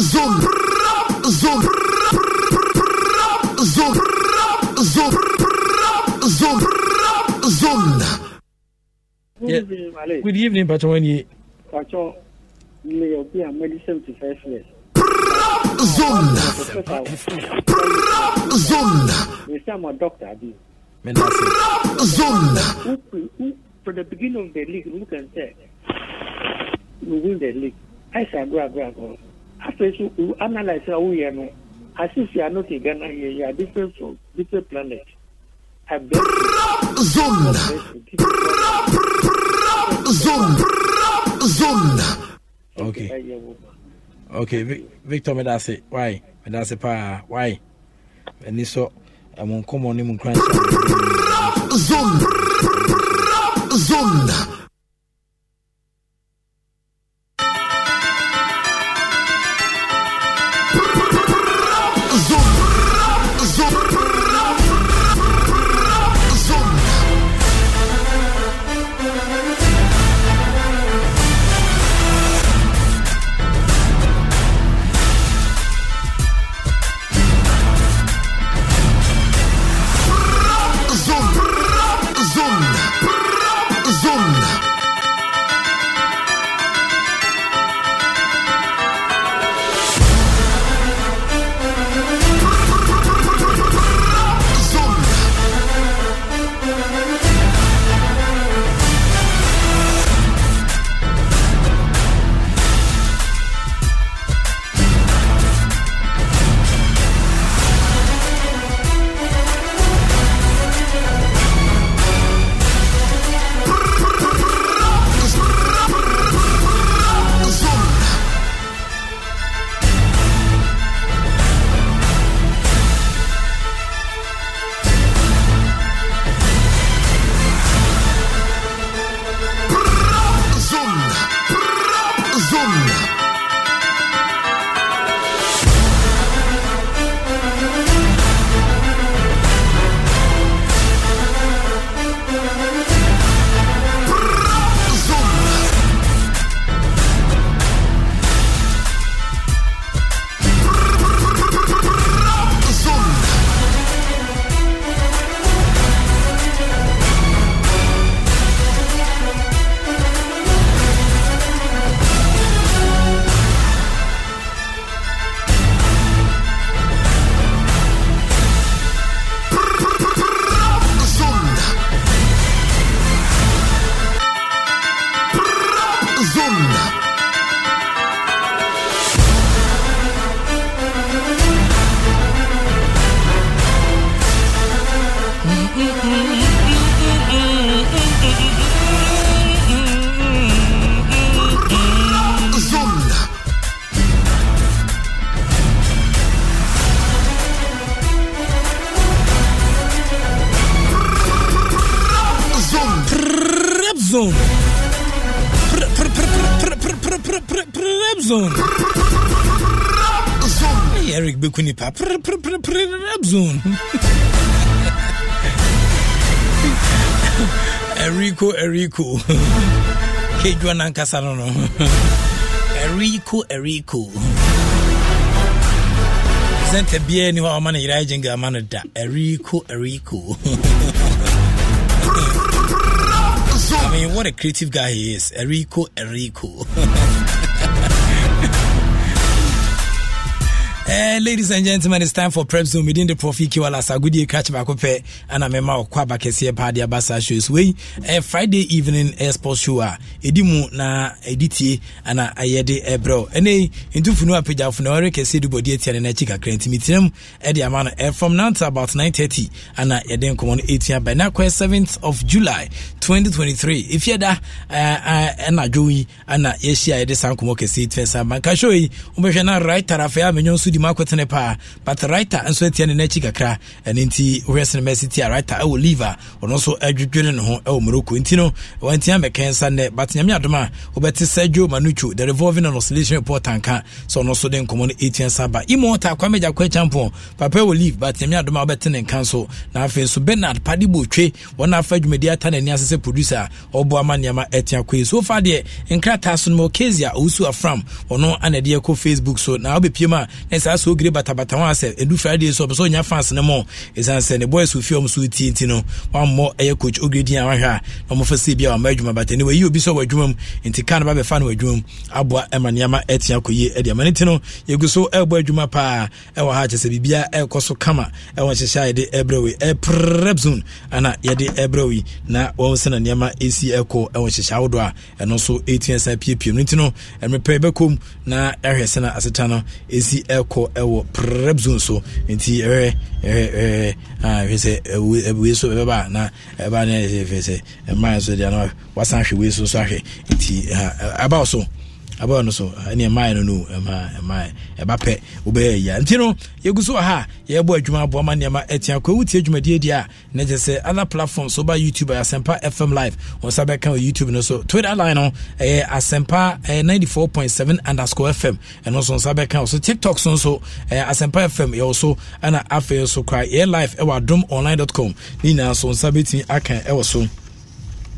zone. Rap zone. Rap zone. Rap zone. Good evening, Pachawani. Pachaw, may you be a medicine to first years. Rap zone. Rap zone. Mr. doctor, Abi. From the beginning of the league, look and say, we win the league. I say, go, go, go afei so o analyse a woyɛ no asisi ano te ghana yɛ yɛ a different from different planet. zone zone zone. okay okay victor medase why medase paa why ɛni sɔ ɛmu nkɔmɔ ni mu nkran. zone zone. Africa. Eriko, Eriko. Eriko, Eriko. Eriko, Eriko. I mean, what a creative guy he is. Eriko, Eriko. Uh, ladies and gentlemen, it's time for Prep Zone within the Profi Kiwala Sagudi Catch Bakope eh, and Amema Kwaba Kesia Padia Basa shows. Way uh, Friday evening uh, sports show. Ah. Edimu na editi and ah, ayede ebro. Ene into Funua Pija Funore Kesia Dubo Dietia and Chika Crent Mitinum Eddie Amano uh, from now to about 9.30 and uh, Eden Common 8 by now 7th of July 2023. If you're da and a Joey and a Yesia Edesankumo Kesia Tesa Bankashoi, Umeshana right Tarafea Menyon Sudi. di mu akɔtene paa but writer nso atia ne n'akyi kakra ɛno nti wohwɛ sene mɛsi tia writer ɛwɔ liver, a ɔno nso adwodwere ne ho ɛwɔ morocco nti no wantia mɛkɛn sa nnɛ but nyame adom a wobɛte sergio manucho the revolving and oscillation report tanka, so ɔno nso de nkɔmmɔ no ɛtia sa ba imo ta kwame gyakwa champon papa ɛwɔ leave but nyame adom a wobɛte ne nka nso na afei nso bernard padibo twe wɔn afa dwumadi ata n'ani ase producer a ɔboa ma nneɛma ɛtia kɔ yi so fa deɛ nkrataa so no ma okezi a afram ɔno ana ɛde ɛkɔ facebook so na wobɛpiem a na saa sɛ ogire batabata ho asɛ ɛdu friday so ɔpɛ sɛ ɔnya fans no mɔ ɛsiane sɛ ne boys ofie ɔm so tie nti no wammɔ ɛyɛ coach ogire din a wahwɛ a na ɔmfa sɛ bi a wamma adwuma bata ne wɔyi obi sɛ wɔ adwuma mu nti ka no babɛfa no adwuma mu aboa ɛma nneɛma ɛtea kɔyie ɛde ama no nti no yɛgu so ɛbɔ adwuma paa ɛwɔ ha kyɛ sɛ biribiaa ɛrekɔ so kama ɛwɔ nhyehyɛ a yɛde ɛbrɛ wei ɛprɛp zone ana yɛde ɛbrɛ wei na wɔn sɛ na nneɛma ɛsi ɛkɔ ɛwɔ nhyehyɛ ahodoɔ a ɛno nso ɛtua sa piepiem no nti no ɛmepɛ bɛkɔm na ɛhwɛ sɛ na asetwa no ɛsi ɛkɔ akɔ ɛwɔ prep zone so nti ɛhwɛ ɛhwɛ ɛhwɛ sɛ ɛwie so ɛbɛba na ɛba ne ɛfɛ sɛ ɛmaa nso deɛ no wasan hwɛ wei so so ahwɛ nti ɛba so abɔ no so ɛne ɛmaɛ no no ɛma ɛmaɛ ɛba pɛ wobɛyɛ yia nti no yɛgu so ha yɛbɔ adwuma aboa ma nneɛma ɛtia kɔ wotie dwumadie deɛ a na kyɛ sɛ other platforms so woba youtube a asɛmpa fm live wo nsa bɛka wɔ youtube no so twitter line no ɛyɛ asɛmpa seven underscore fm ɛno nso nsa bɛka wo so tiktok so nso ɛyɛ asɛmpa fm yɛwɔ so ɛna afei so kora yɛ live ɛwɔ adom online com ne nyinaa so nsa bɛtumi aka ɛwɔ so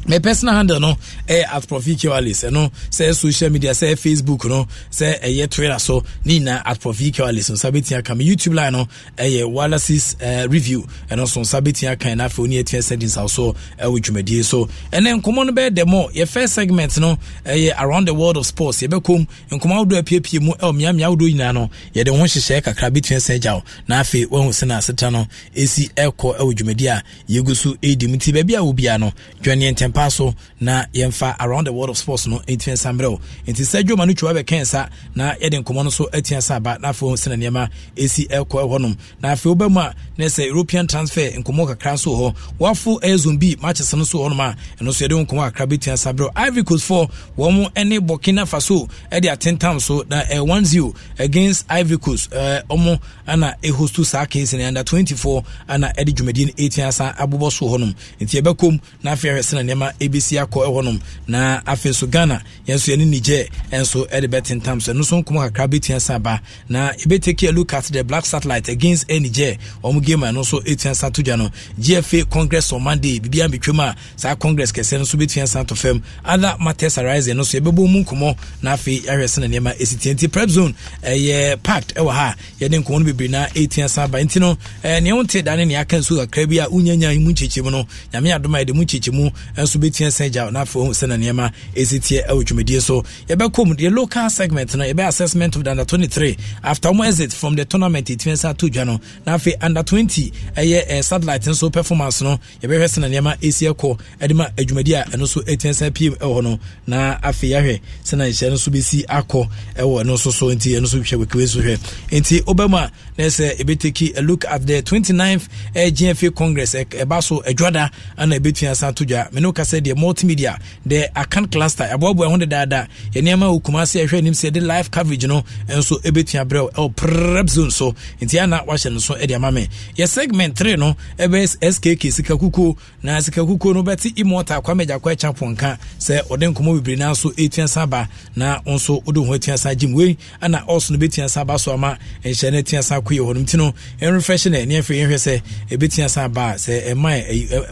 my personal handle no ɛyɛ eh, at profi kewales ɛno eh, sɛ social media sɛ facebook no sɛ ɛyɛ twitter so ne nyinaa at profi kewales nsa bɛtia ka me youtube line no ɛyɛ wallaces uh, review ɛno s$o nsa bɛtia kan na afei oni atia settings ahosuo ɛwɔ dwumadie so ɛnɛ nkɔmmɔ no bɛyɛ dɛmɔ yɛ first segment no ɛyɛ around the world of sports yɛbɛkɔm nkɔmmɔ ahodoɔ apiepie mu ɛwɔ mmeammea ahodoɔ nyinaa no yɛde ho hyehyɛ kakra bɛtua sɛ gyaw na afei wahu sɛ no aseta no ɛsi ɛkɔ ɛwɔ dwumadie a yɛgu so ɛdi mu nti baabi a wɔ bia no dwane ntɛmpa mpa so na yɛmfa around the world of sports no ɛntia nsa mmerɛ wo nti sɛ dwoma no twua bɛkɛn sa na yɛde nkɔmmɔ no so atia sa aba na afei sɛna nneɛma ɛsi ɛkɔ hɔnom na afei woba mu a na sɛ european transfer nkɔmmɔ kakra nso hɔ wafo ɛyɛ zone b matches no so hɔnom a ɛno nso yɛde nkɔmmɔ kakra bɛtua nsa mmerɛ ivory coast foɔ wɔn ne burkina faso ɛde atentam so na ɛyɛ one zero against ivory coast ɛɛ wɔn ana ɛhostu saa case no under twenty four ana ɛde dwumadie no ɛtia sa abobɔ so hɔnom nti yɛbɛkɔm na afei yɛhwɛ sɛna nneɛma nneɛma ɛbɛsi akɔ ɛwɔ na afei so ghana yɛnso yɛne niger ɛnso ɛde bɛtentam so ɛno nso nkɔmɔ kakra bɛtua sa ba na ɛbɛtake a look at the black satellite against air niger ɔmo game ɛno nso ɛtua sa to dwa no gfa congress on monday biribia mbɛtwam a saa congress kɛseɛ no nso bɛtua sa to fam other matters arising no so yɛbɛbɔ mu nkɔmɔ na afei ahwɛ sɛ na nneɛma ɛsi tie nti prep zone ɛyɛ packed ɛwɔ ha yɛde nkɔmɔ no bebree na ɛtua sa ba nti no ɛɛ nea wonte da ne nea aka nsuo kakra bi a wonyanya mu nkyekye mu no nyame adom yɛde mu nkyekye mu nso nso bɛtia san gya na afei ohu sɛna nneɛma ɛsi teɛ ɛwɔ dwumadie so yɛbɛkɔ mu deɛ local segment no yɛbɛyɛ assessment of the under 23 after wɔn exit from the tournament ɛtumi nsa ato dwa no na afei under 20 ɛyɛ eh, satellite nso performance no yɛbɛhwɛ sɛna nneɛma ɛsi ɛkɔ ɛde ma adwumadie a ɛno nso ɛtumi nsa pm ɛwɔ no na afei yɛahwɛ sɛna nhyɛ no nso bɛsi akɔ ɛwɔ ɛno nso so nti ɛno nso hwɛ wɔkiwe nso hwɛ nti ɔbɛ a na ɛsɛ ɛbɛteki a look at the 29th eh, gfa congress ɛba eh, so adwada ana ɛbɛtumi nsa ato dwa mene aka deɛ multimedia the account cluster aboaboa ho dedaada nneɛma a okuma se ɛhwɛ anim sɛ de live coverage no nso ɛbɛtua berɛ ɛwɔ prep zone so nti ana wahyɛ no so ɛde ama me yɛ segment three, no ɛbɛ skk sikakukuo na sikakukuo no bɛte immortal kwame gyakɔ akya ponka sɛ ɔde nkɔmmɔ bebree naa nso ɛtua sa ba na nso wode ho atua sa gyim wei ana ɔs no bɛtua sa ba so ama nhyɛ no atua sa koyɛ hɔ no nti no ɛrefrɛhye no ɛneɛ afei yɛhwɛ sɛ ɛbɛtua sa ba sɛ ɛma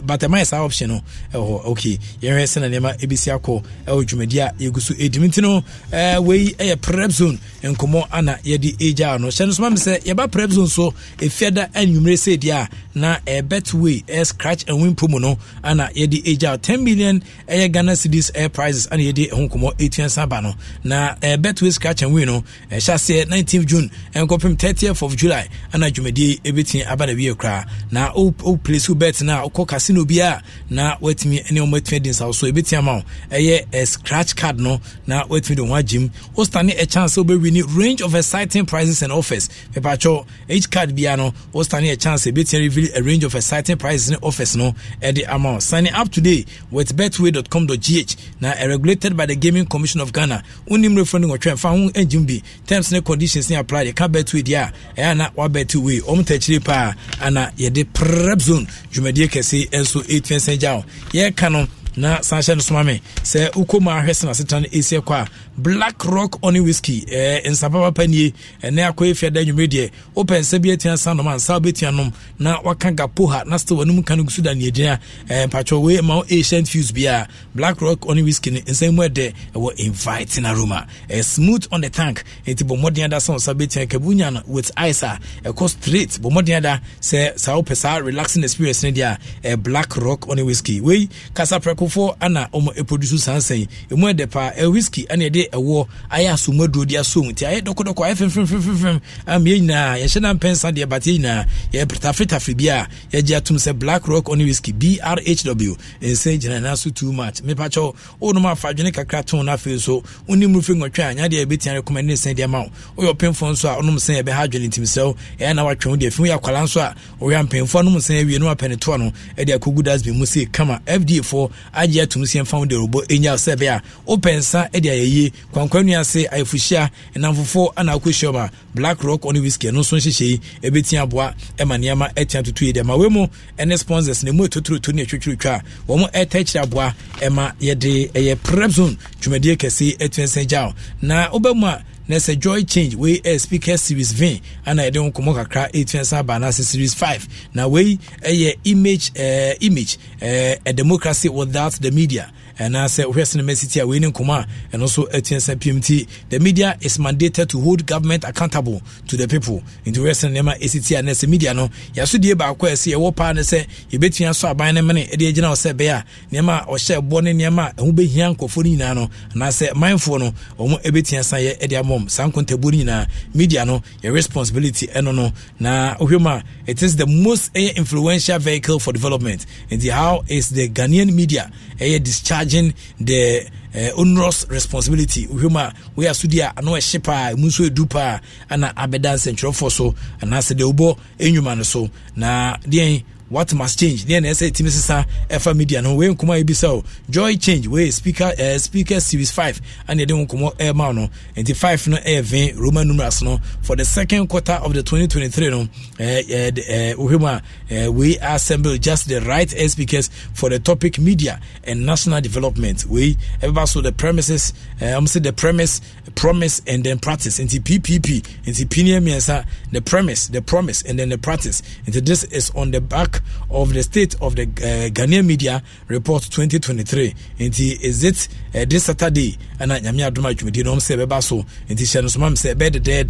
but ɛma yɛ saa option no ɛwɔ hɔ okay yɛhwɛ sɛ na nneɛma ɛbɛsi akɔ ɛwɔ dwumadi a yɛgu so ɛdimi nti no eh, wei ɛyɛ prep zone nkɔmmɔ ana yɛde ɛgyaa no hyɛ no soma me sɛ yɛba prep zone so ɛfiada anwummerɛ sɛ deɛ a na ɛbetway ɛyɛ scratch and win promo no ana yɛde ɛgyaa 10 million ɛyɛ ghana cities air prizes ana yɛde ɛho nkɔmmɔ ɛtua sa ba no na eh, ɛbetway scratch and win no ɛhyɛ eh, aseɛ 19th june ɛnkɔpem 30th of july ana dwumadie ɛbɛtumi aba na wie koraa na wo place wo bet no a wokɔ casino bi a na woatumi ne wɔatumi adi nsaw so ɛbɛtumi ama wo ɛyɛ eh, scratch card no na woatumi de ho agye mu wostane a chance sɛ wobɛwini range of exciting prices and offers mepakyɛw h card bia no wostane a chance ɛbɛtumi reveal a range of exciting prices and offers no ɛde ama wo signing up today with betway.com.gh na eh, regulated by the gaming commission of ghana wonim refrɛ no wɔtwɛn fa ho agyim bi terms ne conditions ne apply yɛka betway deɛ a ɛyɛ ana wabɛte wei ɔm takyire paa ana yɛde prep zone dwumadie kɛse nso ɛtumi sɛ gya wo yɛka no na san hyɛ no soma me sɛ wokɔ mu ahwɛ sena setena no a black rock honey whisky ɛɛ eh, nsapapa panie ɛnɛ eh, akɔyɛ fiada nnwuma deɛ wopɛ nsa bi atia nsa nom ansa wobɛtia nom na waka gapoha na sɛ w'anom ka no gu so da neagyina ɛɛ eh, mpatwɛ wei ma wo asian fuse biaa black rock honey whisky no nsa mu ɛdɛ ɛwɔ eh, invite na roma ɛɛ smooth on the tank nti bɔ mmɔden ada sɛ nsa bɛtia kabunya no with ice a ah, ɛkɔ straight bɔ mmɔden ada sɛ saa wopɛ saa relaxing experience no deɛ a ɛɛ black rock honey whisky wei kasaprɛkofoɔ ana wɔn e produce sansan emu ɛdɛ paa ɛɛ whisky ɛna ɛde de ɛwɔ ayɛ asomaduo de asɔ mu nti ayɛ dɔkɔdɔkɔ ayɛ fɛmfɛmfɛmfɛm ama yɛn nyinaa yɛhyɛ na mpɛnsa deɛ bate yɛn nyinaa yɛtafetafere bi a yɛgye atom sɛ black rock ɔne whisky brhw nsɛn gyina na so too much mepakyɛw wonom afa adwene kakra to no afei so wonim rufe nwɔtwe a nyadeɛ yɛbɛtia recommend ne nsɛn deɛ ma wo woyɛ ɔpemfoɔ nso a wonom sɛn yɛbɛha adwene ntimsɛw ɛyɛ na watwe wo deɛ afim woyɛ akwala nso a woyɛ mpɛmfoɔ anom sɛn awie no apɛne toa no ɛde akɔgu dasbin mu sei kama fda foɔ agye atom sɛ wo deɛ robɔ ɛnya sɛ bɛ a wopɛ nsa ɛde ayɛyie kwankwa nnuase ayefuhyia ɛnamfofo ana akɔhyiam a black rock ɔne whisky no nso nhyehyɛ yi ɛbɛtumi aboa ɛma nneɛma ɛtua tutu yi deɛ ma wei mu ɛne sponsors na mu ɛtotoroto ne ɛtwitwiritwa a wɔn ɛta kyerɛ aboa ɛma yɛde ɛyɛ prep zone dwumadie kɛse ɛtumi nsɛn gyaw na ɔbɛ mu a na joy change wei ɛ e speaker series v ana yɛde ho nkɔmmɔ kakra ɛtua san ba anaasɛ series five na wei ɛyɛ image uh, image uh, a democracy without the media anaasɛ wohwɛ cinema city a wei ne nkɔmmɔ a ɛno nso atua sa pm the media is mandated to hold government accountable to the people nti wohwɛ sene nneɛma ɛsiti a na media no yɛaso die baako a ɛsɛ yɛwɔ paa ne sɛ yɛbɛtua so aban no mene ɛde agyina wo sɛ ɛbɛyɛ a nneɛma a ɔhyɛ boɔ ne nneɛma a ɛho bɛhia nkɔfoɔ no nyinaa no anaasɛ manfoɔ no ɔmo ɛbɛtua sa yɛ ɛde amɔm saa nkontabuo no nyinaa media no yɛ responsibility ɛno no na wohwɛ mu a it is the most influential vehicle for development nti how is the ghanaian media ɛyɛ discharging the uh, onerous responsibility wohwɛm a woyɛ asodi a ano ɛhye paa ɛmu nso ɛdu paa ana abɛda nsɛntwerɛfoɔ so anaasɛ deɛ wobɔ nnwuma no so na deɛn what must change ne na ɛsɛ ɛtumi sesa ɛfa media no wei nkɔmɔ a ebisa o joy change wei speaker ɛɛ eh, speaker series five ɛna yɛde nkɔmɔ ɛɛma no nti five no ɛyɛ vin roman numerals no for the second quarter of the twenty twenty three no ɛɛ eh, ɛɛ eh, ɛɛ ohwɛ a ɛɛ wei assemble just the right speakers for the topic media and national development wei ɛbɛba so the premises. Eh, I'm say the premise, promise, and then practice. Into PPP, into PNMSA, the premise, the promise, and then the practice. Into this is on the back of the state of the uh, Ghanaian media report 2023. Into is it uh, this Saturday? And I am here to my committee. No, I'm saying, so. Into Shannon I'm said, bed the day,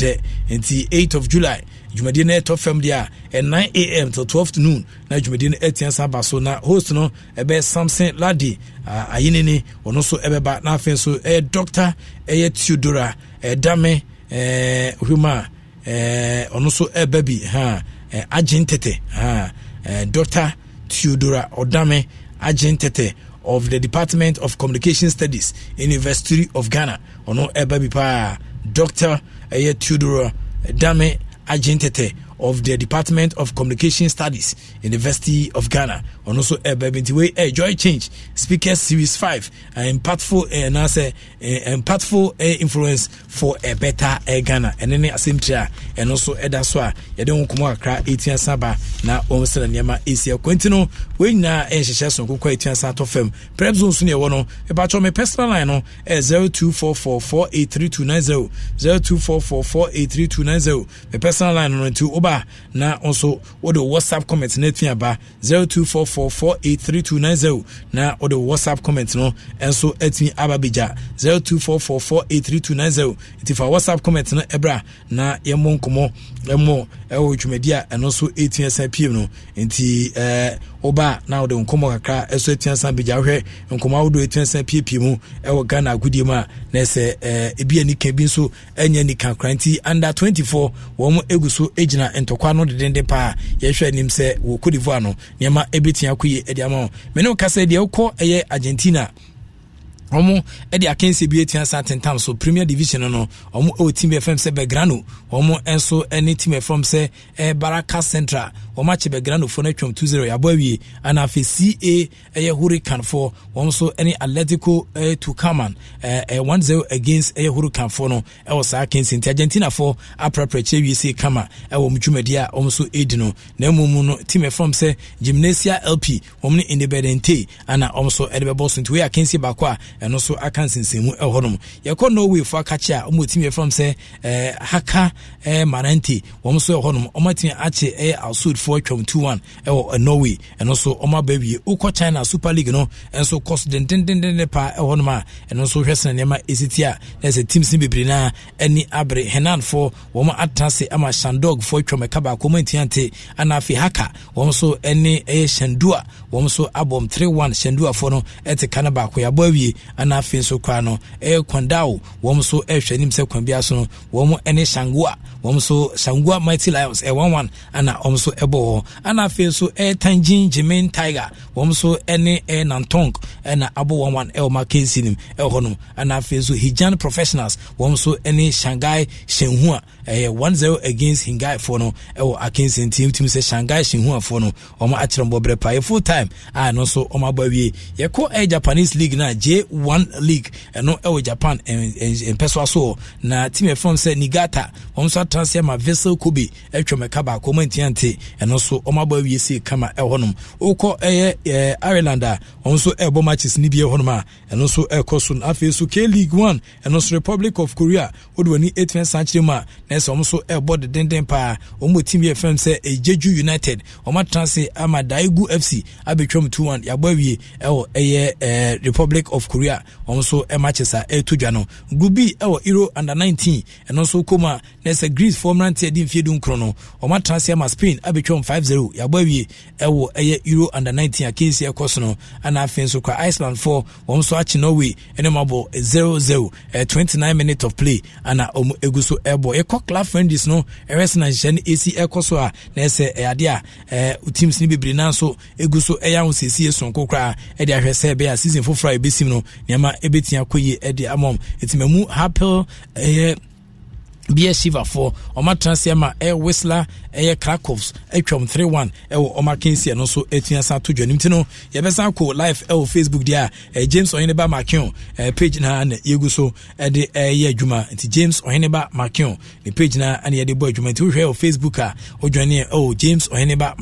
into 8th of July dwumadie no ɛtɔ fam deɛ a 9 am till 12 noon na dwumadie no atia sa aba so na host no ɛbɛyɛ samson ladi ayene ni ɔno nso ɛbɛba na afei nso ɛyɛ doctor ɛyɛ theodora ɛdame ohwema a ɔno nso ɛba bi ha agyen tɛtɛ ha doctor theodora ɔdame agyen tɛtɛ of the department of communication studies university of ghana ɔno ɛba bi paa doctor ɛyɛ theodora dame agente ntɛtɛ of the Department of Communication Studies, University of Ghana. And also, a Joy Change, Speakers Series five uh, impactful and uh, eh, eh, impactful influence for a better Ghana. And then, uh, same chair, and also, uh, that's why you don't come out cry 18 Saba now. Almost a Yama is your Quentino. When now, and she shall go quite a sort of firm. Perhaps on Sunday, one e about your personal line on 0244 483 290. 0244 483 290. The personal line on two number na nso wɔde whatsapp comment na atua ba 0244483290 na wɔde whatsapp comment no nso atumi aba nine zero. nti fa whatsapp comment no ɛbra na yɛmmɔ nkɔmmɔ ɛmmɔ ɛwɔ dwumadi a ɛno nso ɛtia san pm no nti woba na wode nkɔmmɔ kakra ɛso atia san bɛgya wohwɛ nkɔmmɔ ahodoɔ atia san piepie mu ɛwɔ ghana agodie mu a na ɛsɛ ebi anika bi nso ɛnyɛ nika kora nti under 24 wɔn egu so gyina ntɔkwa no dedenden paa yɛhwɛ anim sɛ wɔ cote no nneɛma ɛbɛtia kɔ yie ɛde ama wo mene wo ka deɛ wokɔ ɛyɛ argentina ɔmo de akansie bi atua san tentam so premier division no ɔmo ɛwɔ e team fm sɛ belgrano ɔmo nso ne team fm sɛ eh, baraka central wɔn akyɛ belgradofoɔ no atwam 2-0 yɛabɔ awie ana afei ca ɛyɛ hurricanefoɔ wɔn nso ne atletico eh, tucaman eh, eh, 1-0 against ɛyɛ hurricanefoɔ no ɛwɔ saa kensi nti argentinafoɔ apraprakyi awie sei kama ɛwɔ mu dwumadi a wɔn nso di no na mmom no team ɛfam sɛ gymnasia lp wɔn ne independente ana wɔn nso de bɛbɔ so nti wei akensi baako a ɛno nso aka nsensanmu ɛwɔ nom yɛkɔ norway fo akakye a wɔn team ɛfam sɛ eh, haka eh, marante wɔn nso ɛwɔ nom wɔn atumi akye ɛyɛ eh, amanfoɔ atwam 2-1 ɛwɔ norway ɛno nso ɔma ba awie wokɔ china super league no ɛnso kɔ so dendendendende paa ɛhɔ nom a ɛno nso hwɛ sena nneɛma ɛsiti a na ɛsɛ teams no bebree naa ani abere henanfoɔ wɔma atena se ama shandogfoɔ atwam ɛka baako ma ntiante ana afei haka wɔm nso ɛne ɛyɛ shandua wɔm nso abɔm 3-1 shanduafoɔ no ɛte ka no baako yɛabɔ awie ana afei nso koraa no ɛyɛ kwandao wɔm nso ɛhwɛ anim sɛ kwan bia so no wɔm ɛne shangua wɔm nso shangua mighty lions ɛ one 1 ana wɔm nso ɛbɔ abɔ ɛna afei nso ɛɛtan gyin jimin tiger wɔn nso ɛne ɛnantong ɛna abɔ wɔn wan ɛwɔ ma kc nim ɛwɔ hɔ nom ɛna afei nso hijan professionals wɔn nso ɛne shanghai shenhua ɛyɛ eh, one zero against hingai foɔ no ɛwɔ akensi team team sɛ shanghai shenhua foɔ no wɔn akyerɛ mbɔ brɛ paa yɛ full time a ɛno nso wɔn abɔ awie yɛkɔ ɛyɛ eh, japanese league na j one league ɛno eh, ɛwɔ japan mpɛsɔ so na team ɛfam sɛ nigata wɔn nso atrase ama vessel kobe ɛtwa mɛka baako mɛntiante ɛno ɛno nso ɔmo abɔ awie se kama ɛhɔnom wokɔ ɛyɛ ɛɛ ireland a ɔmo nso ɛɛbɔ matches ne bi ɛhɔnom a ɛno nso ɛɛkɔ so no afei nso k league one ɛno nso republic of korea wɔde wɔn ani etu ɛsan kyerɛ mu a nɛɛsɛ ɔmo nso ɛɛbɔ dedenden paa ɔmo wɔ team yɛ fɛm sɛ ejeju united ɔmo atena se ama daigu fc abɛtwam two one yabɔ awie ɛwɔ ɛyɛ ɛɛ republic of korea ɔmo nso ɛɛ matches a ɛɛto dwa no group b ɛwɔ euro under nineteen ɛno nso kɔm a nɛɛsɛ greece fɔmranteɛ di mfie du nkron no ɔmo atena se ama spain abɛtwam atwam 5-0 yɛabɔ awie ɛwɔ ɛyɛ euro under 19 a kensi ɛkɔ so no ana afei nso kora iceland 4 wɔn nso akye norway ɛne mu abɔ 0-0 eh, 29 minutes of play ana wɔn egu so ɛbɔ yɛkɔ club friendlies no ɛwɛ sena nhyɛn no esi ɛkɔ so a na ɛsɛ ɛyade eh, a ɛɛ eh, teams no bebree nan so egu so ɛyɛ ahosɛ esie sonko koraa ɛde ahwɛ sɛ ɛbɛyɛ a season foforɔ a ebesim no nneɛma ebetia kɔ yie ɛde amam etimɛmu hapel ɛyɛ. Eh, bia shivafoɔ ɔma transfer ma ɛyɛ whistler ɛyɛ krakows atwam 31 ɛwɔ ɔma kensia no nso atua sa to dwanim nti no yɛbɛsan kɔ live ɛwɔ facebook deɛ a ɛ james ɔhene ba makeo eh, page na na yɛgu so ɛde eh, ɛyɛ eh, adwuma nti james ɔhene ba makeo ne page na na yɛde bɔ adwuma nti wohwɛ ɛwɔ facebook a wodwane ɛwɔ oh, james ɔhene ba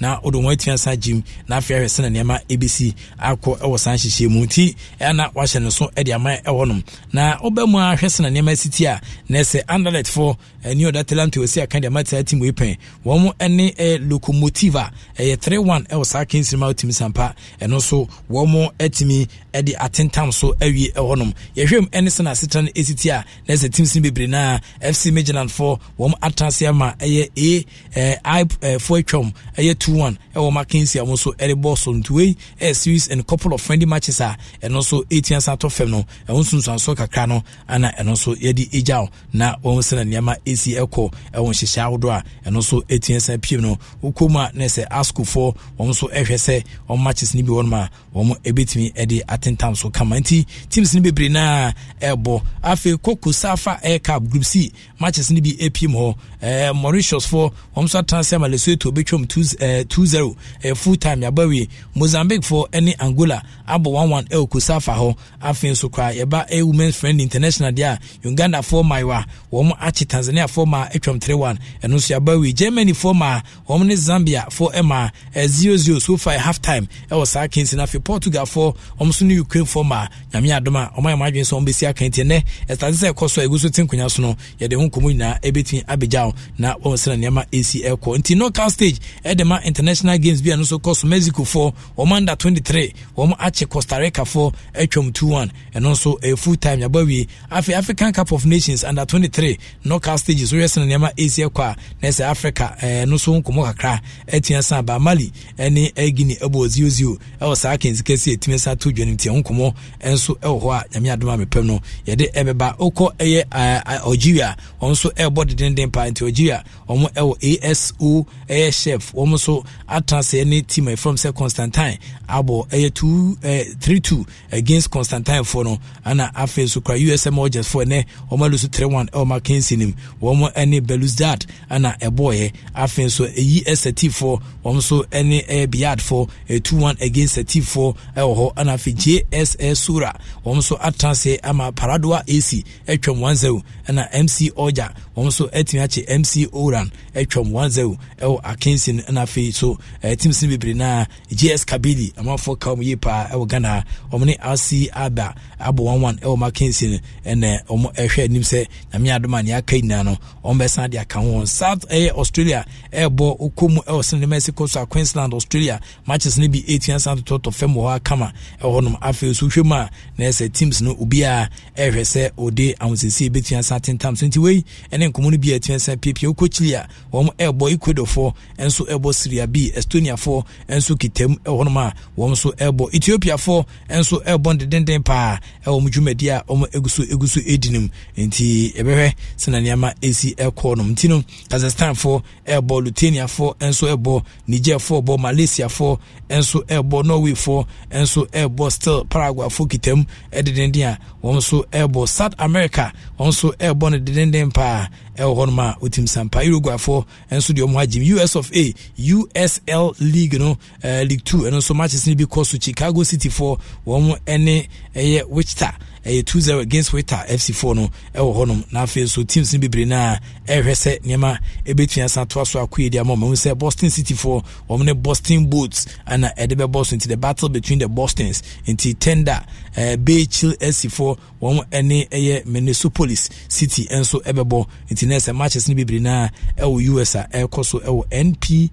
na wode wɔn atua sa gyim na afei ahwɛ sɛna nneɛma ɛbɛsi akɔ ɛwɔ saa nhyehyɛ mu nti ɛna wahyɛ no na wobɛ mu a hwɛ sɛna andalet fo ɛne eh, ɔda talante osi aka deɛ matea team wei pɛn wɔn ɛne ɛyɛ eh, locomotive ɛyɛ three one ɛwɔ saa Kingsley Mao team sampa ɛno nso wɔn ɛtumi ɛde atentam so awie ɛhɔnom yɛhwɛ mu ɛne sena asetena no ɛsi ti a na ɛsɛ teams no bebree naa FC Midland for wɔn atrase ama ɛyɛ A ɛɛ eh, I ɛɛ four twɛm ɛyɛ two one ɛwɔ ma Kingsley a wɔn nso ɛde bɔ so ntuwei ɛyɛ series and couple of friendly matches a ɛno nso eighteen asan atɔ fam no ɛho nsunsuanso kakra no ɛna ɛno nso yɛde egyaw na wɔn sɛ na nneɛma ɛsi ɛkɔ ɛwɔ nhyehyɛ ahodoɔ a ɛno nso ɛtia sa piem no wokɔ mu a na sɛ askofoɔ wɔn nso ɛhwɛ sɛ wɔn matches no bi wɔ a wɔn ɛbɛtumi ɛde atentam so kama nti teams no bebree naa ɛbɔ afei koko safa air cap group c matches no bi ɛpiem hɔ ɛɛ mauritius foɔ wɔn nso atena sɛ ama lesotho bɛtwam two two zero ɛɛ full time yabawie mozambique foɔ ɛne angola abɔ one one ɛwɔ safa hɔ afei nso koraa yɛba ɛyɛ women's friend international deɛ a uganda foɔ maiwa wɔn akye tanzania foɔ ma atwam 3 one ɛno nso yaba wi germany foɔ ma wɔn ne zambia foɔ ma eh, zero zero so far half time ɛwɔ saa kɛnsi na afei portugal foɔ wɔn nso ne ukraine foɔ ma nyame adom a wɔn ayɛ wɔn adwene sɛ wɔn bɛsi akɛntɛ nɛ ɛstate sɛ ɛkɔ so a egu so te nkonnwa so no yɛde ho nkɔmɔ nyinaa ɛbɛtumi abɛgya na wɔn sɛ na nneɛma esi ɛkɔ nti knockout stage ɛde ma international games bi a no so kɔ so mexico foɔ wɔn under 23 wɔn akye costa rica foɔ atwam two one ɛno nso ɛyɛ full time yaba wi afei african cup of nations under 23 three knockout stages woyɛ sɛ nneɛma ɛsi ɛkɔ a na ɛsɛ africa ɛɛ eh, no so nkɔmɔ kakra ɛtua san ba mali ɛne ɛgini ɛbɔ zio zio ɛwɔ saa kɛntsi kɛse ɛtumi san to dwene ntia nkɔmɔ ɛnso ɛwɔ hɔ a nyame adoma mepɛm no yɛde ɛbɛba okɔ ɛyɛ ɛɛ algeria wɔn nso ɛɛbɔ eh, dedenden paa nti algeria wɔn ɛwɔ aso ɛyɛ chef wɔn nso atrasɛ eh, ne team from sɛ constantine abɔ ɛyɛ two ɛɛ three two against constantine foɔ no ɛna afei nso kora usm orgers foɔ ɛnɛ wɔn alusu three one ɛwɔ mackenzie nim wɔn ne beluzdad na ɛbɔɔyɛ afei nso ɛyi sɛtifoɔ wɔn nso ne biadfoɔ ɛtu one against sɛtifoɔ ɛwɔ hɔ na afei jss sura wɔn nso atraseɛ ama paradoa ac atwam one zero, ɛna mc ɔgya wɔn nso atumi akye mc oran atwam one zero, ɛwɔ akensie no na afei so ɛtim sin bebree na js kabili amanfoɔ ka wɔn yie paa ɛwɔ ghana wɔn ne rc aba abɔ 1-1 ɛwɔ mackenzie no ɛna wɔn ɛhwɛ anim sɛ nyamea adoma ne aka nyinaa no ɔmbɛsan de aka ho south ɛyɛ australia ɛbɔ okomu ɛwɔ sene mexico so a queensland australia matches no bi 18 san totɔtɔ fam wɔ hɔ akama ɛhɔnom afei so hwɛ mu a na ɛsɛ teams no obiaa ɛhwɛ sɛ ɔde ahosɛsie bɛtua sa tentam so nti wei ɛne nkɔmmɔ no bi atua sa piepie wokɔ chile a wɔm ɛbɔ ecuadorfoɔ nso ɛbɔ syria b estoniafoɔ nso kitam ɛhɔnom a wɔm nso ɛbɔ ethiopiafoɔ nso ɛbɔ ndedenden paa ɛwɔ m dwumadi a wɔm ɛgu so ɛgu nim nti ɛbɛhwɛ hwɛ sɛna nneɛma ɛsi ɛkɔ nom nti no kazakhstanfoɔ ɛbɔ lutaniafoɔ nso ɛbɔ nigerfoɔ ɛbɔ malaysiafoɔ nso ɛbɔ norwayfoɔ nso ɛbɔ still paraguafoɔ kitam ɛdedenden a wɔn nso ɛbɔ south america wɔn nso ɛbɔ no dedenden paa ɛwɔ hɔ nom a wɔtim sampa uruguayfoɔ nso deɛ ɔmo agyim us of a usl league no ɛɛ eh, league two ɛno nso matches no bi kɔ so chicago city foɔ wɔn ɛne ɛyɛ wichita ɛyɛ 2 0 against waiter fc4 no ɛwɔ hɔnom na afei nso teams no bebree no a ɛhwɛ sɛ nneɛma ɛbɛtumi san toa so akɔ yɛdi ama ɔmahu sɛ boston city foɔ wɔn ne boston boats ana ɛde bɛ boston nti the battle between the bostons nti tender ɛɛ uh, bay chill ɛsi foɔ wɔn ɛne ɛyɛ uh, minnesopolis city ɛnso ɛbɛbɔ nti nɛɛsɛ matches no bebree naa ɛwɔ us a ɛrekɔ so ɛwɔ npsl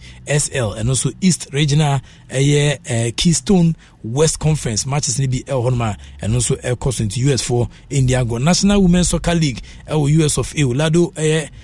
ɛno nso east regional ɛyɛ uh, ɛɛ uh, keystone west conference matches no bi ɛwɔ hɔnom a ɛno nso ɛrekɔ so nti us foɔ india go national women soccer league ɛwɔ us of a lado ɛyɛ.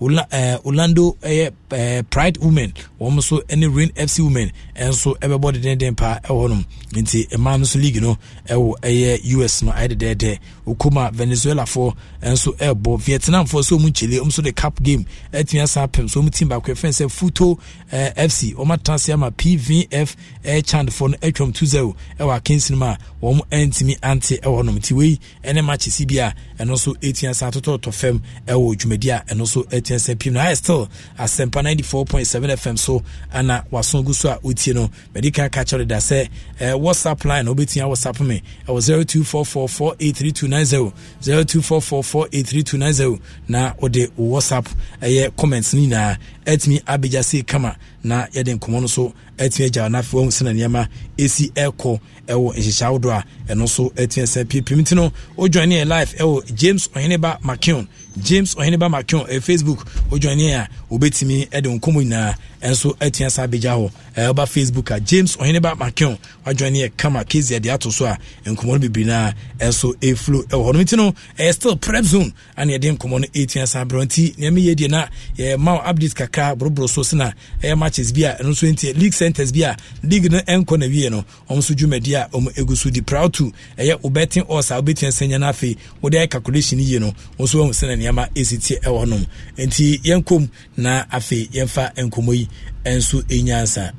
Eh, orlando ɛyɛ eh, eh, pride women wɔn so ne rain fc women nso bɛbɔ dedenden paa ɛwɔ nom nti mmaa no nso league no ɛwɔ ɛyɛ us no ayɛ dedɛɛdɛ okoma venezuelafoɔ nso Vietnam vietnamfoɔ so wɔn nkyele wɔn nso de cup game ɛtumi asan apem so wɔn team baako yɛfɛn sɛ futo fc wɔn atansi ama pvf Chand ɛɛkyandefoɔ no atwam 2-0 ɛwɔ akansi no mu a wɔn ntumi ante ɛwɔ nom nti wei ne match bi a ɛno nso ɛtumi asan atotɔtɔ fam ɛwɔ dwumadi a ɛno nso ɛt kyerɛ sɛ pim no ayɛ still asɛmpa 94.7 fm so ana waso gu so a wotie no mede ka ka kyerɛ deda sɛ eh, whatsapp line wobɛtumi whatsapp me ɛwɔ 0244483290 0244483290 na wode whatsapp ɛyɛ comments no nyinaa atumi abɛgya sei kama na yɛde nkɔmmɔ no so atumi agya no afei wahu sɛna nneɛma ɛsi ɛkɔ ɛwɔ nhyehyɛ ahodoɔ a ɛno nso atumi sɛ piepim nti no wojoine yɛ live ɛwɔ james ɔheneba makeon james ɔhene ba makion eh, facebook ojoine eh, a obɛtumi eh, de nkɔmmɔ nyinaa nso atua saa abɛgya hɔ ɛba facebook a james ɔheneba makion wadwane yɛ kama kesi ɛde ato so a nkɔmmɔ no bebree naa ɛso ɛflo ɛwɔ hɔ no nti no ɛyɛ still prep zone ane yɛde nkɔmmɔ no ɛtua saa berɛ nti nneɛma yɛ deɛ na yɛma update kakra borɔborɔ so sena ɛyɛ matches bi a ɛno nso nti league centers bi a league no ɛnkɔ na wie no ɔm nso dwumadi a ɔm ɛgu so di proud to ɛyɛ wobɛten ɔs a wobɛtua sɛnya no afei wode ayɛ calculation yie no wo nso wahu sɛna nneɛma ɛsi tie ɛwɔ nom nti yɛnkɔm na afei yɛmfa nkɔmmɔ yi En su ignasa.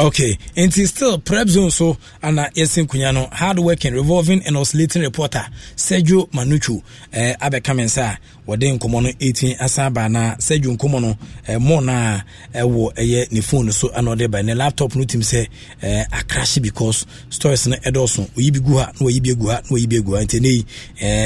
okay nti still prep zone so ana yɛsi nkonnwa no hard working revolving and oscillating reporter sergio manuchu eh, abɛka nsa wɔde nkɔmmɔ no ɛtin asan baa na sɛ dwu nkɔmmɔ no ɛmo no a ɛwɔ ɛyɛ ne phone so ana ɔde bae ne laptop no tim sɛ akrahye because stories no ɛdɔɔso oyi bi gu ha na wayi bi agu ha na wayi bi agu ha nti ne yi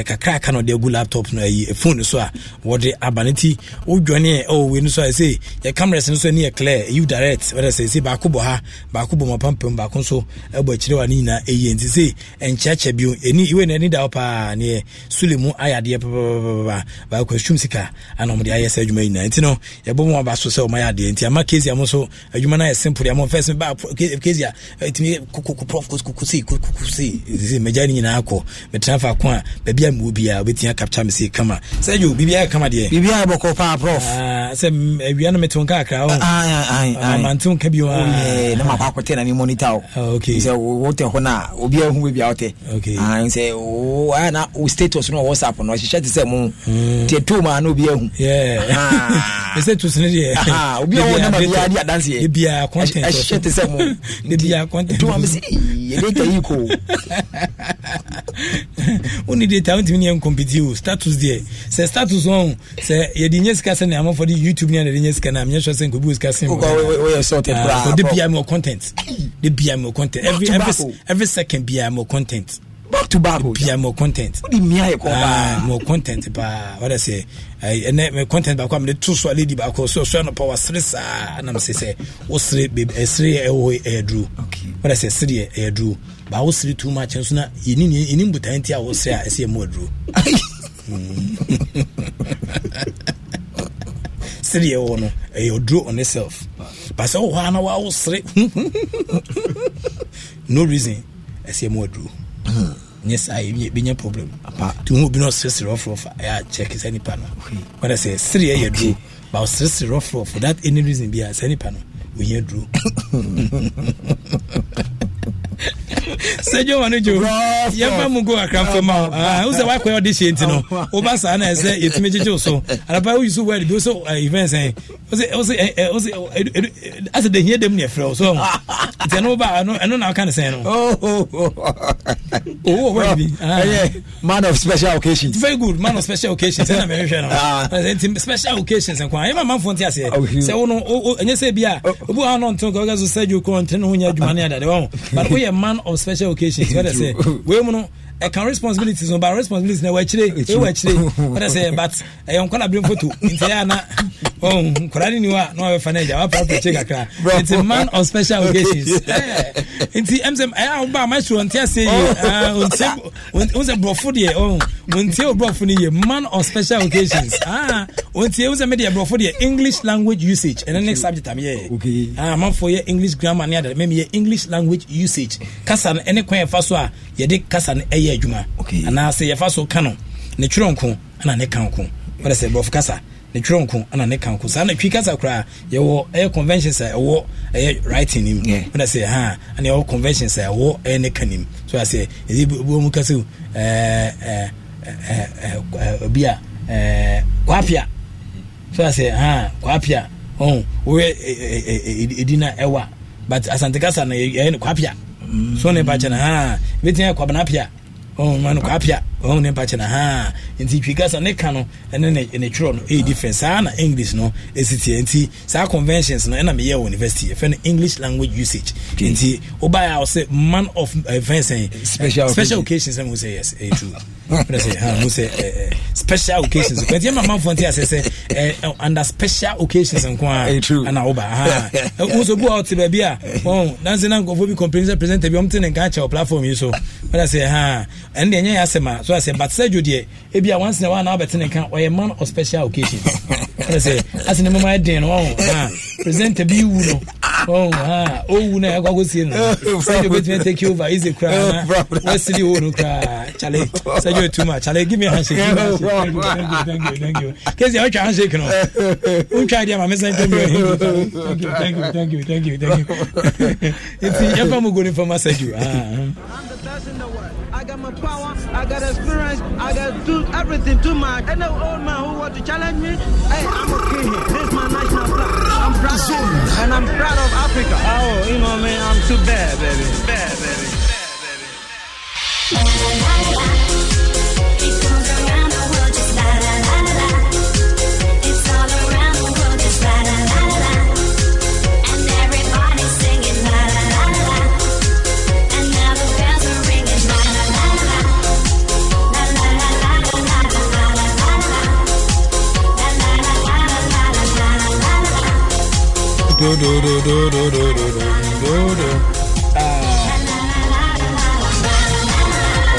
kakraka na ɔde agu laptop no ayi phone so a wɔde aba ne ti wodwane ɛwɔ wei no so a ɛsɛ yɛ cameras no so ani yɛ clear you direct wɛdɛ sɛ ɛsɛ baako bɔ ha baako bɔ mapampam baako nso ɛbɔ akyire wa ne nyinaa ɛyie na ɛni da hɔ paa neɛ sule mu ayɛ adeɛ papapapa baako asum sika ana ɔmde ayɛ sɛ adwuma nyinaa nti no yɛbɔ mu aba so sɛ ɔmayɛ adeɛ nti ama kesi mo so adwuma no ayɛ simple a mo mfɛ sɛ ba kesi a ɛtumi eh, kukukukusi kukukusi sisi megya no nyinaa kɔ metena faako a baabi a mewɔ biara wobɛtumi akapta me sei kama sɛ adwo biribiaa kama deɛ biribiaa bɔkɔ paa prof ah, sɛ awia no metewo nkakra ho ah, ah, mantewo nka bio oh, na makɔakɔte na me monitor wo sɛ wotɛ hɔ no a obiaa hu baabi a wotɛ sɛ na status no whatsapp no ɔhyehyɛ te sɛ mo hmm tiɛ tu ma n'obi ehu. ɛsɛ tusini deɛ. obi awo ne ma bi adi adansi eh. yɛ. ebi a kɔntɛn tɔ ɛhyɛ ti sɛ mu. ebi a kɔntɛn tɔ tu ma mi si yɛde ta yi ko. o ni de ta n tɛmɛ ni yɛ n kɔmpiti o status deɛ sɛ status wɔn sɛ yɛde n yɛ sika sɛ na a ma fɔ de youtube ni a yɛde n yɛ sika na a mi yɛ sɔ sɛ nko bi o sika sɛ mu. o ka o yɛ sɔ tɛ kura. de bi a mi o content de bi a mi o content every every every second bi a mi o content back to back. pia oh, mɔ content. o de miya yɛ kɔ paa. mɔ content paa o de sɛ ayi ɛnɛ mɛ content baako a mi de tu so ale di baako oh, so so ɛnɔ pa wa siri saa ɛna mi sɛ sɛ o siri bebe ɛ eh, siri yɛ eh, ɛwɔ ɛyɛ eh, duro o de sɛ siri yɛ ɛyɛ duro ba o siri too much so, na yɛ ni yɛ ni butan ti a o siri a ɛsɛ yɛ mɔ duro. sere yɛ wɔ no ɛyɛ ɔduro on itself pasɛ wɔ hɔ a na wawo sere no reason ɛsɛ mu aduro nyɛ saa yɛbɛnya problem nti wohu obi no ɔseresere ɔforɔfo ɛyɛ akyɛke saa nipa no wada sɛ sereɛ yɛ duro ba ɔseresere For that any reason bia saa nipa no ɔhia duro sɛdwo ma no dwo mu go kakra ma wo sɛ woakɔɛ ɔde nti no woba saa na ɛsɛ yɛtumi kyekyew so anapa woyi so word bi wo sɛ event sɛn asɛ da hia dam wo so nti ɛno woba ɛno na woka ne sɛn no owó word bi man of special occasions. very good man of special occasions. sɛ mɛhwehwɛ no special occasions nkoa yɛma manfoɔ nte aseɛ sɛ wo no ɛnyɛ sɛ bi a oh, oh. obi wa no nte kɔkɛ so sɛdwo kɔ ntene ho nya adwuma ne adadeɛ wa but we a man of special occasions. What I say, we ɛka responsibilities no ba responsibilities na wɔakyire ɛwɔ akyire wɔde sɛ but ɛyɛ nkɔla bere foto nti ɛyɛ ana nkɔla ne niwa na wɔbɛfa no agya wapraprakye kakra nti man on eh. eh, oh. eh, oh, special occasions ah. nti ɛm sɛ ɛyɛ woba maestro ɔnte asɛ yie wo sɛ borɔfo deɛ ɔntie wo borɔfo no yie man on special occasions ɔntie wo sɛ medeɛ borɔfo deɛ english language usage ɛne ne subject am yɛɛ amanfoɔ yɛ english grammar ne adade memeyɛ english language usage kasa no ɛne kwan ɛfa so a yɛde kasa no ɛyɛ yɛ adwuma anaasɛ yɛfa so ka no ne twerɛ nko ana ne ka nko wɔde sɛ bɔfo kasa ne twerɛ nko ana ne ka nko saa na twi kasa koraa yɛwɔ ɛyɛ conventions a ɛwɔ ɛyɛ writing nim wɔde sɛ ha ana yɛwɔ conventions a ɛwɔ ɛyɛ ne ka so asɛ ɛdi bu mu kasa ɛɛ ɛɛ ɛɛ obi a ɛɛ kwapia so asɛ ha kwapia ɔn wɔyɛ ɛɛ ɛdi na ɛwa but asante kasa na yɛyɛ ne kwapia mm. so ne ba kyɛn ha ebi tiɲɛ kwabanapia ɔmanu oh, kwapia ɔn oh, ne mpakyɛ na haa nti twigasa ne ka no ɛne ne ne twerɛ no ɛyɛ e different saa na english no ɛsi e tiɛ nti saa conventions no ɛna meyɛ wɔ university yɛfɛ e no english language usage nti wobaeɛ a wɔsɛ man of events. Eh, sɛn special occasions ɛmu sɛ yes ɛyɛ eh, true Eh, eh. special occasions ɛti ɛma amanfoɔ nti asɛ sɛ under special occasions eh, and nko uh-huh. a ana woba nso bi a ɔte baabi a nanse na nkɔfoɔ bi complain sɛ presenter bi ɔmte ne nka kyɛw platform yi so wɛda sɛ ha ɛno deɛ ɛnyɛ yɛ asɛm a so asɛ but sɛ dwo deɛ ebi a once na wa na wabɛte ne nka ɔyɛ man of special occasions wɛda sɛ asɛ ne mama ɛden no ɔn presenter bi wu no ɔn ɔwu go ɛkɔ akɔsie no sɛ dwo bɛtumi take over easy koraa na wɔsiri wo no koraa kyale sɛ do it too much. Ale, give me a handshake. Give me a handshake. Thank you, thank you, thank you. Kesi, I try handshake, you know. Who tried eh? them? to you. Thank you, thank you, thank you, thank you, thank you. It's the ever mugu for my side. I'm the best in the world. I got my power. I got experience. I got do everything too much. And the old man who want to challenge me, hey, I'm okay here. This is my national flag. I'm proud of it. And I'm proud of Africa. Oh, you know me, I'm too bad, baby. Bad, baby. Bad, baby. do do do do do do do do do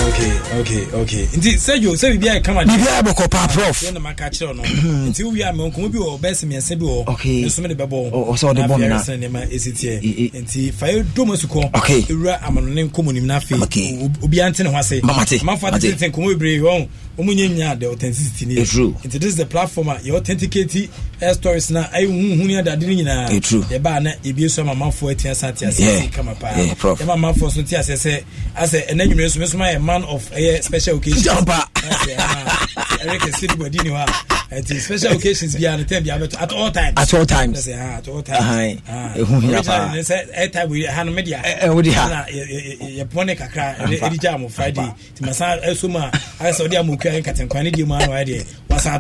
okay okay okay nti sẹjo sẹbi bi a kama de. bibi a bɛ kɔ paa ah, prof. yɛn nama ka kyerɛ no nti wuyi a mɛ nkɔmɔ bi wɔ ɔbɛ sɛ miɛnsa bi wɔ. okay nsɔmi de bɛ bɔ. ɔsɛ ɔde bɔ mi na n'afɛ nneɛma esi tiɛ nti faye domo sukɔ. okay ewura amanoni nkɔmɔ nimu n'afɛ. okay obi a ntɛnɛ ho ase. mamate mamate mamate nkɔmɔ bebree wɔn wɔn nyɛ nyɛ the authenticity ni yɛ nti this is the platform a uh, yɛ authenticate air uh, stories na ayi huhun yɛ dade ni nyinaa yɛ ba na ebi esu ama amanfoɔ eti asa ti ase ase kama paa yɛ ma amanfoɔ so ti ase sɛ asɛ ɛnɛ nyuma yɛ so mesoma yɛ man of ɛyɛ eh, special occasions ɛrɛ kɛse ni bɔdi ni hɔ a special occasions bi a ne bi a bɛ at all times at all times ɛsɛ at all times ah. ehun eh, hinɛ paa original sɛ airtime wo hanom de a ɛwɔ de ha yɛ pɔn ne kakra ɛdi gya amu friday ti eh, ma san ɛso mu a ayɛ sɛ ɔde amu nkatenkwa ne deɛ mu ano ayɛ deɛ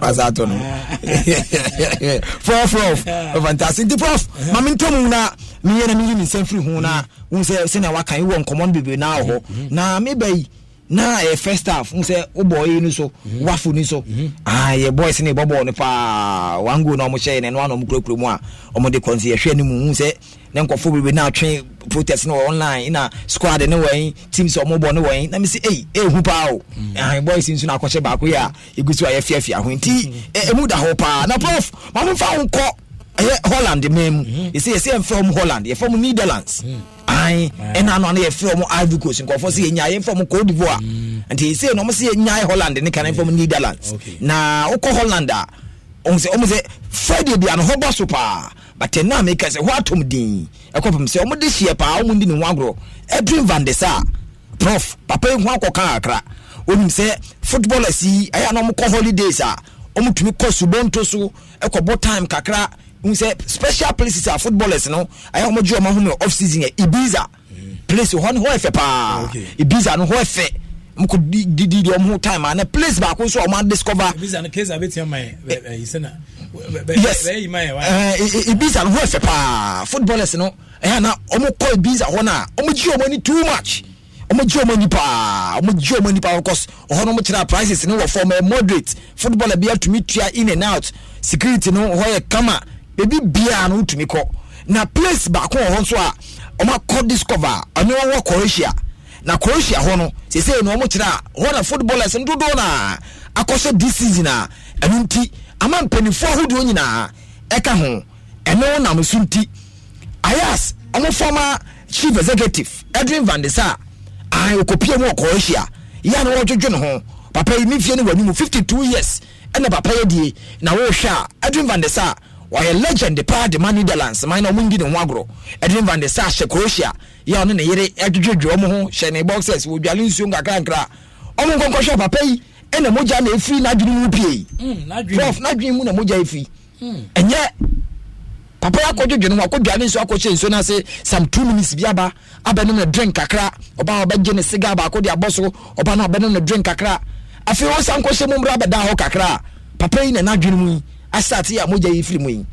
wasato no prof prof fantastic nti prof uh-huh. ma mentɔ mu na meyɛ na meyi me nsɛm firi ho na mm-hmm. wohu sɛ sɛnea waka yɛwɔ nkɔmmɔ no bebree na wɔ mm-hmm. na meba yi na yɛ first half n sɛ wobɔ yi no so wafo ni so mhm. mhm. ah, yɛ boys ne bɔbɔ no paa one goal na ɔmo hyɛ ne no ana ɔmo kurakura mu a ɔmo de kɔnsi yɛhwɛ ne mu n sɛ ne nkɔfo bebree na atwe protest no wɔ online na squad ne wɔn teams ɔmo bɔ ne wɔn na mi sɛ eyi ehu paa o mhm. ahan boys nso na akɔhyɛ baako yɛ a egu so a yɛ fiafia ho nti e, emu da hɔ paa na prof maa mo fa ho kɔ ɛyɛ holland man mu yɛsɛ yɛsɛ yɛmfrɛ ɔm holland yɛfrɛ m netherlands an ɛna no ano yɛfrɛ ɔm ivory coast nkɔfoɔ sɛ yɛnya yɛmfrɛ m cote divoire mm. nti yɛsɛ no ɔm sɛ yɛnyae holland ne kana mfrɛ m netherlands na wokɔ holland a ɔm sɛ ɔm sɛ friday bi no hɔ bɔ so paa but ɛna meka sɛ hɔ atom din ɛkɔpem sɛ ɔmde hyeɛ paa ɔm ndi ne ho agorɔ ɛdwin van de sa prof papa yi ho akɔka kakra onim sɛ footballers yi ɛyɛ na ɔmkɔ holidays a ɔmtumi kɔ subonto so ɛkɔbɔ time kakra n sɛ special places a footballers no ayɛ wɔn gye wɔn ahome off season yɛ ibiza place hɔ no hɔ ɛfɛ paa ibiza no hɔ ɛfɛ wɔn ko didi deɛ wɔn ho time ana place baako nso a wɔn adiscover. ibiza no keza bɛ tia mayɛ ɛyi sɛnɛ yes uh, ibiza no hɔ ɛfɛ paa footballers no ɛyɛ eh, na wɔn kɔ ibiza hɔ no a wɔn gye wɔn ani too much wɔn gye wɔn ani paa wɔn gye wɔn ani paa because ɔhɔ no wɔn kyerɛ prices no wɔ fam moderate footballer bi atumi tua in and out security no hɔ yɛ kama ebi biara no wotumi kɔ na place baako wɔ hɔ nso a wɔn akɔ discover ɔno wɔwɔ croatia na croatia hɔ no sese na wɔn kyerɛ a hɔ na footballers dodoɔ na akɔhyɛ this season a ɛno nti ama mpanyinfoɔ ahodoɔ nyinaa ɛka ho ɛno nam so nti ayas wɔn former chief executive edwin van de sar a okopie mu wɔ croatia yíyá ni wɔn ne ho papa yi ne fie ne wɔ anim fifty two years ɛna papa yɛ die na wɔrehwɛ a edwin van de sar ɔyɛ legend paa de ma netherlands man na ɔmo ngi ne ho agorɔ edwin van de sar hyɛ croatia yɛ ɔne ne yere adwedwedwe ɔmo ho hyɛ ne boxers wɔ dwale nsuo nkakrankra ɔmo nkɔnkɔhwɛ papa yi ɛna eh, mogya na efi n'adwene mu pie hmm, prof n'adwene mu na mogya efi ɛnyɛ hmm. papa yi akɔdwedwe no wakɔ dwale nsuo akɔhyɛ nsuo n'ase sam two minutes bi aba abɛnum ne drink kakra ɔbaa ɔbɛgye ne siga baako de abɔ so ɔbaa no abɛnum ne drink kakra afei wɔn san kɔhyɛ mu mmerɛ abɛda hɔ kakra papa yi na n'adwene mu yi asate a mogya yi firi mu yi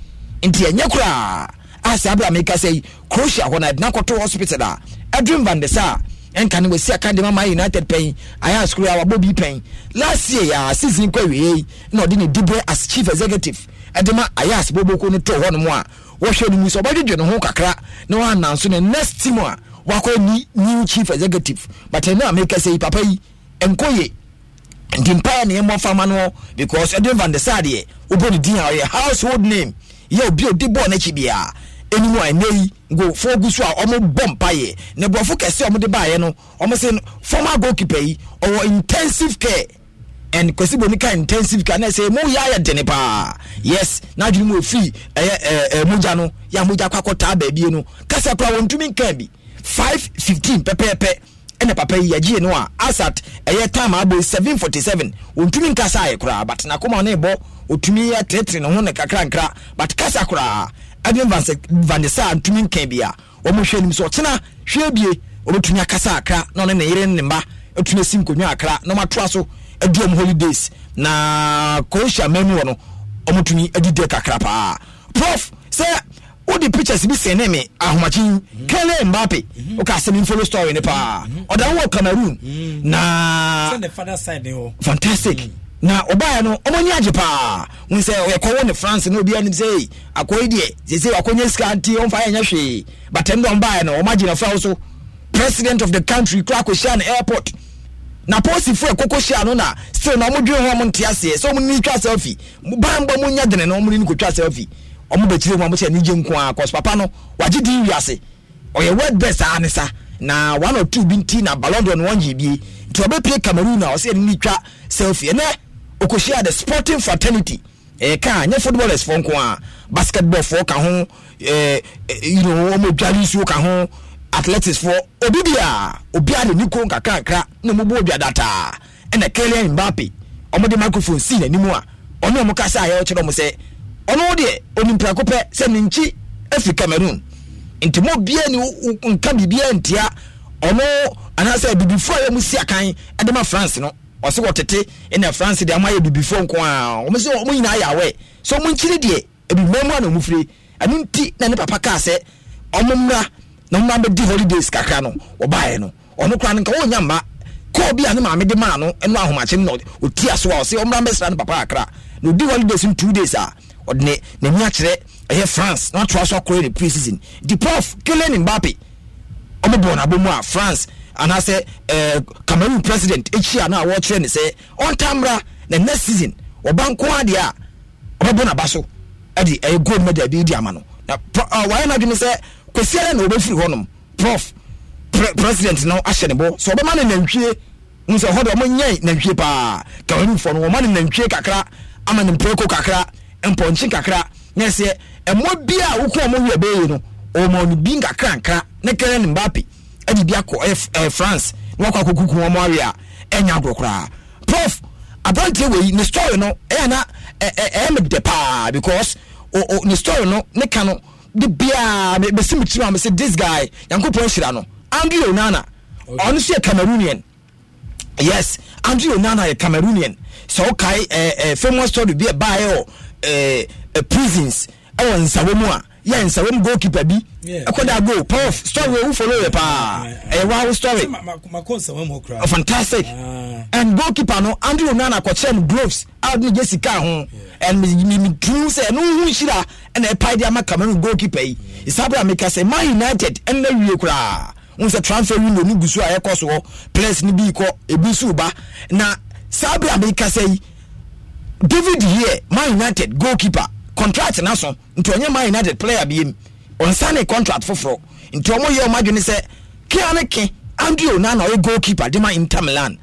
nti ɛnyɛ koraa asɛ abra meka sɛ yi croatia hɔ na ɛdena kɔto hospital a adrim van de sa ɛnka ne wɔsi aka de united pɛn ayɛ asukuru a wabɔ bi pɛn last year yɛ season kɔ awie na ɔde ne dibre as chief executive ɛde ma ayɛ aseboboko no to hɔnom a wɔhwɛ no mu sɛ ɔbɛdwedwe ne ho kakra na wɔananso ne next team a wakɔ ni new chief executive but ɛno a meka yi papa yi ɛnkɔ yie nti mpaeɛ na ɛmmɔ fama no because ɛdwin van de saadeɛ wobɔ ne din a ɔyɛ household name yɛ obi odi bɔɔl n'akyi biara ɛnimu a ɛnɛ yi golfoɔ gu so a ɔmo bɔ mpaeɛ na borɔfo kɛse a ɔmo de baeɛ no ɔmo sɛ former goalkeeper yi ɔwɔ intensive care and kwasi boni ka intensive care na ɛsɛ emu yɛ ayɛ dene paa yes n'adwene mu ofiri ɛyɛ ɛɛ ɛmogya no yɛ amogya akɔ akɔtaa beebi no kasa kora wɔntumi nkan bi five fifteen pɛpɛɛpɛ. ɛna papa yi yɛgyee no a asat ɛyɛ time abɔ 747 ɔntumi nkasaeɛ koraa but nakoma no ɛbɔ ɔtumi atenetene ne ho ne kakrankra but kasa koraa adwen vandesa ntumi nka bi a ɔmohwɛ anim so ɔkyena hwɛ bie ɔbɛtumi akasa akra na ɔne ne yere ne mma atumi asi nkonnwa akra na ɔmatoa so aduam holidays na croatia manuɔ no ɔmotumi adidɛ kakra paa prof sɛ wode pictures bi sɛne me ahomakyi kele mbape woka mhm. sɛ memfolo story ne paa ɔda mhm. wowɔ cameroon mhm. na oh. fantastic mm. na ɔbaeɛ no ɔmɔni agye paa hu sɛ yɛkɔwɔ ne france na obia nim sɛ akɔi deɛ sɛsɛ akɔnya sika nti ɔmfa yɛnyɛ hwee batɛm dɛ ɔmbaeɛ no ɔmagye nafra wo so president of the country kora akɔhyia no airport na posi polisifoɔ ɛkɔkɔ hyia no na still na ɔmodwene ho ɔmo nte aseɛ sɛ ɔmo ne twa selfie bambɔ mu nya dene no ɔmo ne no kɔtwa selfie ɔmo bɛkyerɛ mu ɔmo kyɛ anigye nko a kɔs papa no wagye di wiase ɔyɛ world best a ne na one or bi nti na ballon d'or no wɔn yie bie nti pie cameroon na ɔsɛ ɛni twa selfie ɛnɛ the sporting fraternity e, footballers fo nko basketball fo ka ho ɛɛ you know ɔmo dwale ka ho athletics fo obi bia obia de ne kon kakrankra na mo bu odwa dataa ɛna Mbappe ɔmo de microphone si n'anim a ɔno ɔno deɛ onimpiako pɛ sɛ ne nkyi afiri cameroon nti mo bia ni nka biribiara ntia ɔno anaasɛ abibifoɔ a yɛmu si akan de ma france no ɔse wɔtete ɛna france deɛ ama yɛ abibifoɔ nko a wɔn sɛ wɔn nyinaa yɛ awɛ so wɔn nkyiri deɛ abibia mu a na wɔn firi ɛno nti na ne papa kaa sɛ wɔn mmra na wɔn abɛdi holidays kakra no ɔbaeɛ no ɔno koraa no nka wɔn nya mma kɔɔ bi a ne maame de maa no ɛno ahomakye no na ɔti aso a ɔse wɔn mbɛsra ne papa kakra na ɔdi holidays in two days a ɔde ne n'ani akyerɛ ɛyɛ france na atoa so akɔrɔ ne pre season dipof kelen mbappe ɔbɛbɔ n'abɔ mu a france anaasɛ ɛɛ eh, cameroon president ekyia na wɔrekyerɛ ne sɛ ɔntamra na next season ɔba nko adeɛ a ɔbɛbɔ n'aba so ɛde ɛyɛ gold medal bi di ama no na pro ɔɔ ah, wɔayɛ n'adwene sɛ kwesi ara na ɔbɛfiri hɔnom prof pre president no ahyɛ ne bɔ so ɔbɛma ne nantwie n sɛ ɔhɔ de ɔmo nyɛ nantwie paa cameroon fɔ no ɔma ne nantwie kakra ama ne mpireko kakra mpɔnkye kakra na ɛsɛ ɛmɔ bi a wokɔ ɔmo wia bɛyɛ no ɔmo no bi nkakra nkra ne kɛlɛ ne mbappe ɛde bi akɔ ɛɛ france na wakɔ akɔ kuku ɔmo awie a ɛnya agorɔ koraa prof aberanteɛ wɔ yi ne story no ɛyɛ na ɛɛ ɛyɛ mi dɛ paa because o o ne story no ne ka no de biara mɛ mɛ si mi tirim a mɛ sɛ this guy yankopɔn hyira no andrew onana ɔno so yɛ cameroonian yes andrew onana yɛ cameroonian sɛ ɔkae ɛɛ ɛɛ famous story bi ɛbaayɛ wɔ ɛɛ eh, ɛ eh, prisons ɛwɔ nsawo mu a yɛ nsawo mu goalkeeper bi ɛkɔda goal paul story owu folo yɛ paa ɛyɛ wow story oh, fantastic ah. and goalkeeper no andrew onana kɔkyerɛ no gloves a ɔde ne gye sika ho and mi mi tun sɛ ɛno hu nhyira ɛna ɛpae de ama cameroon goalkeeper yi isabra mika sɛ man united ɛnna wie koraa n sɛ transfer window no gu so a ɛkɔ so hɔ players no bi kɔ ebi so ba na sabra mika sɛ yi david here man united goalkeeper contract n'aso nti ɔnyɛ man united player bi yɛ mu ɔnsane contract foforɔ nti ɔmo yɛ ɔmo adwene sɛ kia ne ke andrew onana ɔyɛ goalkeeper de ma inter milan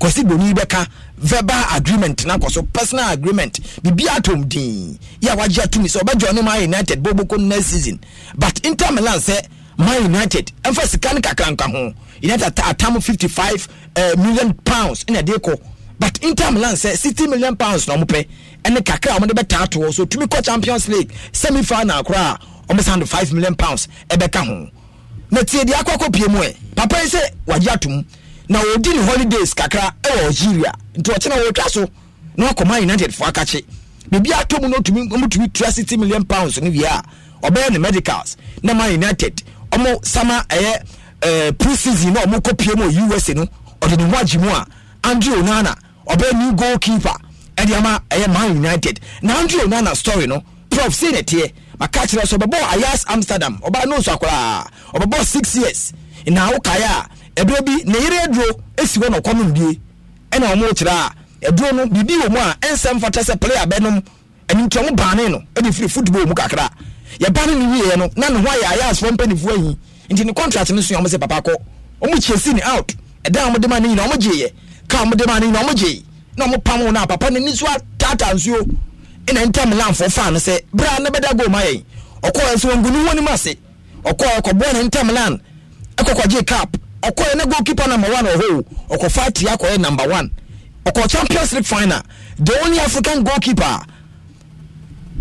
kɔsi boni bɛka verbal agreement na kɔ so personal agreement bibi atom dii yɛ wagye atumi sɛ ɔbɛgye ɔne man united bɔbɔkɔ next season but inter milan sɛ man united ɛnfa sika ne kakranka ho united atam fifty five eh, million pounds ɛna ɛde kɔ but inter milan sɛ sixty million pounds na ɔmo pɛ ɛne kakra a ɔmo de bɛ taa to wɔ so tumi kɔ champions league semi final koraa ɔmo san do five million pounds ɛbɛka ho na tie deɛ akɔ akɔ pie mu ɛ papa yi sɛ wagye atum na odi ne holidays kakra ɛwɔ e algeria nti ɔkyena wɔtwa so na ɔkɔma united fo akakye biribi ato mu na ɔtumi ɔmotumi tura sixty million pounds no wie a ɔbɛyɛ ne medicals na ma united ɔmo sama ɛyɛ ɛɛ eh, pre season na ɔmo kɔ pie mu wɔ usa no ɔde ne ho mu a andrew nana ɔbɛ new keeper ɛde ama ɛyɛ man united na andrew onana story no prof sei ne teɛ maka kyerɛ sɛ ɔbɛbɔ ayas amsterdam ɔbaa no nso akoraa ɔbɛbɔ six years na wokaeɛ a ɛberɛ bi ne yere aduro si hɔ na ɔkɔnom bie ɛna ɔmo a aduro no biribi wɔ mu a ah, ɛnsɛm fata sɛ player ɛnintɔmo baane no ɛde firi football mu kakra yɛba no ne wieɛ eh, no na ne ho ayɛ contract no so ɔmo sɛ papa kɔ ɔmo kyerɛ kaa ɔmo de ma ne nyina ɔmo gye na ɔmo pam na papa ne nisu ataata nsuo ɛna ntɛm lanfo faa no sɛ bere a ne bɛda goal ma yɛn ɔkɔɔ nso wɔn gunu wɔn nim ase ɔkɔɔ ɛkɔbɔ ne ntɛm lan ɛkɔkɔgye cap ɔkɔɔ ne goalkeeper number one ɔhɔ ɔkɔfa atia kɔyɛ number one ɔkɔɔ champions league final the only african goalkeeper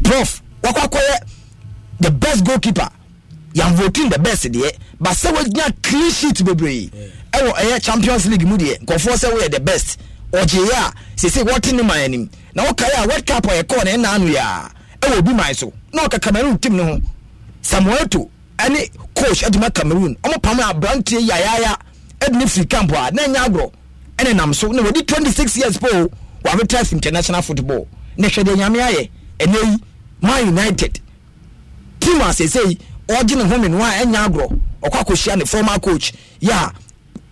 prof wakɔkɔyɛ the best goalkeeper yɛn voting the best deɛ basɛ wɔgyina clean sheet bebree ɛwɔ ɛyɛ champions league mu deɛ nkɔfoɔ sɛ wɔyɛ the best ɔgye yɛ a sese wɔte ne man anim na wɔkae a world cup ɔyɛ kɔɔ ne nna ano yɛ a ɛwɔ obi man so na ɔka cameroon team ne ho samuel to ɛne coach adwuma cameroon ɔmo pam a aberanteɛ yayaya ɛde ne firi camp a na ɛnyɛ agorɔ ɛne nam so na wɔde twenty six years po wɔaretire from international football na hwɛ deɛ nyame ayɛ ɛnɛ yi man united team a sese yi ɔgye ne ho mi ɛnya agorɔ ɔkɔ akɔhyia ne former coach yɛ a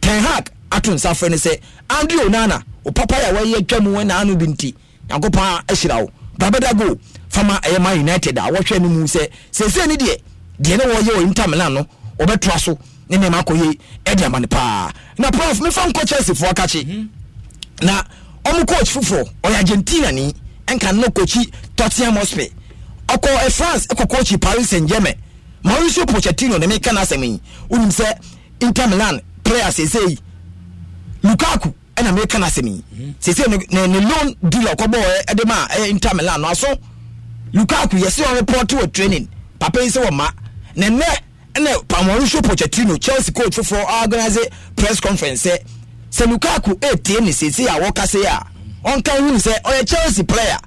ten ato nsa frɛ sɛ andrew onana o papa yɛ mu bi nti nyankopɔn ahyira wo babɛda go fama ɛyɛ united a wɔhwɛ no mu sɛ sɛsɛ ni deɛ deɛ ne wɔyɛ wɔ inter milan no ɔbɛtoa so ne nneɛma akɔyɛ ɛde paa na prof mefa nkɔ mhm. na ɔmo coach foforɔ ɔyɛ argentina ni ɛnka no kɔkyi ɔkɔ eh, france mauricio pochettino ne meka no asɛm yi wonim sɛ inter milan player seesei lukaku ɛna meka no asɛm yi seesei ne ne loan deal ɔkɔbɔɔ ɛde ma ɛyɛ inter milan no aso lukaku yɛsɛ ɔn report wɔ training papa yi sɛ wɔ ma na nnɛ mauricio pochettino chelsea coach foforɔ organize press conference sɛ sɛ lukaku ɛretie ne seesei a wɔkase a ɔnka hu ne sɛ ɔyɛ chelsea player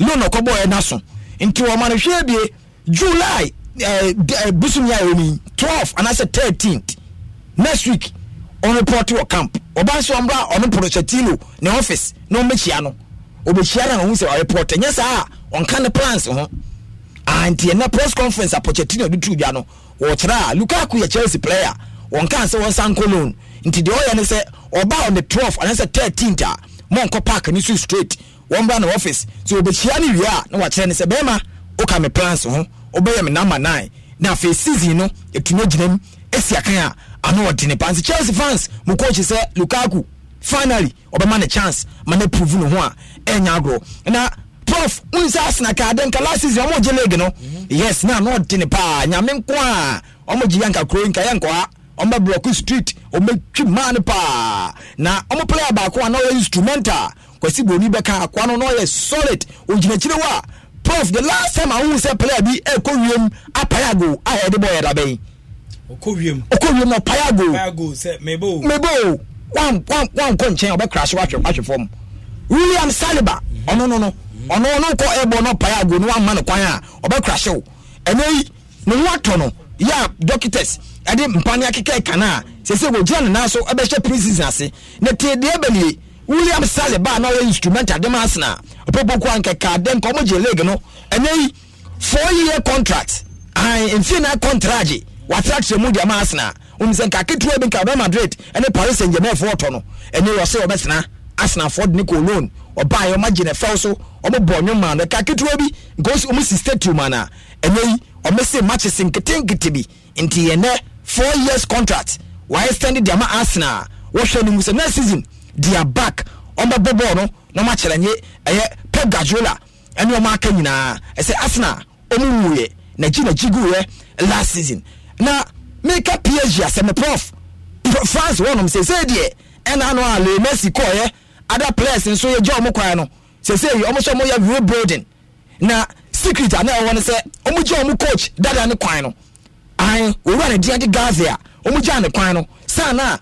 loan ɔkɔbɔɔ ɛna so nti wɔma no hwɛ bie july Eh, eh, bosom yi a wɔni twelve anaasɛ thirteen next week ɔrepɔte wɔ camp ɔba nso ɔmbra ɔno prɔhyɛtilo ne office na ɔmbɛkyia no ɔbɛkyia no a ɔhu sɛ ɔrepɔte nyɛ saa a ɔnka ne plans ho anti ah, ɛnɛ press conference a pochettino de tu dwa no wɔkyerɛ a lukaku yɛ chelsea player wɔnka sɛ wɔnsa nkɔ loan nti deɛ ɔyɛ ne sɛ ɔba on the twelve anaasɛ thirteen a mɔnkɔ park ne so straight wɔmbra ne office so ɔbɛkyia no wie a na wɔakyerɛ ne sɛ bɛrima woka me plans ho ɔbɛyɛ me number nine na afei season no ɛtumi gyina mu ɛsi akan a ano ɔdene pa nti chelsea fans mo coach sɛ lukaku finally ɔbɛma ne chance ma ne prove ne ho a ɛnya agorɔ na prof nsa asena kaa dɛ nka last season ɔmo gye league no mhm. yes na ano ɔdene paa nyame nko a ɔmo gye yɛ nka kuro nka yɛ nkɔha ɔmo bɛ block street ɔmo twi maa no paa na ɔmo player baako a na ɔyɛ instrumental kwasi buroni bɛka akwa no na ɔyɛ solid ogyinakyire hɔ a prof the last time ahohu sɛ player bi ɛkɔ wiem apae ago a yɛde bɔ yɛ dabɛn ɔkɔ wiem na Payago, ago mebo mebo. wankɔ nkyɛn ɔbɛkra so ahwe fam william saliba ɔno oh, no no ɔno ɔno nkɔ ɛbɔ na ɔpae ago na wamma no kwan a ɔbɛkra hyew ɛnɛ yi ne ho atɔ no yɛ a doctors ɛde mpane akeka ɛka no a sɛ sɛ wɔgyina ne nan so ɛbɛhyɛ pre season ase na tee deɛ bɛnie william sally baa na ɔyɛ instrument adem asena opopoku ankeka adem ka ɔmo gye league no ɛnɛ yi four year contract ayi nfi na contract gye watrakyerɛ mu deɛ ɔmo asena wɔn sɛ nka ketewa bi nka real madrid ɛne paris saint germain foɔ tɔ no ɛnɛ yɛ ɔsɛ ɔbɛsena asena fɔ ne ko loan ɔbaa yɛ ɔmo agye ne fɛw so ɔmo bɔ ɔnyo maa no nka ketewa bi nka ɔmo si stadium ana ɛnɛ yi ɔmo se matches nketenkete bi nti yɛn dɛ four years contract wɔayɛ standi deɛ ɔmo asena wɔhwɛ no mu sɛ next season dia back ɔmbɛbɔ bɔɔl no na ɔmo akyerɛ nye ɛyɛ pep guardiola ɛne ɔmo aka nyinaa ɛsɛ na ɔmo na n'akyi n'akyi guiɛ last season na mika psg asɛmɛ prof france wɔnom sese deɛ ɛna ano a leo messi kɔɔyɛ ada players nso yɛ gya ɔmo kwan no sese yi ɔmo sɛ ɔmo yɛ rebuilding na secret ana ɛwɔ no sɛ ɔmo gya ɔmo coach dada ne kwan no ayin owura ne diɛ de gaza a ɔmo gya ne kwan no saa na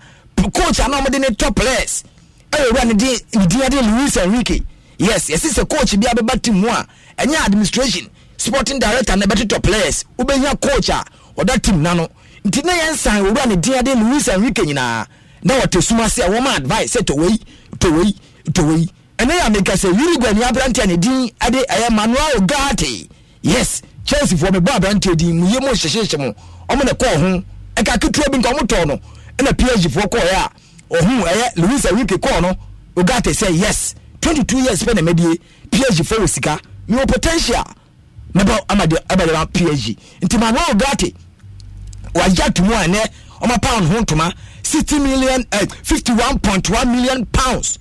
coach ana ɔmo de ne top players. ɛyɛ wura ne din ne din ade Luis Enrique yes yɛsi sɛ coach bi abɛba team mu a ɛnyɛ administration sporting director na ɛbɛtotɔ players wobɛhia coach a ah? ɔda team na no nti na yɛnsan wura ne din ade Luis Enrique nyinaa na wɔte suma se a wɔma advice sɛ tɔwei tɔwei tɔwei ɛnɛ yɛ ameka sɛ Uruguay ni aberanteɛ ne din ade ɛyɛ Manuel Ugarte yes Chelsea foɔ mi bɔ aberanteɛ din mu yie mu hyehyɛhyɛ mu ɔmo na ɛkɔɔ ho ɛka e ketewa bi nka ɔmo tɔɔ no ɛna e PSG foɔ kɔɔ yɛ a ɔhu ɛyɛ eh, louis Enrique, kɔɔ no ogate sɛ yes 22 years pɛ na mɛdie phd fɔ wɔ sika mewɔ potential mɛbɛ amadema phd nti mawa ogate wagya to mu a ɛnɛ ɔma pound ho ntoma 60 million eh, 51.1 million pounds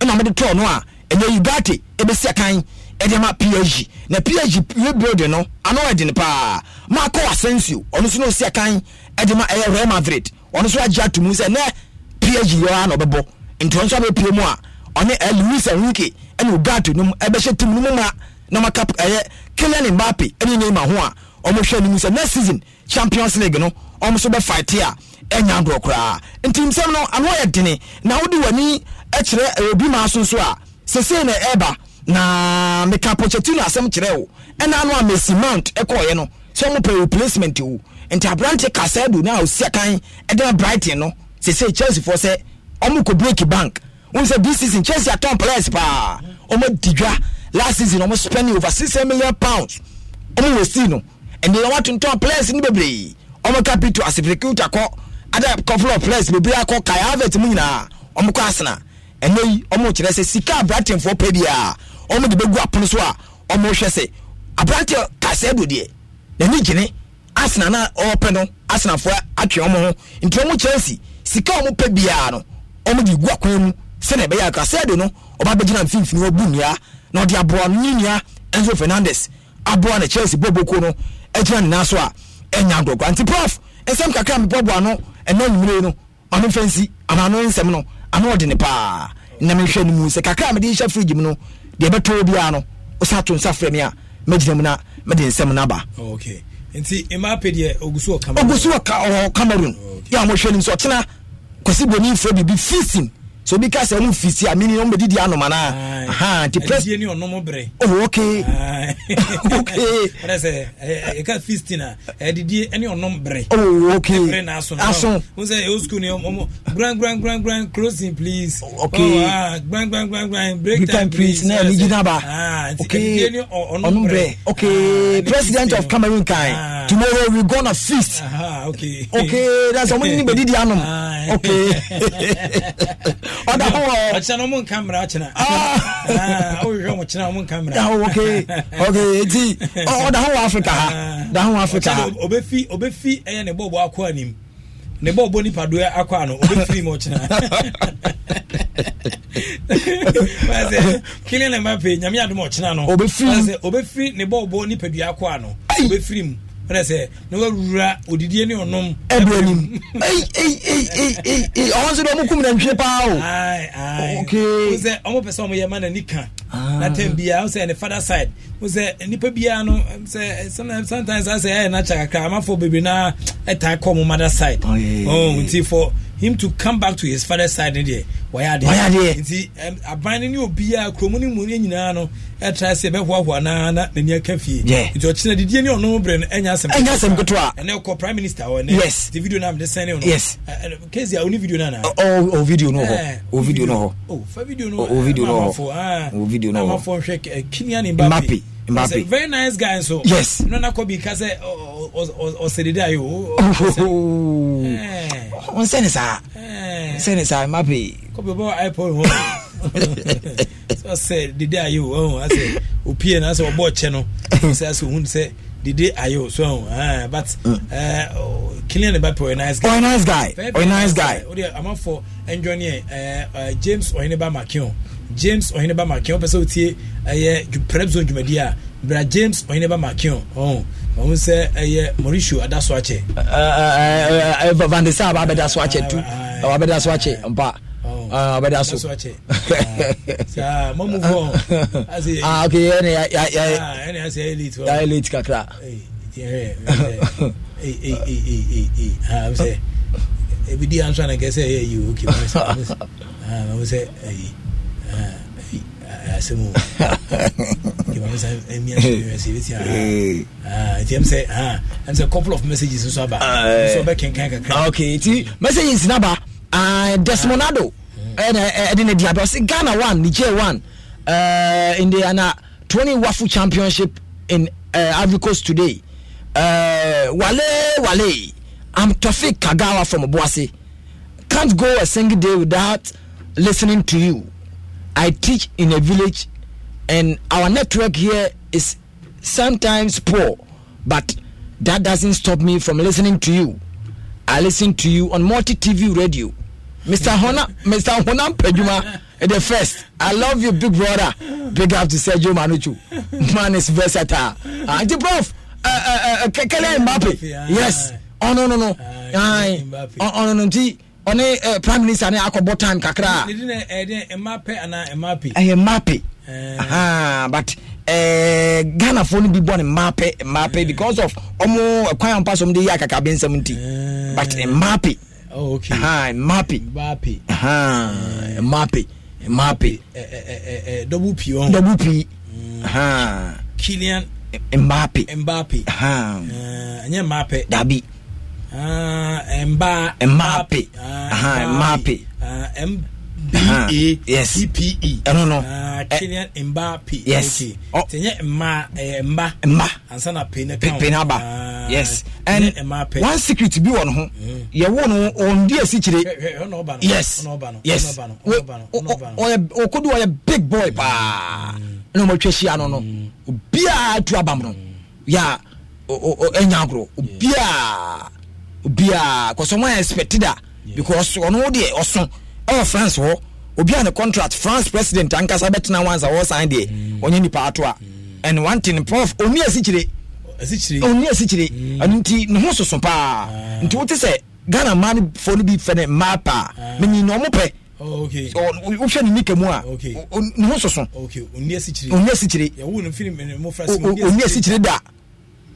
ɛna ɔmɛde tɔɔ no a ɛnɛ ogate ɛbɛsi akan ɛde e ma phd eh, na phd yɛ building no ano ɛde no paa maakɔ asensio ɔno so na ɔsi akan ɛde ma ɛyɛ real madrid ɔno so agye ato mu sɛ ɛnɛ phd ɔa na ɔbɛbɔ nti ɔno a ɔne louis enrique ɛne ogato nom ɛbɛhyɛ tim no ma na maka ɛyɛ kylian mbappe ɛne neymar ho a next season champions league no ɔmo nso bɛfaete a ɛnya dorɔ koraa nti nsɛm no ano yɛ na w'ani obi so a na na meka pochettino asɛm kyerɛ ɛna ano a mount ɛkɔɔyɛ no sɛ ɔmo pɛ replacement sese chelsea fɔ sɛ ɔmo kɔ break bank wọn sɛ this season chelsea atɔn players paa ɔmo di dwa last season ɔmo spending over six million pounds ɔmo wɔ si no ɛnna wɔn atontɔn players no bebree ɔmo kapito asepirikuta kɔ ada couple of players bebree akɔ kai harvard mu nyinaa ɔmo kɔ asena ɛnna yi ɔmo kyerɛ sɛ sika aberantefoɔ pɛ bi a ɔmo de bɛgu apono so a ɔmo hwɛ sɛ aberante kaseɛ do deɛ n'ani gyene asena na ɔɔpɛ no asenafoɔ atwe ɔmo ho nti ɔmo chelsea sika a wɔpɛ biara no wɔde gu akwan mu sɛdeɛ ɛbɛyɛ akra sɛde no ɔba bɛgyina mfimfini wɔ bu nnua na ɔde aboa ne nua enzo fernandes aboa ne chelsea bɔbɔko no agyina ne nan so a ɛnya adɔgba nti prof nsɛm kakra mebɔboa no ɛna nwumire no ɔno mfa nsi ama ano nsɛm no ano ɔde ne paa na mehwɛ no mu sɛ kakra mede nhyɛ fridge mu no deɛ ɛbɛtɔ biara no ɔsa to nsa frɛ me a mɛgyina mu na mede nsɛm no aba nti mmaapɛ deɛ ɔgu so wɔ cameroon yɛ a mɔhwɛ no nso ɔkyena kwasi boni nfrɛ biribi feasting so bi ka sɛ ɔmu fi si a ɔmu bɛ didi anoma na ahan ti pres ɛdiyɛ ni ɔnɔmɔ brɛ oh ok ok ɔrɛ sɛ ɛ ka feast na ɛdiyɛ ɛni ɔnɔmɔ brɛ oh ok ɛbrɛ na aso na aso n sɛ ewu school ni ɔmɔ gran gran gran gran closing please ok oh, ah, gran gran gran gran break time please na ɛni gyina ba ok ɛdiyɛ ni ɔnɔmɔ brɛ ok president of cameroon kan e. ah. tomorrow we gonna feast ok ok that's ɔmu ni bɛ didi anoma ah. ok. ɔda ho ah. ah, ah, wɔ ọchịchị na ọmụ nka ɔda africa ha da ho africa ha ɛyɛ ne bɔɔbɔ akɔ anim ne bɔɔbɔ nipadoɛ akɔ ano obɛfiri ma ɔkyena ɔkyena no obɛfiri ne bɔɔbɔ akɔ ano obɛfiri mu ɛnɛ sɛ na wawura odidie ne ɔnom ɛbrɛ nim ɔho nso de ɔmo kum nantwie paa o sɛ ɔmo pɛ sɛ ɔmo yɛ ma n'ani ka na ah. tam biaa wo sɛ ɛne father side sɛ nipa biara no sɛ eh, sometimes asɛ ɛyɛ n'akyɛ kakra amafo bebree na ɛtaa kɔ mo mother side oh, oh nti for him to come back to his father side ne deɛ wɔyɛ adeɛ wɔyɛ adeɛ nti aban no ne obiara kurom ne mu ne nyinaa no ɛtra sɛ ɛbɛhoahoa na na n'ani aka fie nti ɔkyena didie ne ɔno berɛ no ɛnya asɛm ɛnya asɛm ketewa ɛnɛ ɛkɔ prime minister hɔ ɛnɛ yes the video no a mede sɛne no yes kesi a ɔne video no anaa ɔ oh, oh, video no hɔ ɔ eh, video no hɔ ɔ fa video no eh, hɔ ɔ ah. video no hɔ ɔ video no hɔ amafo nhwɛ kinia ne mbappe Mbappe. very nice guy so. yes. nana kobi kasɛ ɔsɛdede ayi o. n sɛni saa n sɛni saa Mbappe. kobi bɔ iPod hɔ ɔsɛ dede ayi o ɔn asɛ opie na asɛ ɔbɔ ɔkyɛ no ɔsɛ asɛ ohun sɛ dede ayi o so ɔn oh. eh, but mm. eh, oh, Kylian Mbappe ɔyɛ nice guy. ɔyɛ oh, nice guy ɔyɛ nice guy. o de amafo ɛnjɔni yɛ James Ɔyinba Makion james ɔheneba makin wɔpɛ sɛ wotie ɛyɛ prep zone dwumadi a bra james ɔheneba makin ɔn ɔmo oh, sɛ ɛyɛ mauricio adaso akyɛ. ɛɛ ɛɛ van de saa ba abɛda so akyɛ tu abɛda so akyɛ mpa abɛda so. saa mo move on. ah okay ɛna ya ya ya ɛna ya sɛ elite. Oh. ya elite kakra. ebi di anso anagɛ sɛ ɛyɛ yi o kì í sɛ ɛyi. Eh, eh, ah, eh. ah, okay nti messages na ba ah, desmonado ɛna ɛde ne diaba ɔsi ghana one niger one uh, in the ana twenty waffle championship in uh, ivory today uh, wale wale i'm tofik kagawa from obuasi can't go a single day without listening to you I teach in a village, and our network here is sometimes poor, but that doesn't stop me from listening to you. I listen to you on multi TV radio. Mr. Hona, Mr. Honam Peduma, the first. I love you, big brother. Big up to Sergio Manuchu. Man is versatile. Auntie ah, Prof, uh, uh, uh, Kele Mbappe. Yes. Oh, no, no, no. Oh, oh, no, no, no. ɔne eh, prime minister ne akɔbɔ time kakra ɛyɛ eh, mape eh, but eh, ghanafoɔ no bi bɔ ne mape mape because of ɔmo kwan ampa so ɔmo de yɛ akaka bɛnsɛm nti but mape mape mape mape double p on oh. double p mm. Kylian Mbappe Mbappe ɛnyɛ Mbappe dabi mmape yes yes one secret bi wɔ no ho yɛwo no wɔn di esi yes yes ɔyɛ big boy paa ɛna wɔn atwa no no obiara atu abam no yɛ ɛnya agorɔ obiara. obiaa kɔsɔ mo expected a because ɔno deɛ ɔso ɛwɔ france hɔ obiaa ne contract france president ankasa bɛtena wansa wɔsan deɛ ɔnyɛ mm. nipa ato a mm. and one thing prof ɔni asikyire ɔni asikyire ɛno mm. nti ne ho soso paa ah. nti wote sɛ ghana mmaa no fo no bi fɛ ne mmaa paa ah. menyi na ɔmo pɛ wohwɛ ne nika mu a ne ho soso ɔni asikyire ɔni asikyire da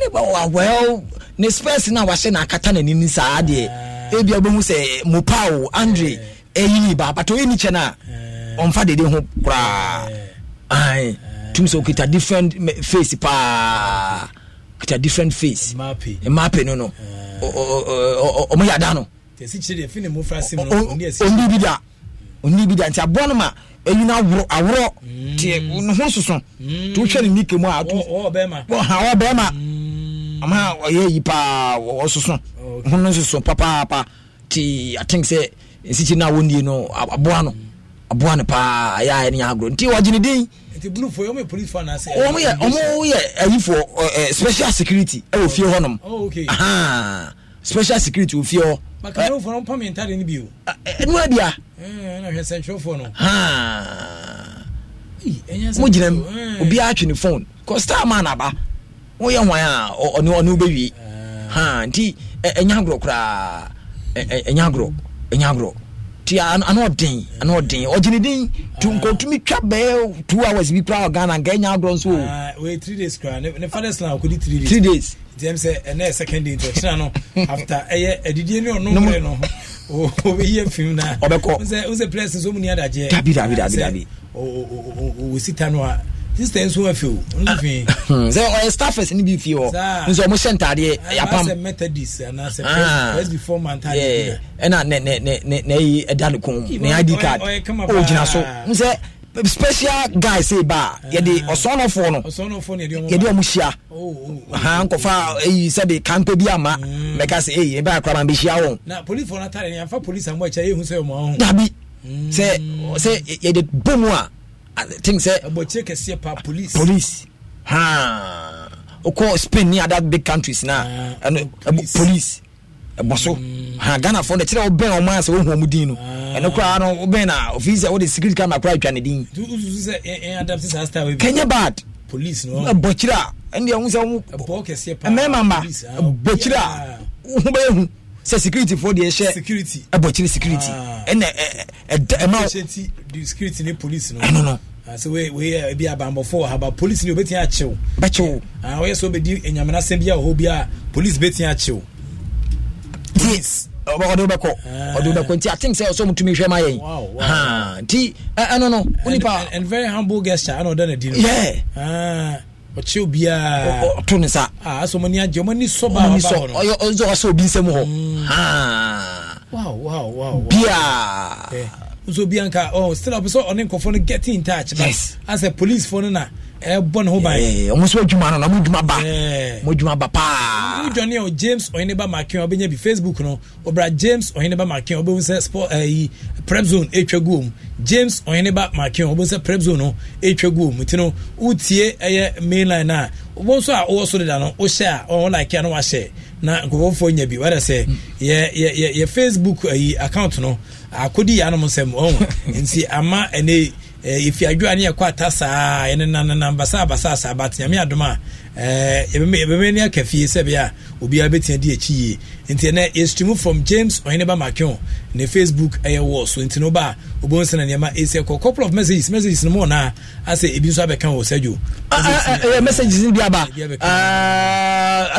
ne ba wa well ne spurs na wahyɛ na akata n'anim eh. eh. eh, ni saa deɛ ebi abɛhu sɛ mopao andre ɛyi ba abatɔ ɛni kyɛn a ɔnfa dede ho koraa ayi tum sɛ okita different face paa okita different face mmaape no no ɔmo yɛ ada no ɔndi bi da ɔndi bi da nti aboa no ma ɛyi na aworo aworo mm. tiɛ ne ho soso to mm. twɛ ne nike mu a ɔha ɔbɛrima. ama ɔyɛ yi paa ɔsoso ho no soso papaapa ti atink sɛ nsikyi na a wɔnie no aboa no aboa no paa ɛyɛ ayɛ no yɛ agorɔ nti wɔgyene den ɔmo yɛ ayifoɔ special security ɛwɔ oh. fie hɔnom oh, special security wɔ fie hɔ ɛnua bia mogyinam obiaa twe ne phone cause star man aba woyɛ hwan a ɔne ɔne wobɛwie ha nti ɛnyɛ agorɔ koraa ɛnyɛ agorɔ ɛnyɛ agorɔ nti ana ɔden ana ɔden ɔgyene den nkɔtumi twa bɛɛ two hours bi koraa ghana nka ɛnyɛ agorɔ nso o three days koraa ne father sna ɔkɔdi three days three days ntɛm sɛ ɛnɛ second day nti ɔkyena no after ɛyɛ adidie ne ɔno mmerɛ no obɛyi afim na ɔbɛkɔ wosɛ press nso mu ni adagyeɛ dabi dabi dabi dabi wɔsi ta no a sista nso afi o nso fi. sɛ ɔyɛ staffers ni bi fi hɔ nso ɔmo hyɛ ntaadeɛ yapam. anaasɛ methodist anaasɛ first before man ta de. ɛna ne ne ne ne ne yi ɛda eh, ne kɔn mu ne id card o gyina so ah. nsɛ eh, special guy say ba yɛde ɔsɔnɔfoɔ no yɛde ɔmo hyia nkɔfa eyi sɛde kampe bi ama mɛka sɛ eyi ebe akora ma n bɛ hyia wɔn. na polisi fɔ n'atare ni yanfa polisi amu ɛkyɛ ehu sɛ ɔmo ahun. dabi sɛ sɛ yɛde bom a. Ah, think sɛ abɔkyire kɛseɛ pa police police O okɔ spain ni other big countries na ah, ɛno ɛbɔ police ɛbɔ so mm. ha ghana fɔ no kyerɛ wobɛn ɔmo asɛ wohu ɔmo din no ah. ɛno koraa no wobɛn na ofii sɛ wode security camera koraa atwa ne din kɛnyɛ bad police no ɛbɔkyire a ɛndeɛ wo sɛ wo mmarima mba ɛbɔkyire a wo ho bɛyɛ hu sɛ security fo deɛ ɛhyɛ ɛbɔ kyiri security ah. ɛna ɛda ɛma ɛno no ah, sɛ wei bi abanbɔfoɔ haba police ne wobɛtumi akyew bɛkyew woyɛ ah, sɛ wobɛdi anyamena sɛm bi a wɔhɔ bi a police bɛtumi akyew yes ɔde wobɛkɔ ɔde wobɛkɔ nti atink sɛ ɔsɛ mutumi hwɛ ma yɛn nti ɛno no wonipa and very humble gesture I know ana a no Yeah. no ɔkye obiaa ɔto ne sa ah, asɛ ɔmani agye ɔmani sɔ baani sɔ ɔsɛ ɔsɛ obi nsɛm hɔ mm. bia eh, nso obi anka ɔ still ɔpɛ sɛ ɔne nkɔfoɔ no get in touch yes. asɛ policefoɔ no na ɛbɔ ne ho ban ɔmo nso adwuma no na ɔmo adwuma ba ɔmo adwuma ba paa ɔmo adwane ɔ james ɔheneba makin ɔbɛnya bi facebook no ɔbra james ɔheneba makin ɔbɛhu sɛ sport ɛyi prep zone atwa gu omu james ɔheneba makin ɔbɛhu sɛ prep zone no atwa gu omu ti no wotie ɛyɛ mainline a ɔbɔ nso a ɔwɔ so deda no ɔhyɛ a ɔwɔ like a no wahyɛ na nkɔfɔfoɔ nya bi wɛrɛ sɛ yɛ yɛ yɛ facebook ɛyi account no akodi yɛ anom nsɛm ɔmo nti ama ɛnɛ Eh, yɛfi adwoa ah, ne yɛkɔ ata saa ɛne basa basa. saa bat nyame adom a yɛbɛmɛ eh, ne aka fie sɛ bɛyɛ a obiara bɛtumi di akyi yie nti ɛnɛ yɛstream from james ɔheneba makeo ne facebook ɛyɛ wɔ so nti no ba a wobɛhu sɛ na nneɛma ɛsi ɛkɔ couple of messages messages no mu ɔnaa asɛ ebi nso abɛka wɔ sɛ dwo ah, ah, eh, messages no bi aba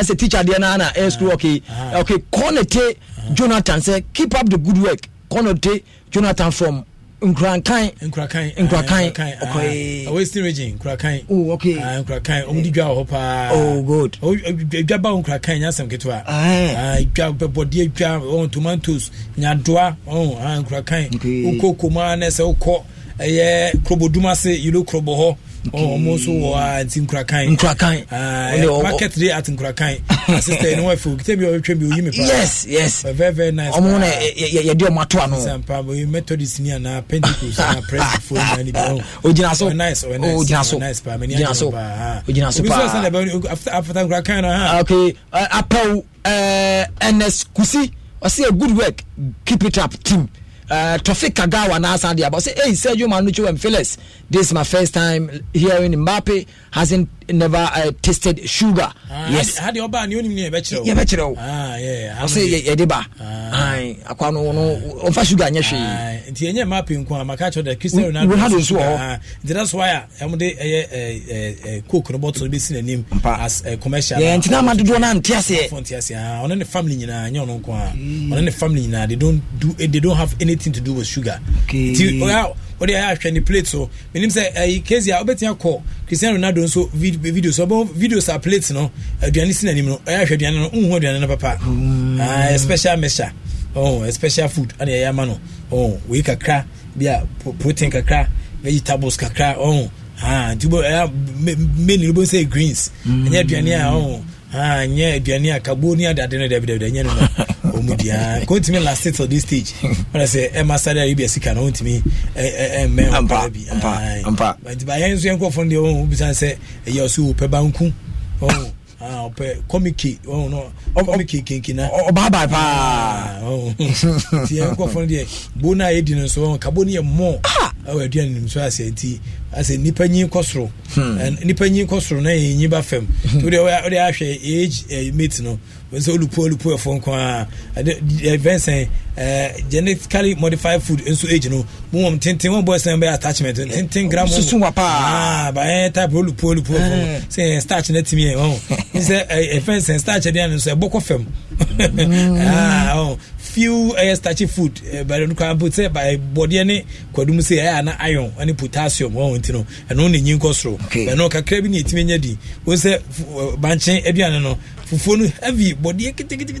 asɛ teacher deɛ no ana ɛyɛ school okay okay kɔnete jonathan sɛ keep up the good work kɔnete jonathan from nkurakan nkurakan nkurakan ah, okay away ah, steam region nkurakan oh okay ah nkurakan omo di dwa hɔ paa oh good eh, eh, dwa ba nkurakan nya sam eh. ah dwa bɔde dwa on tomatoes nya oh ah nkurakan ukoko ma na sɛ ukɔ ɛyɛ kroboduma se yilo krobo hɔ ɔmo oh, so wɔ ati ah, nkurakan nkurakan ah, market day at nkurakan asista ɛni wɔn afɛ okita bi ɔbɛtwa bi oyi mi pa yes yes very very nice ɔmo na yɛde ɔmo ato ano sampa oye methodist ni ana pentikos ana presby fo ɛna ni bi ɔn ogyina so nice ɔ nice ogyina so nice pa mɛ ni agyina so paa ah. ogyina so paa obi sɔ sɛ ɛbɛn afata nkurakan na ha okay apɛw ɛɛ ns kusi ɔsi a good work keep it up team. uh, Tofik Kagawa Nasa Diaba say, hey, Sergio Manucho and Phillips, this is my first time hearing Mbappe hasn't never uh, tasted sugar ah, yes hadi ọba ni onim ni yẹ bẹ kyerɛ o yẹ bɛ kyerɛ o ɔsɛ yɛde ba akwa no no ɔmfa sugar nyɛ hwee ah, nti ɛnyɛ mmaa pii nko a maka kyerɛ dɛ kristian ronaldo ronaldo nso wɔ hɔ nti that's why a ɛmo de ɛyɛ coke no bɔtɔ bi si n'anim as commercial yɛn ntina ama dodoɔ na nte aseɛ fɔ nte aseɛ ɔne ne family nyinaa nyɛ ɔno nko a ɔne ne family nyinaa they don't do they don't have anything to do with sugar nti ɔyɛ. Oh, wɔde ayɛ ahwɛ ne plate so menim sɛ ɛyi kesi a wobɛtumi akɔ christian ronaldo nso video so ɔbɛwɔ videos a plate no aduane si n'anim no ɛyɛ ahwɛ aduane no nhu aduane no papa mm. ah, special measure oh, special food ana yɛyɛ ama no oh, wei kakra bi a protein kakra vegetables kakra oh, ah, nti wobɛ ɛyɛ menu no bɛhu sɛ greens ɛnyɛ aduane a oh, Ah, nyɛ aduane a kabuo ne adade no dabidabida nyɛ no no ɔmu diaa nka wontumi last to this stage wɛna sɛ ɛma sade arabia sika no wontumi mmɛ hopaa bi nti bayɛ nso yɛ nkɔfoɔ no deɛ wɔhu bisane sɛ ɛyɛ ɔsɛ wopɛ banku ɔpɛ kɔmiki ɔn no kɔmiki kinkina. ɔbaaba paa. tiɛ nkɔfɔ no deɛ bo na yɛ di no nso kabo no yɛ mɔ ɛwɔ aduane nim so Ase nti asɛ nipa nyi kɔ soro nipa nyi kɔ soro na yɛ nyi ba fam to deɛ ɔde age eh, mate no sɛ olupo olupo ɛfo nko a ɛbɛnsɛn ɛɛ genetically modified food nso age no mu wɔn tenten wɔn bɔ ɛsɛn bɛyɛ attachment tenten gram wɔn susun wa paa aa ah, bayɛ type olupo olupo ɛfo eh. sɛ starch ne timi yɛ wɔn n sɛ ɛfɛnsɛn starch ɛdi yɛn no nso ɛbɔkɔ fam aa ɔn few ɛyɛ starchy food ɛbɛrɛ eh, no kora mpo sɛ bɔdeɛ ne kwadum sɛ ɛyɛ ana iron ne potassium wɔn nti no ɛno eh, eh, ne nyi nkɔ soro ɛno kakra bi ne ɛtumi nya di wɔn sɛ bankye aduane no fufuo no heavy bɔdeɛ ketekete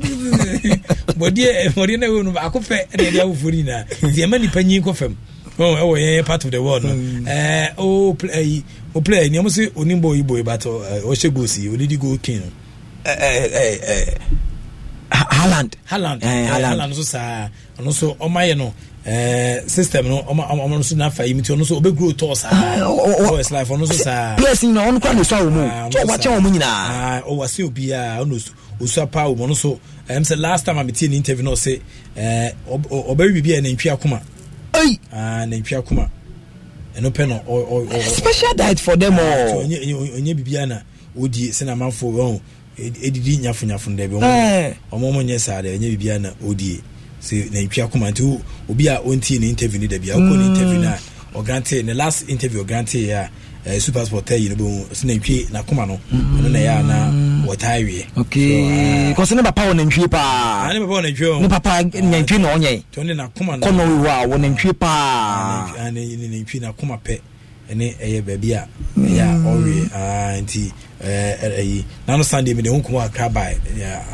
bɔdeɛ bɔdeɛ na ɛwɔ no baako pɛ ɛna ɛde afufuo no nyinaa nti ɛma nipa nyi nkɔ fam wɔn ɛwɔ yɛn part of the world no ɛɛ o ɛyi o player nneɛma sɛ onimbo oyibo yi bato ɔhyɛ goals yi onidi goal king no. Haaland Haaland eh, eh Haaland nso saa ɔno nso ɔma yɛ no ɛɛ eh, system no ɔma ɔma nso n'afa yi mu ti ɔno nso ɔbɛ grow tɔɔ saa tɔɔs ah, oh, oh, oh. life ɔno nso saa players yi na ɔno kora na osu awo mu tí ɔwɔ akyɛn wɔn mu nyinaa ah, ɔwɔ ase obiara ɔno osu osu apa awo mu ɔno nso eh, ɛm sɛ last time a mi tie ne interview na ɔsɛ ɛɛ ɔbɛwi bibi yɛ nantwi akoma ɛyi aa nantwi akoma ah, ɛno pɛ na ɔ ɔ ɔ special diet for them all ɔnyɛ bibi yɛ na odie sɛ na amanfo wɔn o Edidi nyafunyafun dɛ bi ɔmo ɔmo eh. nyɛ saa dɛ ɛnyɛ biribiara na odie sɛ na etwi akoma nti obi a ɔntie ne interview ne dabi a ɔkɔ ne interview na ɔgrante ne last interview ɔgrante yɛ a ɛɛ eh, super sport tɛ yi no bɛ hu sɛ na etwi n'akoma no mm. ɛno na yɛ a na wɔtaa awie. okay ah. kɔsɛ ne papa wɔ nantwie paa ah, ne papa wɔ nantwie o ne papa ah, nantwie na ɔnyɛ tɔn ne n'akoma na kɔnɔ wɔ a wɔ nantwie paa ne nantwie n'akoma pɛ ɛne ɛyɛ baabi a mm. ɛyɛ a ɔwie aa nti ɛyi eh, eh, eh, nano sunday mi de ho nkɔmɔ akra by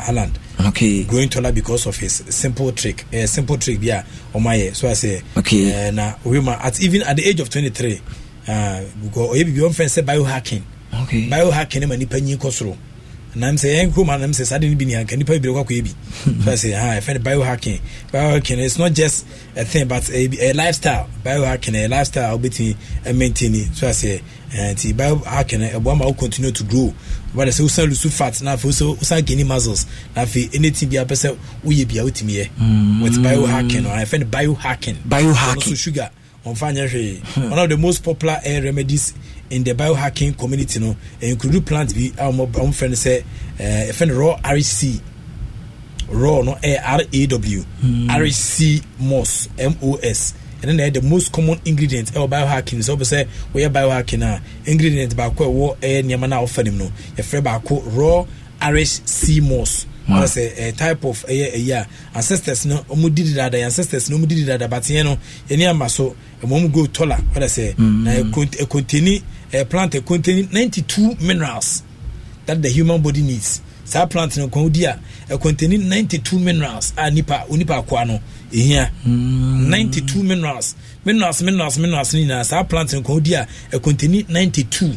Haaland okay growing taller because of his simple trick uh, simple trick bi a ɔmo ayɛ so I say okay uh, na wima at even at the age of twenty three uh, ah, ɔyɛ bibi ɔmo fɛn sɛ biohacking okay biohacking ma nipa nyi nkɔ soro nam sɛ yɛn eh, kurom anam sɛ saa de no bi neanka nipa bebree kɔkɔ bi fɛsɛ hmm. ha ɛfɛ no biohacking biohacking its not just a thing but a, a lifestyle biohacking a lifestyle a wobɛtumi eh, maintain so asɛ nti eh, biohacking ɛboa ma wo continue to grow wobɛda sɛ wosan lusu fat na afei wosɛ wosan gani muscles na afei anything bi a pɛ sɛ woyɛ bia wotumi yɛ with biohacking no ɛfɛ no biohacking biohacking so sugar ɔmfa nyɛ hwee hmm. one of the most popular air remedies in the biohacking community no include plant bi ah, eh, a wɔn fɛ no sɛ ɛɛ ɛfɛ raw rc e raw no ɛyɛ raw mm. rc e mos mos ɛne na ɛyɛ the most common ingredient ɛwɔ eh, biohacking sɛ wɔpɛ sɛ wɔyɛ biohacking a ah. ingredient baako ɛwɔ ɛyɛ eh, nneɛma no a wɔfa no yɛfrɛ baako raw rc e mos ɔsɛ wow. ɛɛ uh, type of ɛyɛ uh, a ancestors no ɔmo didi dada ancestors no ɔmo didi dada bateɛ no ɛni ama so ɛmo ɔmo go taller ɔda sɛ hmm. na ɛkontini. Mm a plant containing 92 minerals that the human body needs saa plant no kwan di a containing 92 minerals a nipa onipa akoa no ehia 92 hmm. minerals minerals minerals minerals nyinaa saa plant no kwan di a containing 92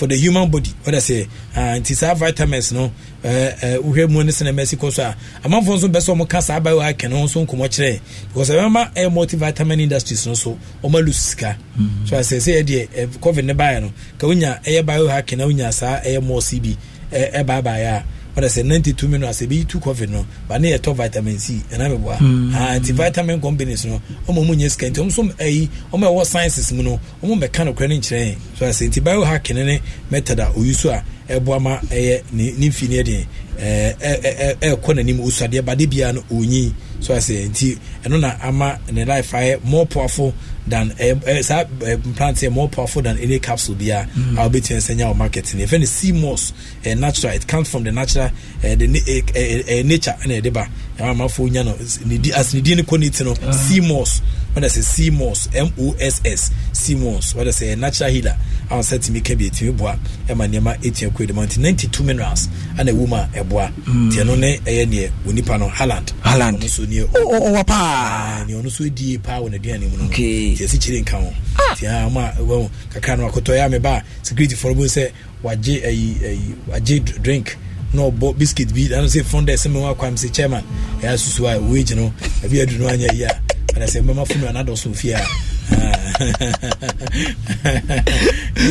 for the human body what I say, sɛ nti saa vitamins no wohwɛ mu ne sɛnɛ mɛsi kɔ so a amanfoɔ nso bɛ sɛ ɔmo ka saa bio akɛne ho nso nkɔmɔ kyerɛ because ɛbɛma uh, ɛyɛ uh, multivitamin industries no so ɔmo alu sika mm-hmm. so asɛ sɛ yɛdeɛ covid ne baeɛ no ka wonya ɛyɛ bio akɛne wonya saa ɛyɛ mɔɔsi bi ɛbaebaeɛ a ɔdɛ sɛ ninety two minutes sɛ ebi two coffee no ba ne yɛ tɔ vitamin c ɛna bɛ bɔ a hmm. aa ah, nti vitamin companies no ɔmo ɔmo nyɛ sika nti ɔmo nso ɛyi eh, ɔmo ɛwɔ sciences mu no ɔmo mɛka no kura ne nkyerɛn so ɛsɛ nti biohacking ne method a oyi so a ɛboa ma ɛyɛ ne ne mfi ne ɛdeɛ ɛɛ ɛɛ ɛɛkɔ n'anim osuadeɛ ba de bia no onyi so ɛsɛ nti ɛno eh, na ama ne life ayɛ ah, eh, more powerful than eh, eh, saa eh, plant yɛ more powerful than any capsule bia a wɔbɛtumi sɛ nya wɔ market ne yɛfɛ no sea moss uh, natural it comes from the natural uh, the uh, uh, uh, nature ɛna ɛde ba ɛma amanfoɔ nya no ne di as ne di ne kɔ ne ti no seamoss wɔde sɛ moss. m-o-s-s Sea seamoss wɔde sɛ natural healer eh, a wɔn sɛ tìmi kɛ bi etìmi boa ɛma mm. nneɛma etia kɔ edema nti ninety two minerals ɛna ewu a ɛboa tiɛ no ne ɛyɛ neɛ wɔ nipa no Haaland Haaland ɔno so neɛ ɔwɔ paa neɛ ɔno so die paa wɔ n'aduane mu no tiɛ si kyerɛ nka ho ah. tiɛ ama wɔn kakra no akɔtɔ yɛ ameba security fɔlɔ bo sɛ wagye ayi eh, ayi eh, wagye drink na ɔbɔ biscuit bi ɛno sɛ fondɛ sɛ mewakɔ am sɛ chairman ɛyɛ asusuwa wage no abi aduru no anyɛ yi a ɛnɛ sɛ mbɛma funu anadɔ so ah, fie a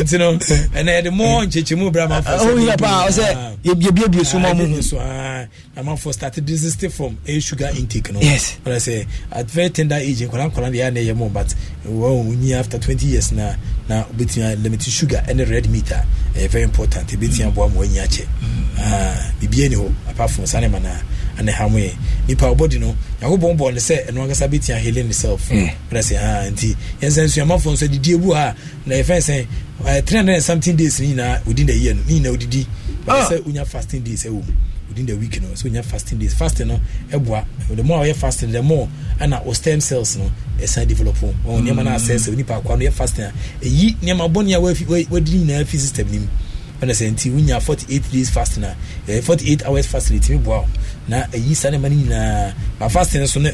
nti no ɛnɛ yɛde mɔ nkyekyɛmu bra mafoyɛpaa sɛ yɛbiabiabie so ma mu so amafo starte desist from ɛyɛ sugar intake no yes ɛnɛ sɛ at very tender age nkɔla nkɔla deɛ ɛnɛ yɛ mu but wɔnyi after 20 years na na wobɛtumi limit sugar ɛne red meat a ah, ɛyɛ eh, very important ɛbɛtumi mm. aboa ma wɔanyi mm. akyɛ ah, biribiani hɔ apart from sane ma naa ɛna ɛha mo yɛ nipa ɔbɔdi no yakobɔn bɔ ne sɛ ɛno ankasa bɛtia healing himself ɛna eh. sɛ haa nti yɛnsɛ nsuamafoɔ nso adidi ebu ha na yɛfɛn sɛ ɛɛ three hundred and something days ni nyinaa odi na yie no ne nyinaa odidi sɛ onya fasting days ɛwɔ mu within the week no so you fasting days fasting no ɛboa the more ɔyɛ fasting the more ɛna o stem cells no ɛsan e develop wɔn wɔn nneɛma na asɛ sɛ onipa akwa no yɛ fasting a ɛyi e nneɛma bɔnni a wɔadi nyinaa fi system nim ɛna sɛ nti wonya forty eight days fasting a ɛyɛ eh, forty eight hours fasting ɛtumi boa o na ɛyi saa nneɛma no nyinaa ba fasting nso no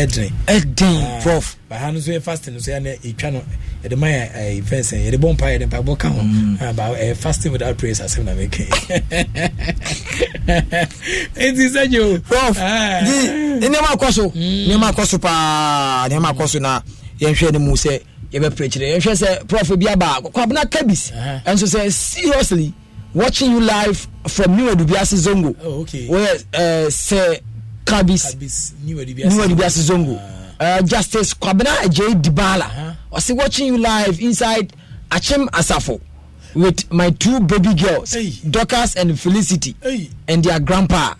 ɛdene ɛden ah, prof baha no nso yɛ fasting nso yɛne ɛtwa no yɛde ma yɛ fɛnsɛ yɛde bɔ mpa yɛde mpaebɔ ka ho mm. ah, ba ɛyɛ fasting without prayers asɛm na meka ɛnti sɛ gye o prof ah. nneɛma akɔ so mm. nneɛma akɔ so paa nneɛma akɔ so na yɛnhwɛ no mu sɛ yɛbɛprɛkyerɛ yɛnhwɛ sɛ prof bi aba kwabena kabis ɛnso sɛ seriously watching you live from new edubiasi zongo oh, okay. where uh, sir kabis, kabis new edubiasi zongo uh, uh, justice kwabena ajay dibala uh-huh. was watching you live inside achim asafo with my two baby girls hey. dorcas and felicity hey. and their grandpa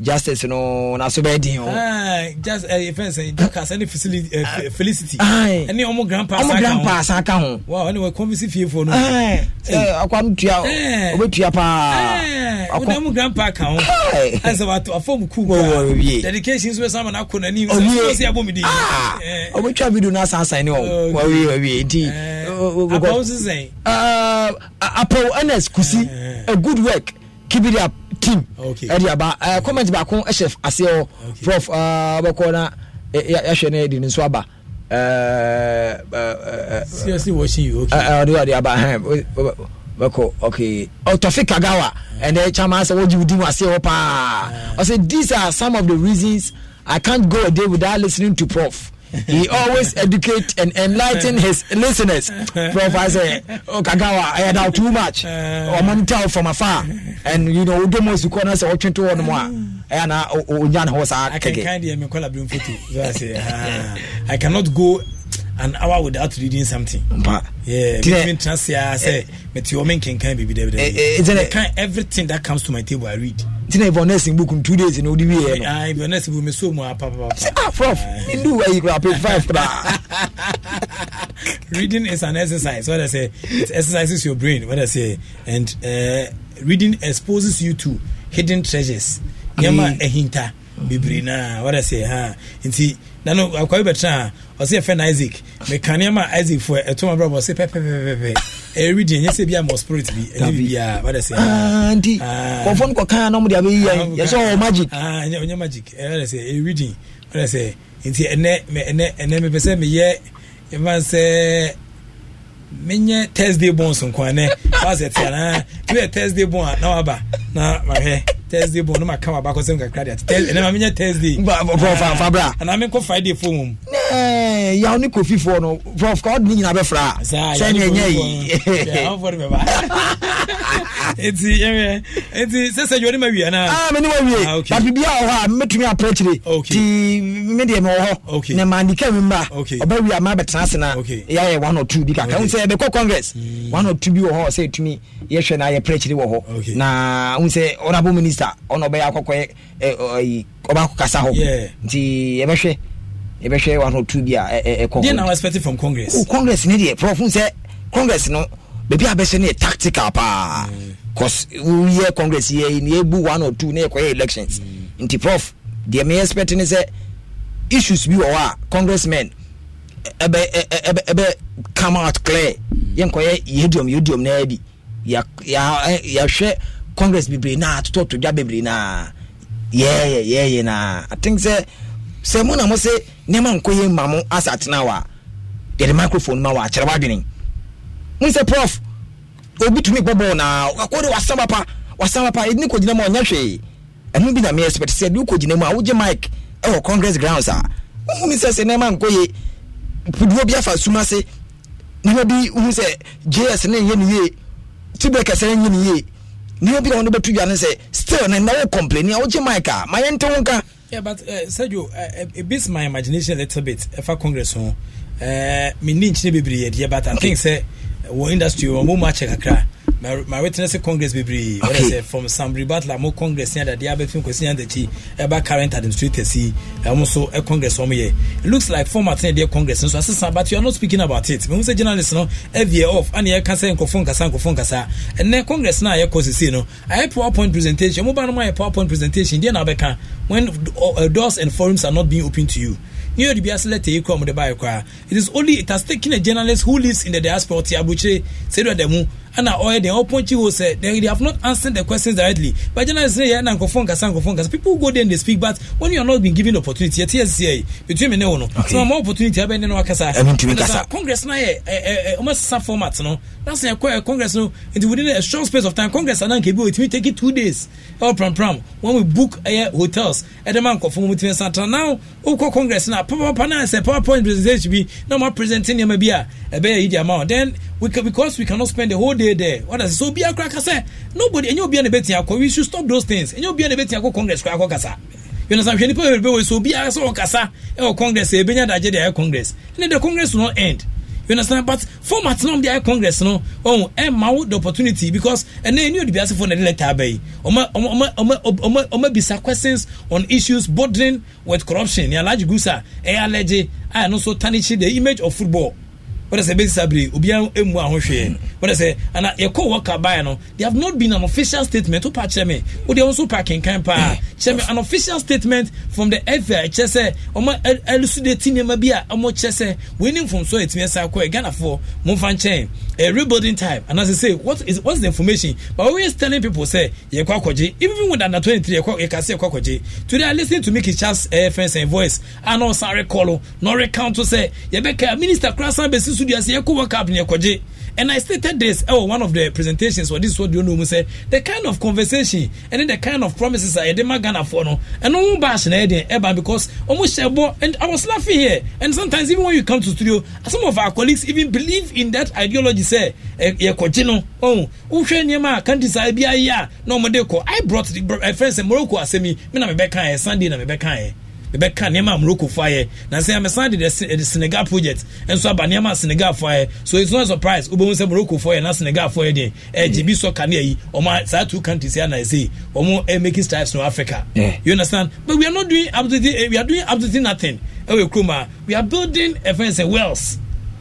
justice no na so bɛɛ din o. just ɛ fɛn sɛ dukas ɛni felicity ɛ felicity ɛni ɔmu grandpa asa ka ho ɔmu grandpa asa ka ho. wa ɛni wɔ kɔnfisi fie fo no. ɛ ɔkwa tuya o bɛ tuya paa. ɔkwa ɔmu grandpa ka ho ɛsɛ wa a fɔ mu kuu paa dedication sɛ sanni ma na ko na ni ɔmu se abo mi di. ɔmu tura video na san san ni wɔn wa wiye wa wiye nti. apawo sisan. apawo ɛna kusi a good work keep it up team ɛde aba comment baako hyɛ aseɛ hɔ prof bɛkɔ na yɛahwɛ no yɛde ne nso aba ɔde aba bɛkɔ okay ɔtɔfi kagawa ɛnɛ kyama sɛ wɔgye wo din aseɛ hɔ paa ɔsɛ these are some of the reasons i can't go a day without listening to prof he always educate and enlighten his listeners prof ase okagawa oh, i had out too much ọmọ uh. monitor from afar and you know odo mo sukọ na sẹ ọtwe to ọdun mu a ẹyà na onya ho saa keke. i can kind of call photo so i say ah, i cannot go an hour without reading something. mpa yeah between transia sẹ mẹtiwọmi nkankan bibi dẹbi dẹbi. ẹ ẹ ẹ everything that comes to my table i read ntina ibɔ nursing book two days na odi wiye no. Eh? ayi ah, ibɔ nursing book mi so mu apapapa. sɛ ah prof n do ayi kura page five kura. reading is an exercise whether say it exercises your brain whether say and uh, reading exposes you to hidden treasures. nyɛma ɛhinta bebree naa whether say ha nti. Uh, nanu akwaye bɛtena a ɔsɛ yɛfɛ isaac meka nneɛma a isaac foɔ ɛtom abrɛbɔ sɛ pɛpɛpɛpɛpɛ ɛyɛre deɛ ɛnyɛ sɛ bi ama spirit bi ɛnyɛ biribiaa wada sɛ nti kɔfoɔ no kɔkaa na mde abɛyiyɛ yɛ sɛ ɔwɔ magic ɔnyɛ ah, magic wada sɛ ɛyɛre din wada sɛ nti ɛnɛ ɛnɛ ɛnɛ mepɛ sɛ meyɛ yɛfa sɛ menyɛ thursday bɔn so nkwanɛ wasɛ te eh, thursday bɔn a na waba na mahwɛ thursday bɔ ɔnum akama baako sɛm kakra de ati thursday ɛnna maame nyɛ thursday. prof anfa ana mi kɔ friday fo mu. nee yaw ni kofi fo no prof ka ni nyina bɛ fira. sani ɛnyɛ yi. yaw fɔ de bɛ ba. eti ɛmɛ eti sɛsɛ jɔ ni ma wie ana. aa mi ni ma wie papi bi a wɔ hɔ a mi tumi apɛkyere. ti mi deɛ mi wɔ hɔ. na maa nika mi ba. ɔbɛ wie a maa bɛ tena ase na y'a yɛ one or two bi kakra n sɛ ɛbɛ kɔ congress hmm. one or two bi wɔ hɔ sɛ etumi yɛ hwɛ na yɛ pɛkyere wɔ hɔ na n sɛ honourable minister a ɔna ɔbɛyɛ akɔkɔ ɛyi ɔba kasa hɔ nti yɛbɛhwɛ e yɛbɛhwɛ e one or bi a ɛkɔ. deɛ na wa expect from congress. o congress ni deɛ prɔfun sɛ congress no baabi a bɛhyɛ no yɛ tactical paa mm. cause woyɛ congress yɛ ni ebu one or oh two ne yɛkɔyɛ elections mm. nti prof deɛ mi expect ni sɛ issues bi wɔ hɔ a congressmen ɛbɛ ɛbɛ ɛbɛ come out clear mm. yɛn kɔyɛ yɛdiom yɛdiom na yɛ di yɛahwɛ congress bebree na atotɔto dwa bebree na yɛɛyɛ yɛɛyɛ na i think sɛ sɛ mo na mo sɛ nneɛma nkɔ yɛ ma mo asa atena wa yɛde microphone ma wa akyerɛ wadwene mo sɛ prof obi tumi bɔ bɔɔl na akɔde wasan papa wasan papa ɛdini ko gyina mu ɔnyɛ hwee ɛno bi na mi expect sɛ ɛdini kɔ gyina mu a wogye mic ɛwɔ congress grounds a wohu mi sɛ sɛ nneɛma nkɔ yɛ puduo bi afa suma se nneɛma bi wohu sɛ js ne nyɛ ne yie tibɛ e kɛse ne nyɛ ne yie nneɛ bi na wɔn bɛtu dwa ne sɛ still ne nna wo complain a wogye mic a ma yɛn ntewo nka. yeah but uh, sergio uh, uh, it beats my imagination a little bit ɛfa congress ho uh, mi ni nkyɛn bebree yɛ deɛ but i think sɛ uh, wɔ industry wɔn mo mu akyɛ kakra my, my witness congress bebree okay. wɔde say from sambre batla mo congress yɛn dadeɛ abɛfim kɔsi yɛn dakyi ɛba e current administrators yi ɛmo e so ɛ e congress wɔn yɛ it looks like former ne deɛ congress nso asesa but you are not speaking about it mehu sɛ journalist no ɛvie off ɛna yɛka sɛ nkɔfo nkasa nkɔfo nkasa ɛnɛ congress no a yɛkɔ sisi no ayɛ powerpoint presentation mo ba no mo ayɛ powerpoint presentation deɛ na abɛka when uh, uh, doors and forums are not being open to you new york biasa lẹtẹ ekura ọmọdé báyìí kura it is only it has taken a journalist who lives in the diaspora ti abuchire sedu adamu and oil then open chiwo say they, they have not answered the questions directly but journalists say yeah na nkɔfɔ nkasa nkɔfɔ nkasa people go there and they speak but when you are not being given opportunity yɛ ti yɛ si yɛ between me ne wɔn no so na opportunity abɛ ne na wakasa ɛnu congress na yɛ ɛɛ ɛɛ ɔmo sisa format no that's yɛ kɔ yɛ congress no nti within a short space of time congress anan kebi o it will take it two days ɛwɔ oh, prampram when we book ɛyɛ eh, hotels ɛdɛ ma nkɔfɔ mo ti mi santra now o kɔ congress na papapa na sɛ powerpoint presentation bi na mo present nneɛma ah, eh, bi a ɛbɛyɛ yi di ama then we because we cannot spend the whole day day there what does it so obiara kora kasa nobody enye obiara na ebe tia kɔ we should stop those things enye obiara na ebe tia kɔ congress kora kɔ kasa you understand hwɛ nipa bebrebe wɔ so obiara sɛ ɔkasa ɛwɔ congress a e, ebenya adagye de ayɛ congress ɛna the congress no end you understand but format no de ayɛ congress no ɔn ɛma wo the opportunity because ɛnna eni odi biase fo na de letter abɛyi ɔma ɔma ɔma ɔma ɔma bisa questions on issues bordering with corruption ni alaji gusa ɛyɛ e, alleged a ɛno so tarnish the image of football wọ́n sɛ bɛsi sabiri obiara emu ahohwee wọ́n sɛ ana yɛkɔ wɔka baa no they have not been an official statement wọ́n pa kyerɛ mi wọ́n deɛ wọ́n nso pa kankan paa kyerɛ mi an official statement from the fbi kyerɛ sɛ wɔn ɛlusude ti nneɛma bi a wɔn kyerɛ sɛ wɔn ni mfomso a etimi ɛsa akɔ yɛ ghanafoɔ mo nfa nkyɛn ɛ rebuilding time and as i say what is what is the information but we always telling people say yɛkɔ akɔgye even with under twenty three yɛkɔ yɛkase yɛkɔ akɔgye today i lis ten to Mickey Charles ɛɛ eh, fɛnsɛn voice a n'ɔsan rekɔlo n'ɔrekɔnto sɛ yɛbɛka minister kurasan bɛ sisu nso deɛ sɛ yɛkɔ world cup ne yɛkɔgye and i stated this ɛwɔ oh, one of the presentations wɔ this wɔde ɔnum sɛ the kind of conversation ɛne the kind of promises a yɛde ma ghanafoɔ no ɛno ho baahye na ɛdeɛ ɛba because ɔmo hyɛ bɔ and i was laughing here and sometimes even when you come to studio some of our colleagues even believe in that ideology sɛ eh, yɛkɔgye no ɔn oh, wohwɛ nneɛma a countries a ebi ayi a na ɔmo de kɔ i brought the friends morocco asɛm yi mi na mi bɛ kan yɛ sunday na mi bɛ kan yɛ bɛbɛka nneɛma a morocco fo ayɛ na sɛ amesan de the senegal project nso aba nneɛma a senegal fo ayɛ so it's not a surprise wobɛhu sɛ morocco fo ayɛ na senegal fo ayɛ deɛ ɛgye bi sɔ kanea yi ɔmo saa two countries yɛ anayɛ sei ɔmo ɛ making strides no africa you understand but we are not doing absolutely eh, we are doing absolutely nothing ɛwɔ kurom a we are building ɛfɛn sɛ wells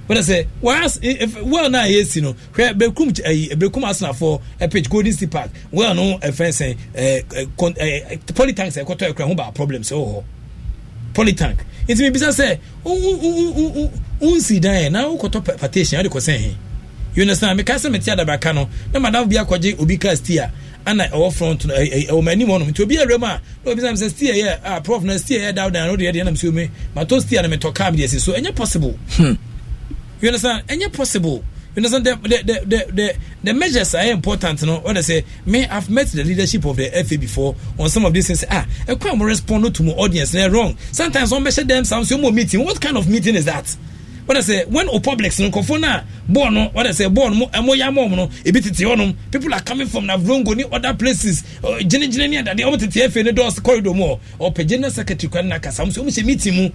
wọ́n sẹ whereas if well náà yẹ si no hwẹ bekum ẹyi eh, bekum asenafo ẹpẹj eh, golden state park well no ẹfẹ sẹ ẹ ẹ polytanks ẹkọtọ ẹkura ho ba problems ẹwọ oh, hɔ. Oh polytank nti mebisa sɛ wonsi dan ɛ na wokɔtɔ patation wode kɔsɛn he you understand mekae sɛ mete adabraka no na madam bi akɔgye obi ka sti a ana ɛwɔ front no e, e, ɛwɔ m'anim hɔnom nti obi awura mu a na obi sam sɛ sti ɛyɛ a ah, prof na sti ɛyɛ down down no deɛ deɛ nam sɛ omi matɔ sti a na metɔ kaa mi deɛ si so ɛnyɛ possible hmm. you understand ɛnyɛ possible you know, so the, the, the, the, the measures are important. You know, what I say, me, I've met the leadership of the FA before on some of these things. Ah, I can't respond to my audience. They're wrong. Sometimes I measure them, some meeting. What kind of meeting is that? What I say, when Opublix, no Kofona, born, what I say, born, Moyamom, no, Ebititi people are coming from Navrongo, ni other places, Jenny Jenny, that they all the FA in the doors, corridor more, or Pejana Secretary Kwanaka, some so much meeting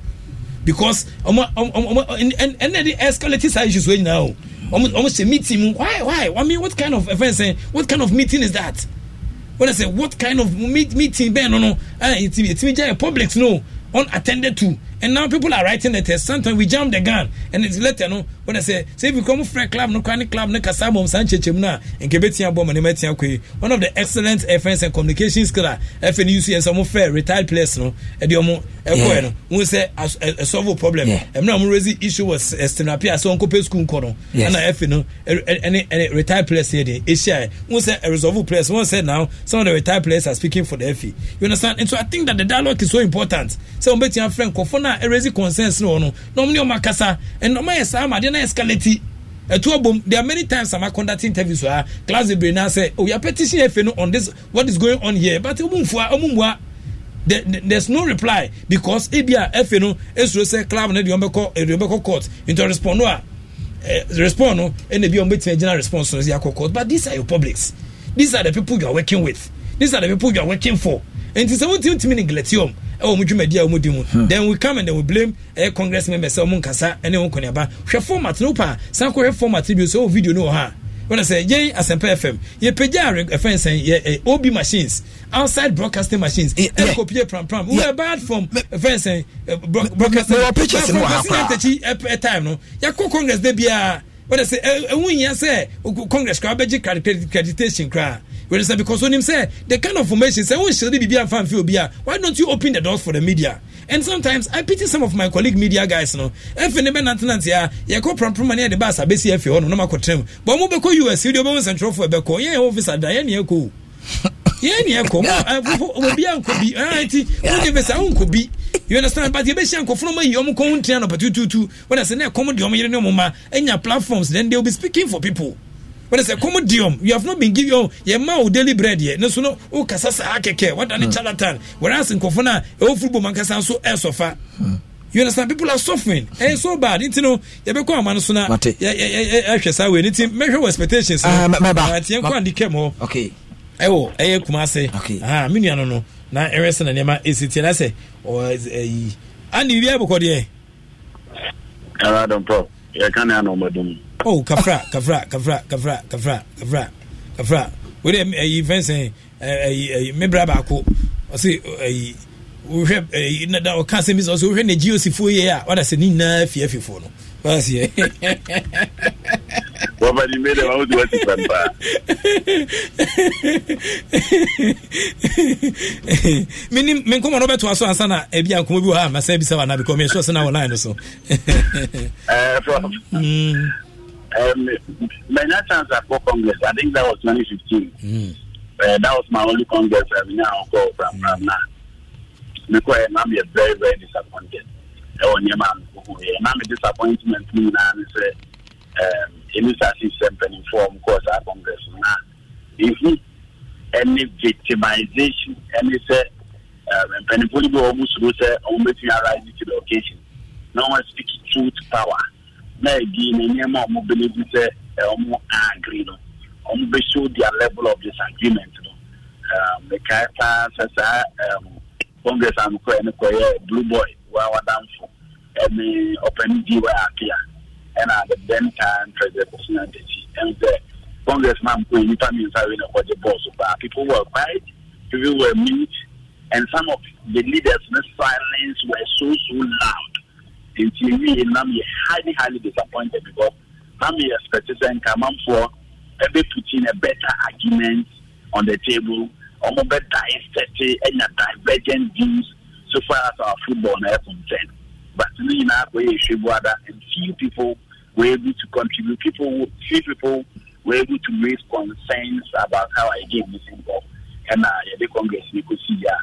because, and and the escalated issues right now almost a meeting. Why? Why? I mean, what kind of event? Eh? What kind of meeting is that? When I say what kind of meet, meeting, Ben, no, no, ah, it's it's a public, no, unattended to. and now people are writing letters sometimes we jam the gun and it's letter no say sɛ if you come mu frɛ club no kwan ne club no kasa bɔ mu san kyekyɛ mu na nkɛbɛtia bɔ one of the excellent fns and communications scholar a fn use yɛ sɛ wɔn fɛ retired players no ɛde wɔn ɛkɔ yɛ no wɔn sɛ ɛsɔfo problem ɛmuna wɔn raise issue wɔ uh, stinapia sɛ wɔn kɔpɛ school nkɔ no ɛna fn no ɛne ɛne retired players yɛ deɛ ehyia yɛ wɔn sɛ ɛresɔfo players wɔn say now some of the retired players are speaking for the fa e. you understand and so i think that the dialogue is so important So wɔn bɛtia frɛ nkɔfɔ no a concerns no no na ɔmo ne ɔmo akasa ɛna ɔmo ayɛ saa ama adeɛ na escalate ɛtu abom there are many times I'm conducting interviews ha class bebree na sɛ o oh, yɛ petition efe no on this what is going on here but ɔmo nfua ɔmo nbua there's no reply because ebi a efe no esuro sɛ club no de ɔmo bɛkɔ eh, de ɔmo bɛkɔ court nti respond no a ɛɛ eh, respond no ɛna ebi ɔmo betumi general response no yɛ akɔ court but these are your publics these are the people you are working with these are the people you are working for nti sɛ wontimi ntimi neglect ɔm ɛwɔ mu dwumadi a wɔn di mu hmm. then we come and then we blame ɛyɛ eh, congress members sɛ wɔn nkasa ɛne wɔn kɔnɛba hwɛ format no pa san kɔ hwɛ format bi so ɛwɔ video no wɔ ha wọn sɛ yɛn asɛmpa fm yɛpagya ɛfɛn eh, sɛn yɛ ɛ eh, ob machines outside broadcasting machines ɛna kɔ pie prampram wɔ ɛbad fam ɛfɛn sɛn broadcasting ɛwɔ pictures ni wɔ ha kora ɛfɛn sɛn time no yɛkɔ congress de bia wɔn sɛ ɛwun yɛn sɛ congress kora bɛgye creditation kora. Well, it's because when him say the kind of formation say when oh, should be and fan feel why don't you open the doors for the media? And sometimes I pity some of my colleague media guys, no. If any man antenna ya, ya ko pram pram the bus abesi efe ono no makotem. But mo be ko US, you be central for be ah, ko. Yeah, office ada ya ne ko. Yeah, ne ko. Mo obi an ko bi. Ah, ti, mo de be sa un ko bi. You understand? But you be shan ko from my yom ko untia no patututu. When I say na come de yom yere no mama, enya platforms then they will be speaking for people. wọ́n sẹ́ Diom. you have not been given oh yẹ ma o daily bread yẹ ne so no o kasa saa kẹkẹ wọ́n dani hmm. charlatan whereas nkɔfo na ɛwɔ football man kasa nso ɛsɔfa you understand people are suffering ɛyɛ hmm. so bad nti no yɛbɛ kɔ ama no so na yɛ yɛ ɛhwɛ saa wei ne ti mɛhwɛ wɔ expectations no mɛba tiɛ nkɔ adi kɛm hɔ ɛwɔ ɛyɛ kumase aa mi nua no no na ɛrɛ sɛ na nneɛma esi tiɛ na sɛ ɔɔ ɛyi ani bi abokɔ deɛ. ɛwɛ adɔn pɔ yɛ kan ne anɔ ɔmɔ dum oh kafra kafra kafra kafra kafra kafra kafra o de ɛyi fɛn sɛn ɛyi ɛyi mebra baako ɔsi ɛyi wohwɛ ɛyi na da ɔka sɛ o sɛ ɔsi wohwɛ na goc fo yɛ a wada sɛ ne nyinaa fie fie fo no wada sɛ wɔba ni mele ma wodi wasi fan paa menim me nkɔmmɔ no wobɛtoa so ansa na ebi a nkɔmmɔ bi wɔ ha masa bisa wa na bikɔ mesɛ sɛ na wɔ line no so mm. Um, my last chance at for Congress, I think that was 2015. Mm. Uh, that was my only Congress I've been out for from mm. now. Because I'm uh, very, very disappointed. I uh, want your man. I'm a disappointment. I'm now, I say, um, Elisa is simply informed because our Congress now. If we any victimization, any say, um, and Penny Polibo almost wrote, almost arising to the occasion. No one speaks truth power. na edi na nneɛma a wɔn believe sɛ wɔn eh, agree no the show their level of disagreement no eh, mekae paa sɛ saa eh, congress a mekɔɛ no kɔyɛ blue boy wa wadamfo ɛne ɔpɛne di wɔ ate the then time president kɔsina dakyi ɛn Congressman congress ma mekɔyɛ nnipa mmiɛnsa wei na kɔgye bɔɔ so baa people were quiet people were mute and some of the leaders silence were so so loud nti ewie na highly highly disappointed because na mi expect sɛ nkramanfoɔ ɛbɛ putting a better argument on the table ɔmo bɛ dissect ɛnya divergent views so far as our football na yɛ concerned but ne nyinaa kɔ yɛ ehwebuada and few people were able to contribute people few people were able to raise concerns about how I game is involved ɛna yɛde congress ne kosi ya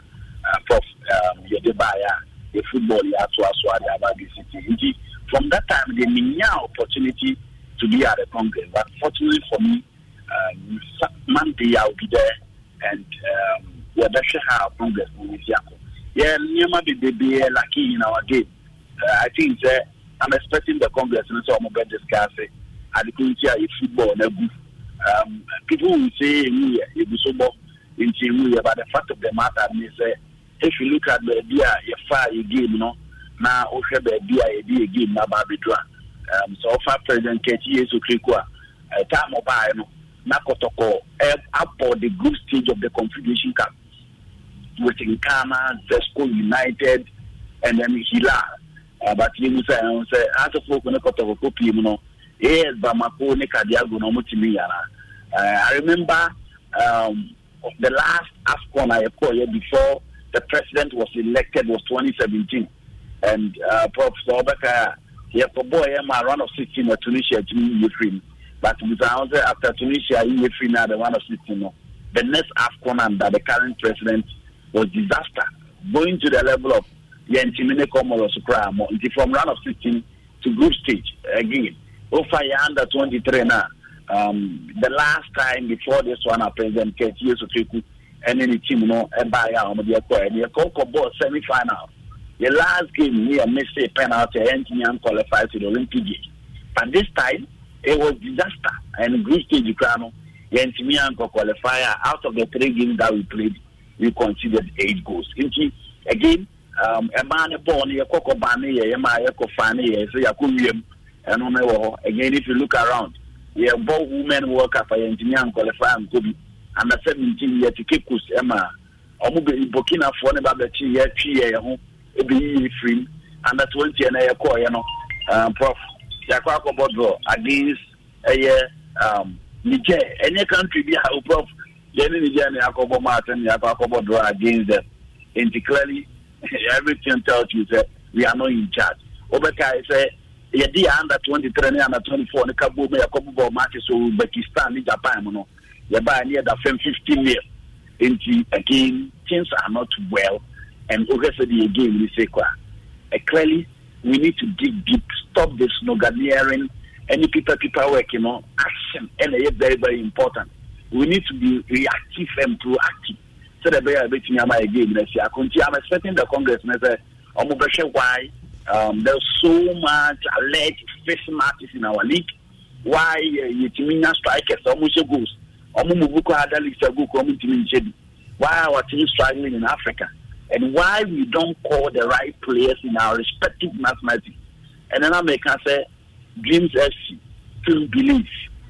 prof um, yɛde buyer. the football yeah to us at Abadi City. From that time they minya opportunity to be at the Congress. But fortunately for me, um, Monday I'll be there and um wabɛhwɛ ha congress mu ne si Yeah, yɛ nneɛma bebrebe yɛ lucky in our game uh, i think sɛ uh, i'm expecting the congress no sɛ ɔmo bɛ discuss adekun nti a yɛ football na good. um, people will say emu yɛ ebi so bɔ nti emu yɛ but the fact of the matter ne sɛ. Uh, if you look at baabi a yɛfa yɛ game no na wohwɛ baabi a yɛde yɛ game no aba abɛdu a um, sɛ ɔfa president kɛkyi yesu kriko a uh, time ɔbaeɛ no na kɔtɔkɔ eh, abɔ the group stage of the confederation cup with nkana zesco united and then hila uh, but yɛmu sɛ ɛho sɛ asefoɔ ko ne kɔtɔkɔkɔ pii mu no as bamako ne kadeago no ɔmotumi yɛna uh, i remember um, the last afcon a yɛkɔɔyɛ before the president was elected was 2017 and uh, Professor Obeka yɛkɔbɔɔ yɛ ma run of 16 na Tunisia to Ukraine, but busan after Tunisia in Ukraine the one of 16 no the next AFCON under the current president was disaster going to the level of the ne Comoros koraa from run of 16 to group stage again ofa yɛ under 23 now. um, the last time before this one our president years Yesu ɛne ne team no ɛbaeɛ a wɔde ɛkɔ ɛde ɛkɔkɔ bɔɔ semi final the last game ne yɛ mese penalty ɛyɛntumi qualify to the olympic game but this time it was disaster and group stage koraa no yɛntumi ankɔ qualify out of the three games that we played we conceded eight goals nti again um, ɛmaa ne bɔɔl no yɛkɔkɔ baa ne yɛ yɛmaa yɛkɔ fa ne yɛ sɛ yɛakɔ wiem ɛno no wɔ hɔ again if you look around yɛbɔ women world cup a yɛntumi anqualify ankɔ bi anasɛ mi nti yɛte kekos ɛma ɔmo bɛ burkinafoɔ ne ba bɛkyi yɛtwi yɛ yɛ ho ebeyi yɛ firi mu under twenty ɛna yɛ kɔɔ yɛ no um, prof yɛakɔ akɔbɔ draw against ɛyɛ eh, um, niger ɛnyɛ country bi a prof yɛne niger ne akɔbɔ maate ne yɛakɔ akɔbɔ draw against them nti clearly everything tells you sɛ we are not in charge wobɛkae sɛ yɛde yɛ under twenty three ne under twenty four ne kabuo mu yɛkɔbobɔ matches wɔ uzbekistan ne japan mu no yɛbaa ne yɛda fam 50 mil nti again things are not well and wohwɛ sɛ deɛ yɛgame ne sɛ kɔ a clearly we need to dig deep stop this snoganeering any people people work you action and it's very very important we need to be reactive and proactive so that they are betting my game next year i'm expecting the congress next year why um, there's so much alleged face matches in our league why uh, you strikers almost goals ọmụ mụ bụkọ ada lisa gụkọ ọmụ ntumi nche bi why our team struggling in Africa and why we don't call the right players in our respective mathematics and then America say Dreams FC, Film Belief,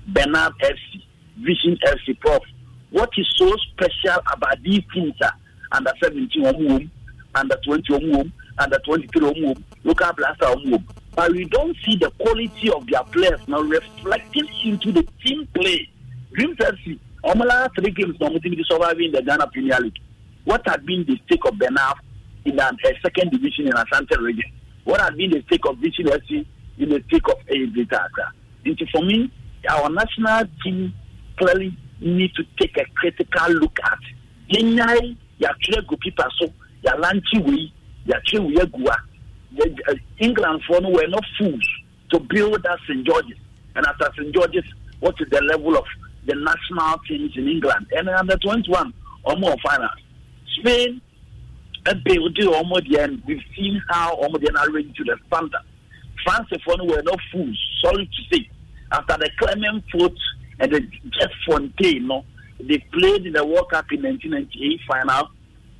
Bernard FC, Vision FC Prof. What is so special about these teams are under 17 home, under 20 home, under 23 home, local blaster home. But we don't see the quality of their players now reflecting into the team play. Dreams FC, Omala, three games, no be surviving the Ghana Premier League. What had been the stake of Benaf in a uh, eh, second division in Asante region? What had been the stake of Vision FC in the stake of eh, AZ Accra? And for me, our national team clearly need to take a critical look at yɛnyae yɛatwerɛ gu pipa so yɛalankye wei yɛatwerɛ wei agu a eh, englandfoɔ no were not fools to build that st georges and after st georges what is the level of the national teams in England. And under 21, or more final. Spain, a building almost the end. We've seen how almost are ready to the standard. France, if one were not fools, sorry to say. After the Clement Foot and the Jeff Fontaine, no, they played in the World Cup in 1998 final,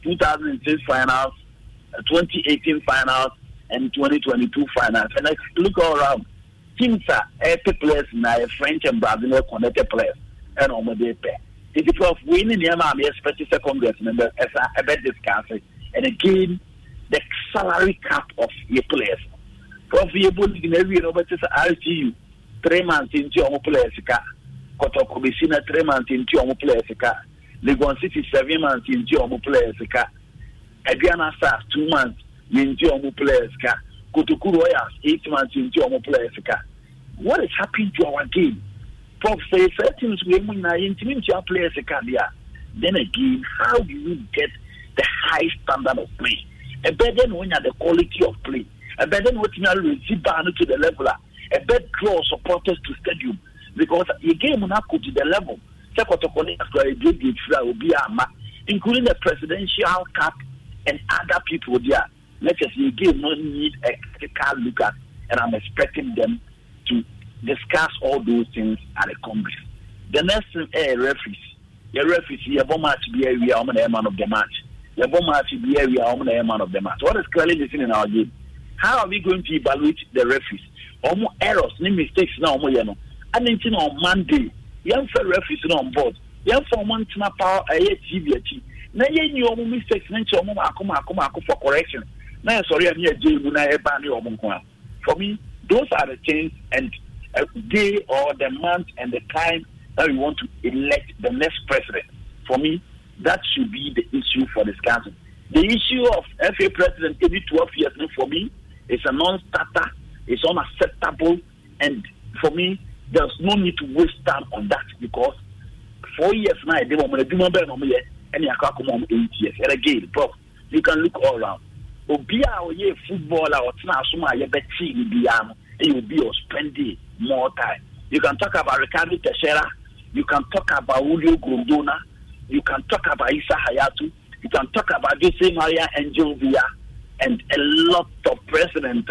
2006 finals, uh, 2018 finals, and 2022 finals. And I look all around. Teams are players, now French and Brazilian connected players. ɛna wɔn de pɛ nti prof wei ne nneɛma a meyɛ special sɛ congress member ɛsa ɛbɛ discuss and again the salary cap of your players prof yɛ bɔ league na ewie na wɔbɛte sɛ rtu three months nti wɔn players ka kɔtɔkɔ besi na three months nti wɔn players ka legon city seven months nti wɔn players ka aduana stars two months nti wɔn players ka kotokuru royals eight months nti wɔn players ka what is happening to our game. Prof say certain team players Then again, how do you get the high standard of play? A better when you the quality of play. A better when you are down to the level. A better draw supporters to stadium because your game will not go to the level. Including the presidential cap and other people there. Let us again not need a critical look at, and I'm expecting them to discuss all those things at the Congress. The next thing, eh, referees. Your referees, your bomb match be here we are the man of the match. Your bomb match be we are the man of the match. What is clearly missing in our game? How are we going to evaluate the referees? Omo errors, any mistakes na omo yano. And then on Monday, young fair referees are on board. Young for one tina power, I TV, a Now, Na ye ni omo mistakes, na nchi omo akoma akoma akoma for correction. Now, sorry, I'm here, Jay, na eba ni omo kwa. For me, those are the things and day or the month and the time that we want to elect the next president. For me, that should be the issue for this council. The issue of FA president every 12 years, for me, is a non-starter. It's unacceptable. And for me, there's no need to waste time on that because four years now, they were going to do more than and you eight years. And again, bro, you can look all around. Obia a oyɛ football a ɔtena asom a yɛbɛkyee You will be on spending more time. You can talk about Ricardo Teixeira. You can talk about Julio Grondona. You can talk about Issa Hayatu. You can talk about Jose Maria Angel Villa and a lot of presidents.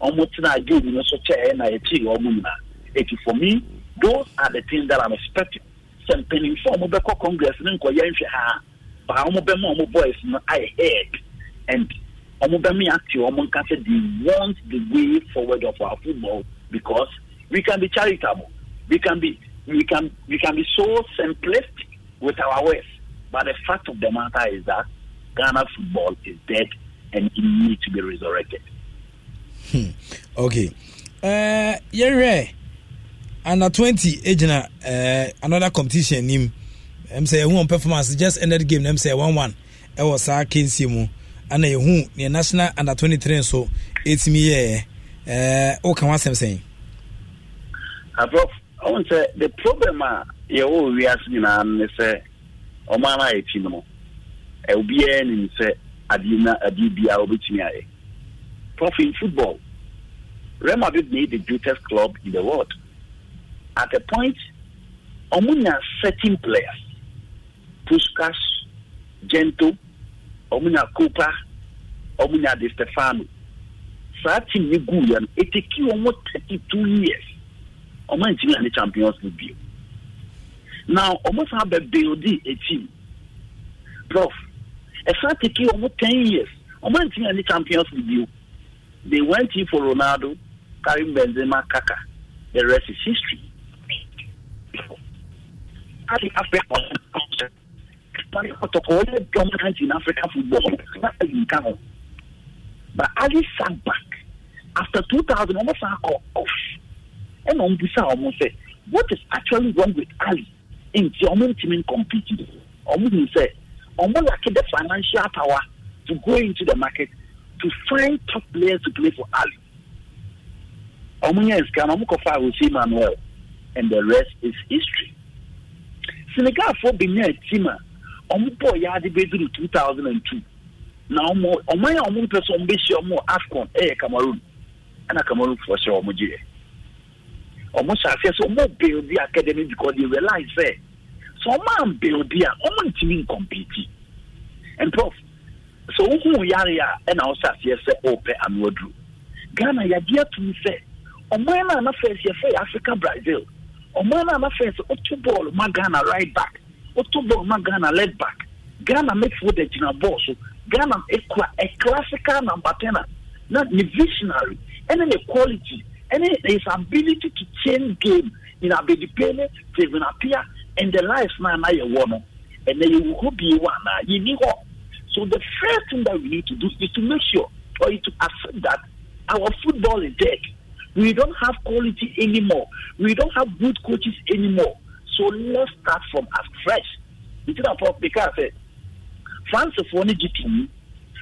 Almost now, give me such a NIT or It is for me. Those are the things that I'm expecting. Some penny form Congress But I'm a boys, I head. And ọmọ bẹ mi àti ọmọ nka say they want the way forward of our football because we can be charitable we can be we can we can be so simplistic with our ways but the fact of the matter is that Ghana football is dead and it needs to be resurrected. Hmm. Okay. Uh, eh, yɛrɛ under twenty egyina eh, eh, another competition nim ɛm sɛ ɛhu wɔn performance just ended game na ɛm sɛ one one ɛwɔ saa kensie mu ana yɛhu neɛ national under 23 nso ɛtumi yɛɛ eh, woka ho asɛm sɛn ɔhu sɛ the problem a yɛwɔ wiase nyinaa ne sɛ ɔma no ayɛti no mu eh, obiara nim sɛ adeɛ na adeɛ biara ayɛ prof in football Real Madrid made the greatest club in the world at a point ɔmo nya certain players Puskas Gento ɔmo nya kopa ɔmo de stefano saa team yi gu yɛ no eteki ɔmo thirty two years ɔmo ntumi ane champions league bio now ɔmo san bɛ buildi a team prof ɛsan teki ɔmo ten years ɔmo ntumi ane champions league bio they went in for ronaldo karim benzema kaka the rest is history pari kɔtɔkɔ ɔyɛ dominant in african football na ayi nka ho but ali sank back after two thousand ɔmo san kɔ off ɛna e ɔmo bisa ɔmo sɛ what is actually wrong with ali nti ɔmo ntumi nkɔmpiti ɔmo hu sɛ ɔmo lack the financial power to go into the market to find top players to play for ali ɔmo yɛ nsika na ɔmo kɔ fa ahosuo emmanuel and the rest is history senegal fo bi nya team a. ọmụ bọọ ya adị 2002 na ọmụ ya ọmụ mpesa ọmụbesi ọmụ afcon ɛyɛ cameroon ɛna cameroon fọ sɛ ọmụ gye ọmụ ọmụ buildi academy because they realize ọmụ a buildi ọmụ ntumi nkọmpiti and prof sɛ ohun yare a ɛna ɔsɛ aseɛ sɛ ɔpɛ anuadu ghana ọmụ a na africa brazil ọmụ bọọlụ ma ghana right back woto bɔɔl ma ghana leg back ghana mɛfo de gyina bɔɔl so ghana ekura a e classical number ten a na ne visionary ɛne ne quality ɛne his ability to change game in abedipele kevin apia and the life na na yɛ wɔ no ɛnna yɛ wɔ hɔ bie wɔ anaa yɛ ni hɔ so the first thing that we need to do is to make sure or to accept that our football is dead we don't have quality anymore we don't have good coaches anymore. So let's start from afresh. The thing about because eh, France for only GP e,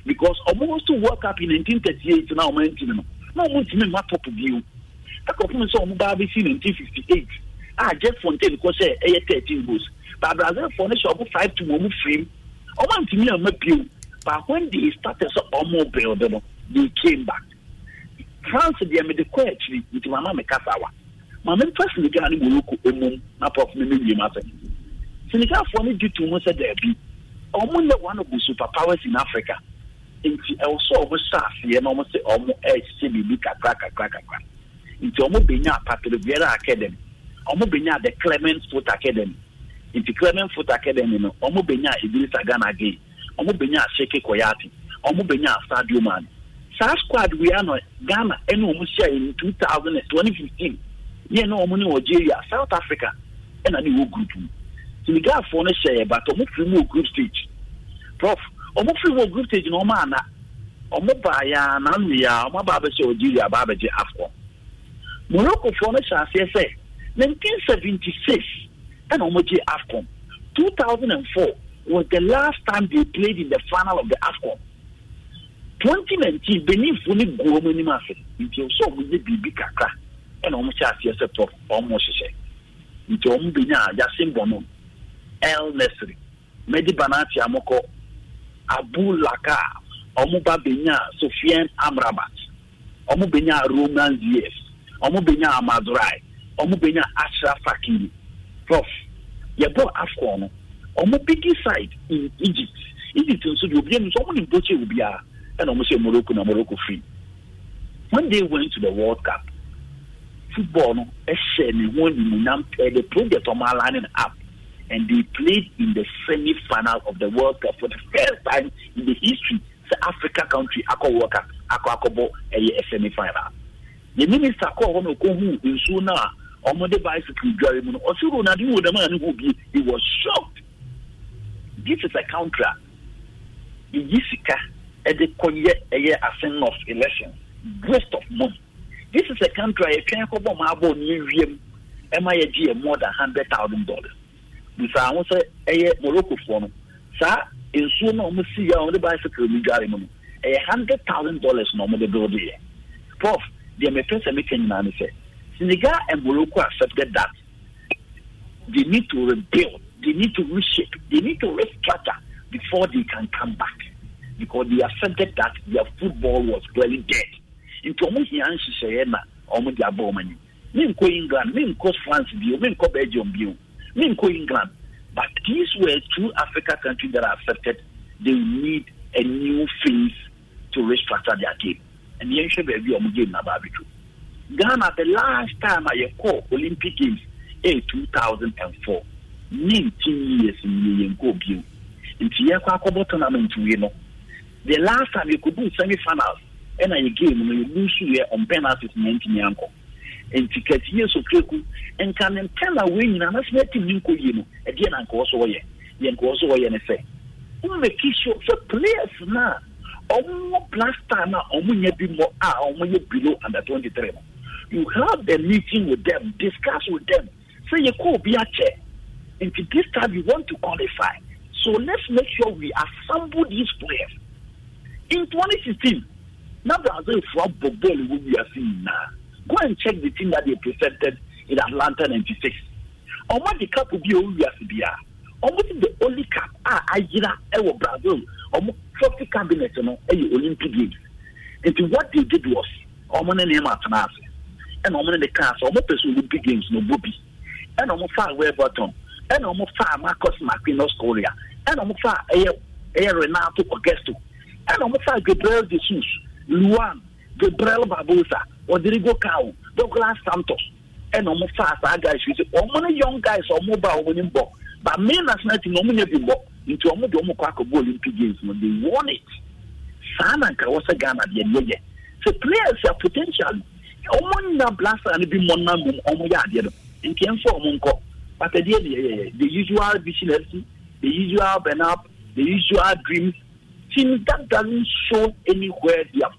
because almost to work up in 1938 now, man, no one to me, my top view. That company saw Mubarak in 1958. Ah, Jeff Fontaine because say eh, 13 eh, goals. But Brazil for only shop five to one frame. I oh, want to me, I'm a view. But when they started, so almost oh, build them, they came back. France, the made the quiet with Mama Mekasawa. ma memfa senegal ne morocco mmom na prɔf no mewiem asɛ senegalfoɔ no di to ho sɛ daabi ɔmo nɛ one of the super powers in africa nti ɛwɔ sɛ ɔmo aseɛ na ɔmo sɛ ɔmo ɛɛhyɛ biribi kakra kakra kakra nti ɔmo benya patreviera academy ɔmo benya the clement foot academy nti clement foot academy no ɔmo benya ghana ɔmo benya koyate ɔmo benya saa squad wia no ghana ɛna ɔmo hyɛ yẹn náà ɔmo ne algeria south africa ɛna ne wɔ group mu senegalfoɔ no hyɛ yɛ bata ɔmo firi mu wɔ group stage prof ɔmo firi mu wɔ group stage na ɔmo ana ɔmo baa ya nanu ya ɔmo aba abɛhyɛ algeria aba abɛgye afɔ moroccofoɔ no hyɛ aseɛ sɛ nineteen seventy six ɛna ɔmo gye afɔ two thousand and four was the last time they played in the final of the afcon twenty nineteen benin fo ne gu ɔmo anim ase nti ɔsɔ ɔmo nye biribi kakra ɛna wɔn hyɛ aseɛ sɛ prof wɔn hyehyɛ nti wɔn benya a yasin bɔnɔ el nesri medi banati amokɔ abu laka wɔn ba benya sofiɛn amrabat wɔn benya roman zf wɔn benya amadurai wɔn benya ashraf hakimi prof yɛbɔ afcon no wɔn bigi side in egypt egypt nso de obiara nso wɔn ni bɔkye obiara ɛna wɔn hyɛ morocco na morocco free when they went to the world cup football no ɛhyɛ ne ho nimunam pɛɛ the project ɔmo alanin up and they played in the semi final of the world cup for the first time in the history sɛ africa country akɔ world cup akɔ akɔbɔ ɛyɛ a semi final the minister kɔɔ hɔ na okohu nsuo na ɔmo de bicycle dware mu no ɔsi ronaldo wo dɛm ne ho bie he was shocked this is a counter eyi sika ɛde kɔnyɛ ɛyɛ asin of election waste of money this is a country a yɛtwɛn kɔ bɔ maa bɔ ne wiem ɛma yɛgye yɛ more than hundred thousand dollars busaa ho sɛ ɛyɛ morocco foɔ no saa nsuo no a wɔn si yɛ a wɔde bicycle mi dware mu no ɛyɛ hundred thousand dollars na wɔde build yɛ prof deɛ mepɛ sɛ meka nyinaa ne sɛ senegal and morocco accepted that they need to rebuild they need to reshape they need to restructure before they can come back because they accepted that their football was clearly dead nti ɔmo hia nhyehyɛeɛ na ɔmo de abɔ ɔmo ani menkɔ england menkɔ france bio menkɔ belgium bio menkɔ england but these were two africa countries that are affected they need a new phase to restructure their game and yɛnhwɛ baabi a ɔmo game na baabɛtwo ghana the last time a yɛkɔ olympic games ɛyɛ eh, two thousand and four nineteen years nyiye yɛnkɔ bio nti yɛkɔ akɔbɔ tournament wie no the last time yɛkɔbu semi finals ɛna yɛ game no yɛlusu yɛ on penalties na ɛntumi ankɔ nti kati so kreku nka ne mpɛn a wei nyinaa n'asɛ yɛ tim ne nkɔ yie no ɛdeɛ na nka wɔsɔ wɔyɛ yɛ nka wɔsɔ wɔyɛ ne sɛ mmeki sure sɛ players na ɔmo blaster na ɔmo nyɛ bi mɔ a ɔmo yɛ below under twenty three no you have the meeting with them discuss with them sɛ yɛ kɔ obi akyɛ nti this time you want to qualify so let's make sure we assemble these players in twenty sixteen. Now Brazil from Bobol will be a seen Go and check the team that they presented in Atlanta ninety six. Ọmọ di cup bi owu wiase bia. Ọmọ ti the only cup a agyina ɛwɔ Brazil. Ọmọ trophy cabinet no ɛyɛ Olympic games. Nti what they did was ọmọ ne nneɛma atena ase. Ɛna ọmọ ne ne kaa sɛ ọmọ pɛ Olympic games no ɔbɔ bi. Ɛna ọmọ faa Weberton. Ɛna ọmọ faa Marcus Marquinhos Correa. Ɛna ọmọ faa ɛyɛ ɛyɛ Renato Augusto. Ɛna ọmọ faa Gabriel Jesus luan gabriel barbosa odirigo cow douglas santos ɛna ɔmo fa saa guys yi sɛ ɔmo ne young guys ɔmo ba ɔmo ne mbɔ but main national team na ɔmo nye bi mbɔ nti ɔmo de ɔmo kɔ akɔbɔ olympic games no they won it saa na nka wɔsɛ ghana deɛ deɛ yɛ sɛ players yɛ potential ɔmo nya blaster no bi mmɔ nam mu ɔmo yɛ adeɛ no nti ɛnfa ɔmo nkɔ but ɛdeɛ deɛ yɛ yɛ the usual vision fc the usual benap the usual dreams teams that doesn't show anywhere they are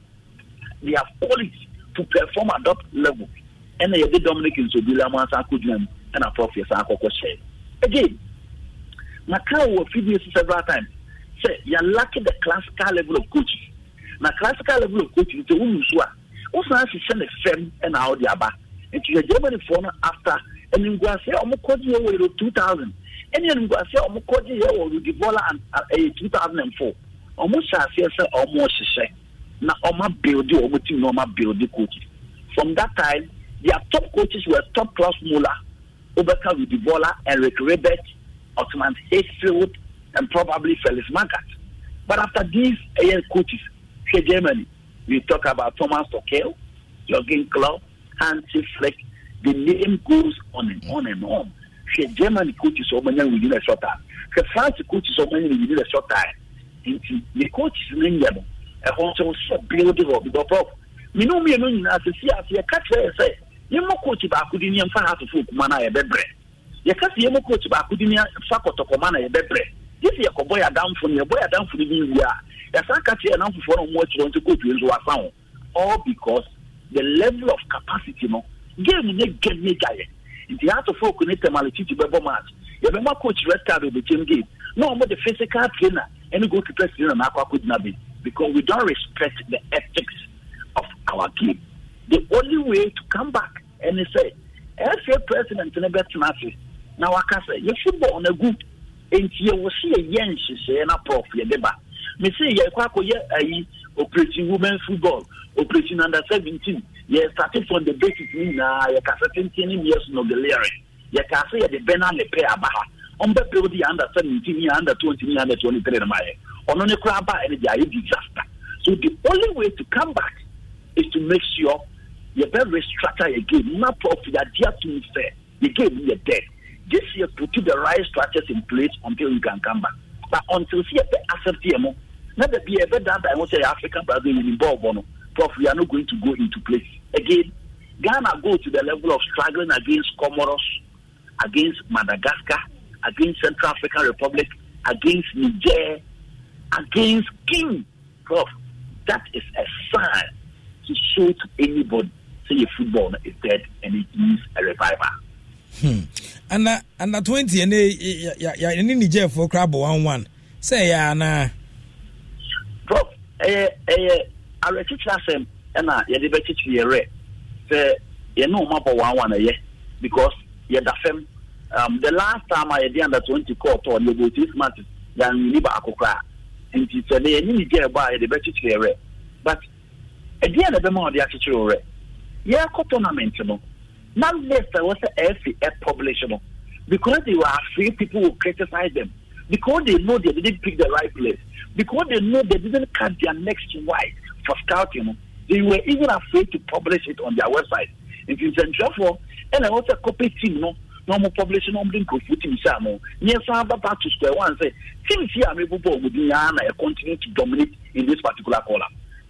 their quality to perform at that level ɛna yɛde dominic nsobila mu asan akɔgyina mu ɛna prof yɛ san akɔkɔ hyɛ again maka wɔ fidie so several times Say you are lacking the classical level of coaching Now classical level of coaching is the sɛ womu so a wosan hyehyɛ ne fam ɛna wode aba nti yɛ germanyfoɔ no after animguaseɛ ɔmo kɔgye yɛ wɔ yɛrɛ 2000 ɛne animguaseɛ ɔmo kɔgye yɛ wɔ rodivola ɛyɛ 2004 ɔmo hyɛ aseɛ sɛ ɔmo hyehyɛ na Oma building or team Norma building coaches. From that time, their top coaches were top class Muller, Obeka Rudivola, Eric Rebet, Ottoman Hayfield, and probably Felix Magath. But after these AL coaches, here Germany, we talk about Thomas Tuchel, Jürgen Club, Hansi Flick. The name goes on and on and on. Here Germany coaches so many within a short time. Here France coaches so many within a short time. The coaches in England, ɛhɔ nso sɛ building hɔ bibɔ prof minnu mmienu nyinaa sɛ si aseɛ yɛ sɛ yɛmmɔ kooti baako di nneɛmfa ha afofo okuma no a yɛbɛbrɛ yɛka sɛ yɛmmɔ kooti baako di nneɛmfa kɔtɔkɔma na yɛbɛbrɛ yɛsi yɛkɔbɔ yɛ adamfo no yɛbɔ yɛ adamfo bi wie a yɛsan ka kyerɛ yɛnam fofoɔ ɔmo akyerɛ nso kooti nso wasa ho all because the level of capacity no game ne game ne gya yɛ nti atofo oku ne tɛm alekyiti bɛbɔ match yɛbɛma coach red card obɛkyɛm game na ɔmo de physical trainer ɛne goalkeeper trainer na akɔ akɔgyina bi because we don't respect the ethics of our game. The only way to come back and say, FA president in a better now I can say, you football on a good, and you will see a yen, she say, and a prof, your deba. Me say, you quack, a are operating women's football, operating under 17. You started from the basic, you are 17 years in the delirium. You can say, the banner, the prayer, Abaha. On the period, under 17, under 20, under 23, ɔno ne koraa ba ɛne de ayɛ disaster so the only way to come back is to make sure yɛbɛ restructure yɛ game na profit adeɛ to me sɛ yɛ game yɛ dead this year put the right structures in place until you can come back but until sɛ yɛbɛ accept yɛ mo na da bi yɛbɛ daadaa ho sɛ African Brazil yɛ ni bɔɔbɔ prof we are not going to go into place again Ghana go to the level of struggling against Comoros against Madagascar against Central African Republic against Niger against King. Prof, that is a sign to show to anybody say your football is dead and it needs a revival. Hmm. And uh, and uh, twenty and uh, you need jail for crab one one. Say yeah na. Prof, eh eh, I teach us him and I you debate teach me re. Say you know map one one yeah because you da fem. Um, the last time I did under twenty court or the this month, then you, never akukra nti sɛ deɛ yɛne ne gya ɛbɔ a yɛde bɛkyekyere werɛ but ɛdeɛ na ɛbɛma ɔde akyekyere werɛ yɛkɔ tournament no na list a ɛwɔ sɛ ɛfi ɛpublish no because they were afraid people would criticize them because they know they didn't pick the right place because they know they didn't cut their next wife for scouting they were even afraid to publish it on their website nti nsɛntwerɛfoɔ ɛna ɛwɔ sɛ copy team no na ɔmo publish na ɔmo de nkurɔfoɔ team si ano nyɛ san ba back to square one sɛ team si a mebobɔ ɔmo din ara na ɛ e continue to dominate in this particular corner.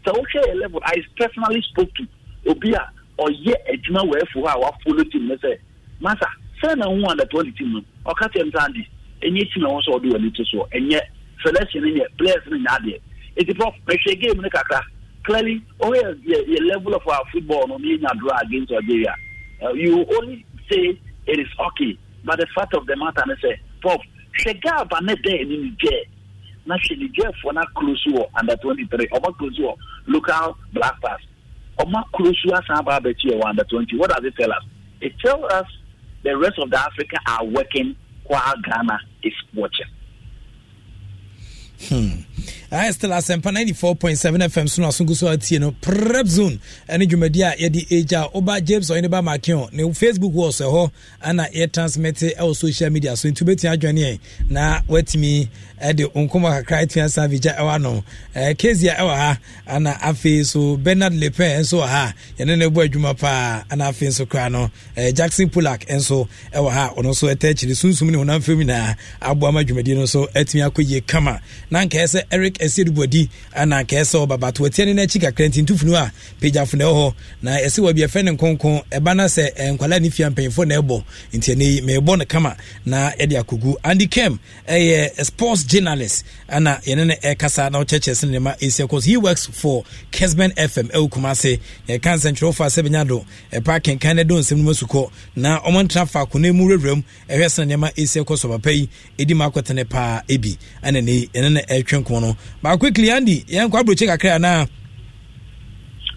sɛ wohwɛ yɛ level i personally spoke to obi a ɔyɛ adwuma wɔɛfo hɔ a follow team no sɛ masa sɛ na hu under twenty team no ɔka tɛm saa de ɛnyɛ team a wɔn sɛ ɔde wɔn ani to ɛnyɛ selection no nyɛ players no nyɛ adeɛ eti prof mehwɛ game no kakra clearly ɔyɛ yɛ level of our football no ne yɛ nyadoro against algeria uh, you only say it is okay. But the fact of the matter is, Pop, Shega Banede in Niger. Now, she Niger for not close war under 23, or not close war, local black pass, or not close war Samba Betio under 20. What does it tell us? It tells us the rest of the Africa are working while Ghana is watching. Hmm. ayɛ still asɛmpa 94.7 fm so no asonko so atie no prep zone ɛne dwumadi a ah, yɛde agya woba james ɔyene ba makeo ne facebook wɔ sɛ eh, hɔ ana yɛtransmit ɛwɔ eh, social media so nti wobɛtumi adwaneɛ na woatumi ɛde nkɔmɔ kakra atua san vigya ɛwɔ ano ɛɛ kezia ɛwɔ ha ɛna afei nso bernard lepin nso wɔ ha yɛne no ɛbɔ adwuma paa ɛna afei nso kora no ɛɛ jackson polak nso ɛwɔ ha ɔno nso ɛtɛ akyiri sunsum ne honam fam nyinaa aboa ma dwumadie no nso atumi akɔ yie kama na nkɛɛ sɛ eric ɛsiedubuadi ɛna nkɛɛ sɛ ɔbabato atia ne n'akyi kakra nti ntufunu a pagyafo na ɛwɔ hɔ na ɛsɛ wɔ bi ne nkonkon ɛba na sɛ nkwalaa ne fia mpanyinfoɔ na ɛbɔ nti ɛnɛ yi mɛɛbɔ no kama na ɛde akogu andy kem ɛyɛ sports journalist ana yɛne no ɛkasa na wokyɛkyɛ sɛ nema ɛsi cause he works for kesman fm ɛwo kuma se na ɛka nsɛnkyerɛwfo a sɛ bɛnya do ɛpa kenkan no do nsɛm no masu kɔ na ɔmɔntena faako na mu werɛwerɛm ɛhwɛ sɛ na nneɛma ɛsi kɔ sɔ papa yi ɛdi ma akɔtene paa ɛbi ana nei ɛne no ɛtwe nko no baako kili andi yɛnkɔ aburokyi kakra anaa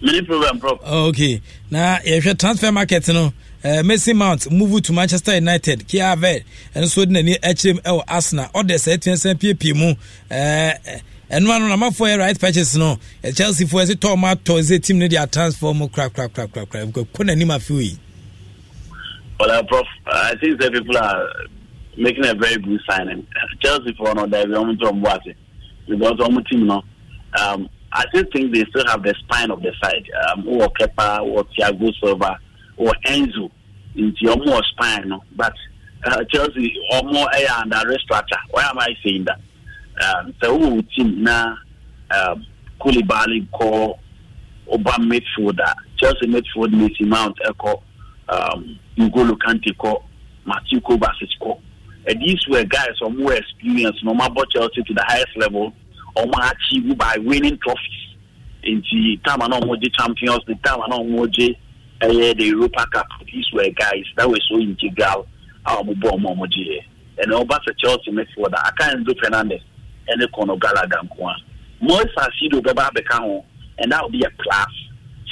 mene program prop oh, Okay, na yɛhwɛ eh, transfer market no uh, Mason Mount move to Manchester United Kiave ɛno eh, so de n'ani akyerɛ mu ɛwɔ Arsenal ɔde sɛ ɛtena sɛ piepie mu ɛɛ eh, ɛno ano namafoɔ yɛ right purchase no Chelsea foɔ ɛsɛ tɔɔ ma tɔ sɛ team no de atransfer mu kura kura kura kura kura kɔ n'anim afei yi. Well, uh, Prof, I think that people are making a very good signing. Chelsea for no, they're going to on. because one team, you know, um, I still think they still have the spine of the side. Um, or Kepa, or Thiago Silva, or Enzo nti ɔmo ɔspine no but uh, chelsea ɔmo ɛyɛ under restrata why am i saying that um, sɛ wowɔ wo team na um, kulibali kɔ ɔba midfield a chelsea midfield mesi mount ɛkɔ um, ngolo kante kɔ matthew kobasic kɔ and these were guys ɔmo were experience, na ɔmo abɔ chelsea to the highest level ɔmo achieve by winning trophies nti time a na ɔmo gye champions league time a na ɔmo gye ɛyɛ the europa cup these were guys that were so integral a wɔn bɔ wɔn wɔn gyeɛ ɛnna ɔba sɛ chelsea midfield a aka enzo fernandez ɛne kɔnɔ galaga nko a maurice asido bɛba abɛka ho and that will be a class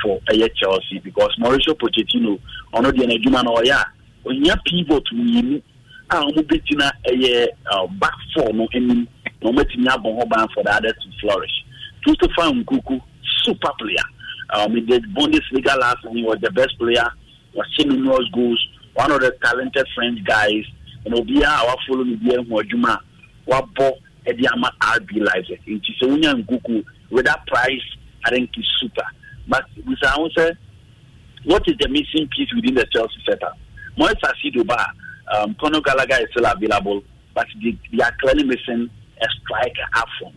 for ɛyɛ chelsea because mauricio pochettino ɔno deɛ n'adwuma na ɔyɛ a onyia pivot mmienu a wɔn bɛgyina ɛyɛ back four no anim na wɔn atumi abɔ ho ban for the others to flourish christopher nkuku super player. Um, in the Bundesliga last and he was the best player, was seeing numerous goals, one of the talented French guys. And Obia, our follow me here, Mojuma, Wabo, Ediama RB Live. It is a Unia Nguku. With that price, I think he's super. But with our answer, what is the missing piece within the Chelsea setup? Moise Asidoba, um, Conor Gallagher is still available, but they, they are clearly missing a striker up front.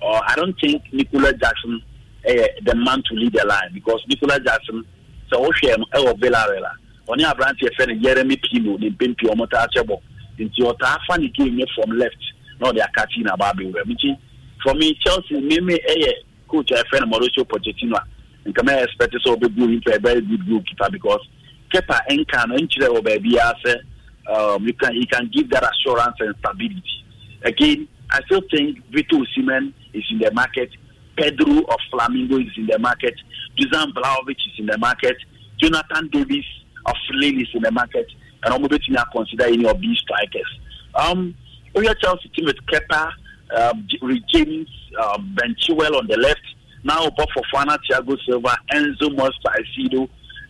Uh, I don't think Nicola Jackson the man to lead the line because Nicolas Jackson so wohwɛ no ɛwɔ Villarreal a ɔne aberanteɛ fɛ Pino the mpempi ɔmo taa kyɛ bɔ nti ɔtaa fa ne from left na ɔde akakye na aba abɛwura mu nti for me Chelsea meme ɛyɛ coach a friend, no Mauricio Pochettino a nka mɛ expect sɛ be him for a very good goalkeeper because Kepa nka no nkyerɛ wɔ baabi a um, you can he can give that assurance and stability again I still think Vito Simen is in the market Pedro of Flamengo is in the market. Dusan Blaovic is in the market. Jonathan Davis of Lille is in the market. And I'm going to consider any of these strikers. Um, we are Chelsea team with Kepa, uh, James uh, on the left. Now Bob Fofana, Thiago Silva, Enzo Mos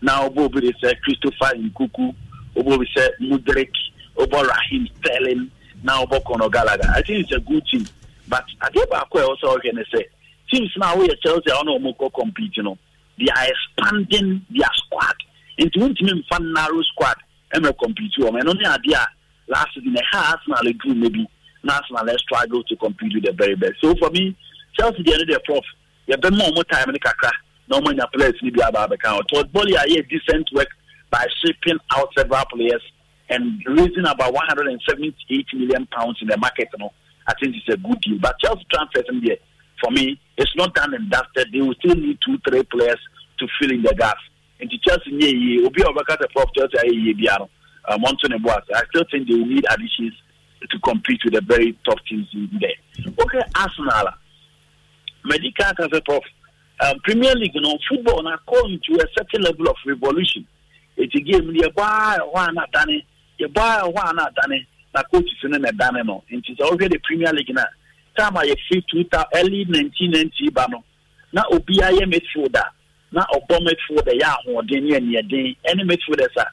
Now Bob is uh, Christopher Nkuku. Bob is uh, Mudrik. Bob Raheem Sterling. Now Bob Conor Gallagher. I think it's a good team. But I think back where also say teams now we Chelsea are no more compete, you know. They are expanding their squad into ultimate find narrow squad and compete with them. And only idea last season they had Arsenal group, maybe Arsenal they struggle to compete with the very best. So for me, Chelsea they are the prof. They been more time in the kakra. No more players need about the able to count. Todd Bolly are here decent work by shipping out several players and raising about 178 million pounds in the market. You know, I think it's a good deal. But Chelsea transfer in there for me it's not done and dusted. They will still need two, three players to fill in the gaps. And to Chelsea, Obi Obakata Prof Chelsea, yeah, yeah, Boas. I still think they will need additions to compete with the very top teams in there. Okay, Arsenal. Medical has a prof. Um, Premier League, you know, football now going to a certain level of revolution. It's a game, you buy one at Danny, you buy one at Danny, coach is in a Danny. And it's already the Premier League now time a yɛfiri two thousand early nineteen ninety ba no na obiara yɛ midfielder na ɔbɔ midfielder yɛ ahoɔden ne ɛniɛden ɛne midfielders a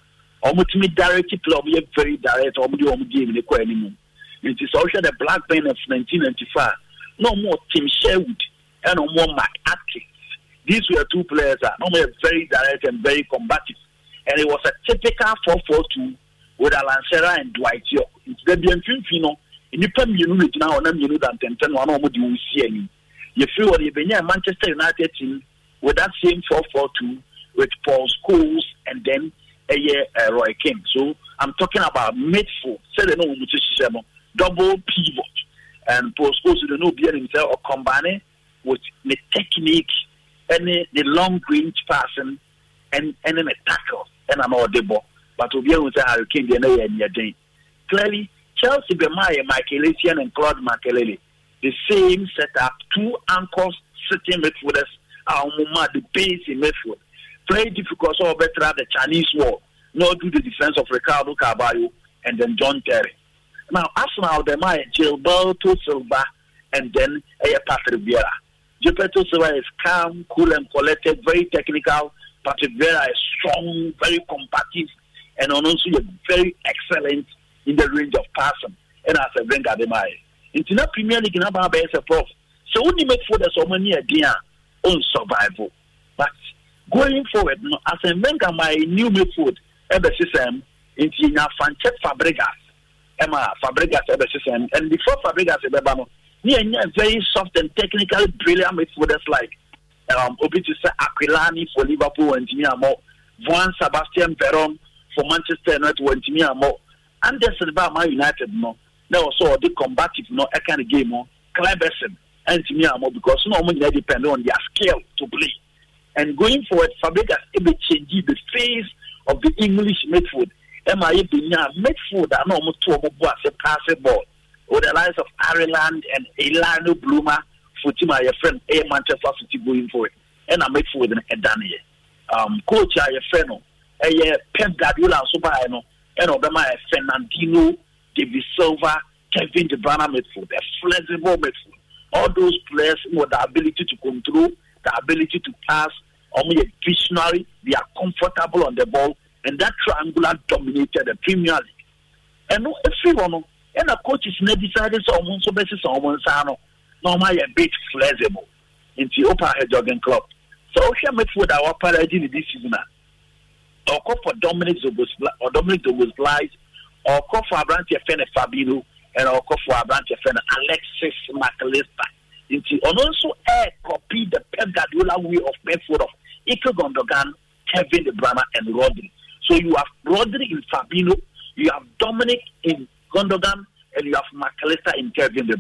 ɔmotumi direct play ɔmo yɛ very direct ɔmo de ɔmo game ne kɔ anim nti sɛ the black banners nineteen ninety five na ɔmo tim sherwood ɛna ɔmo wɔ mark atkins these were two players a na very direct and very combative and it was a typical 4-4-2 with alansera and dwight york It's nti dɛbi mfimfin no nnipa mmienu bɛgyina hɔ na mmienu da ntɛntɛn wɔn a wɔde wɔn si anim yɛfiri hɔ yɛbɛnya manchester united team with that same four four two with paul scholes and then ɛyɛ uh, roy king so i'm talking about midfield sɛdeɛ na wɔn ti hyehyɛ no double pivot and paul scholes de na obi anim sɛ ɔkɔmbane with ne technique ɛne ne long range passing ɛne ɛne ne tackle ɛna na ɔde bɔ but obi ahu sɛ Roy king deɛ na yɛ ɛnyɛ den clearly. Chelsea Bemaya, Michaelisian, and Claude Makelele. The same setup, two anchors sitting midfielders, Aumuma, the base in midfield. Very difficult, so better the Chinese wall. Not do the defense of Ricardo Carvalho and then John Terry. Now, Arsenal, they might Gilberto Silva and then uh, Patrick Vieira. Gilberto Silva is calm, cool, and collected, very technical. Patrick Vieira is strong, very combative, and also a very excellent in the range of passing ɛna asɛ venga de maa yɛ nti na premier league n'aba abɛɛ sɛ prof sɛ wonni make for this ɔmo ani ɛdin a on survival but going forward no asɛ venga my new midfield ɛbɛsesɛm in nya fanchek fabregas ɛma fabregas system. and before fabregas ɛbɛba We ne yɛnya very soft and technically brilliant midfielders like um, obi ti aquilani for liverpool and wɔntumi amɔ Juan sebastian veron for manchester united and wɔntumi amɔ anderson baa man united no na ɔsɔ ɔde combative no ɛka ne game no cleberson ɛntumi amɔ because na ɔmo nyinaa depend on their skill to play and going forward fabregas ebe change the face of the english midfield ɛma ayɛ benya midfield a na ɔmo to ɔmo bo ase paase ball with the likes of ireland and elano bluma fotima yɛfrɛ no ɛyɛ manchester city going forward ɛna midfield no ɛda no yɛ um coach oh, a yɛfrɛ no ɛyɛ pep guardiola nso baayɛ no ɛna ɔbɛma yɛ fernandino david silva kevin de bruyne midfield flexible midfield all those players with the ability to control the ability to pass ɔmo um, yɛ visionary they are comfortable on the ball and that triangular dominated the premier league ɛno efiri hɔ no ɛna coaches na decide sɛ ɔmo nso um, bɛsisa ɔmo nsa um, no na ɔmo ayɛ bit flexible nti opa ɛjɔgin club sɛ ɔhwɛ midfield a wapara agyi ne this season a ɔkɔ for dominic zobosla or dominic zoboslies ɔkɔ for aberanteɛ fɛ fabino ɛna ɔkɔ for aberanteɛ fɛ no alexis maclister nti ɔno nso ɛɛkɔpi the pep guardiola way of midfield of ike gondogan kevin de and rodri so you have rodri in fabino you have dominic in gondogan and you have maclister in kevin de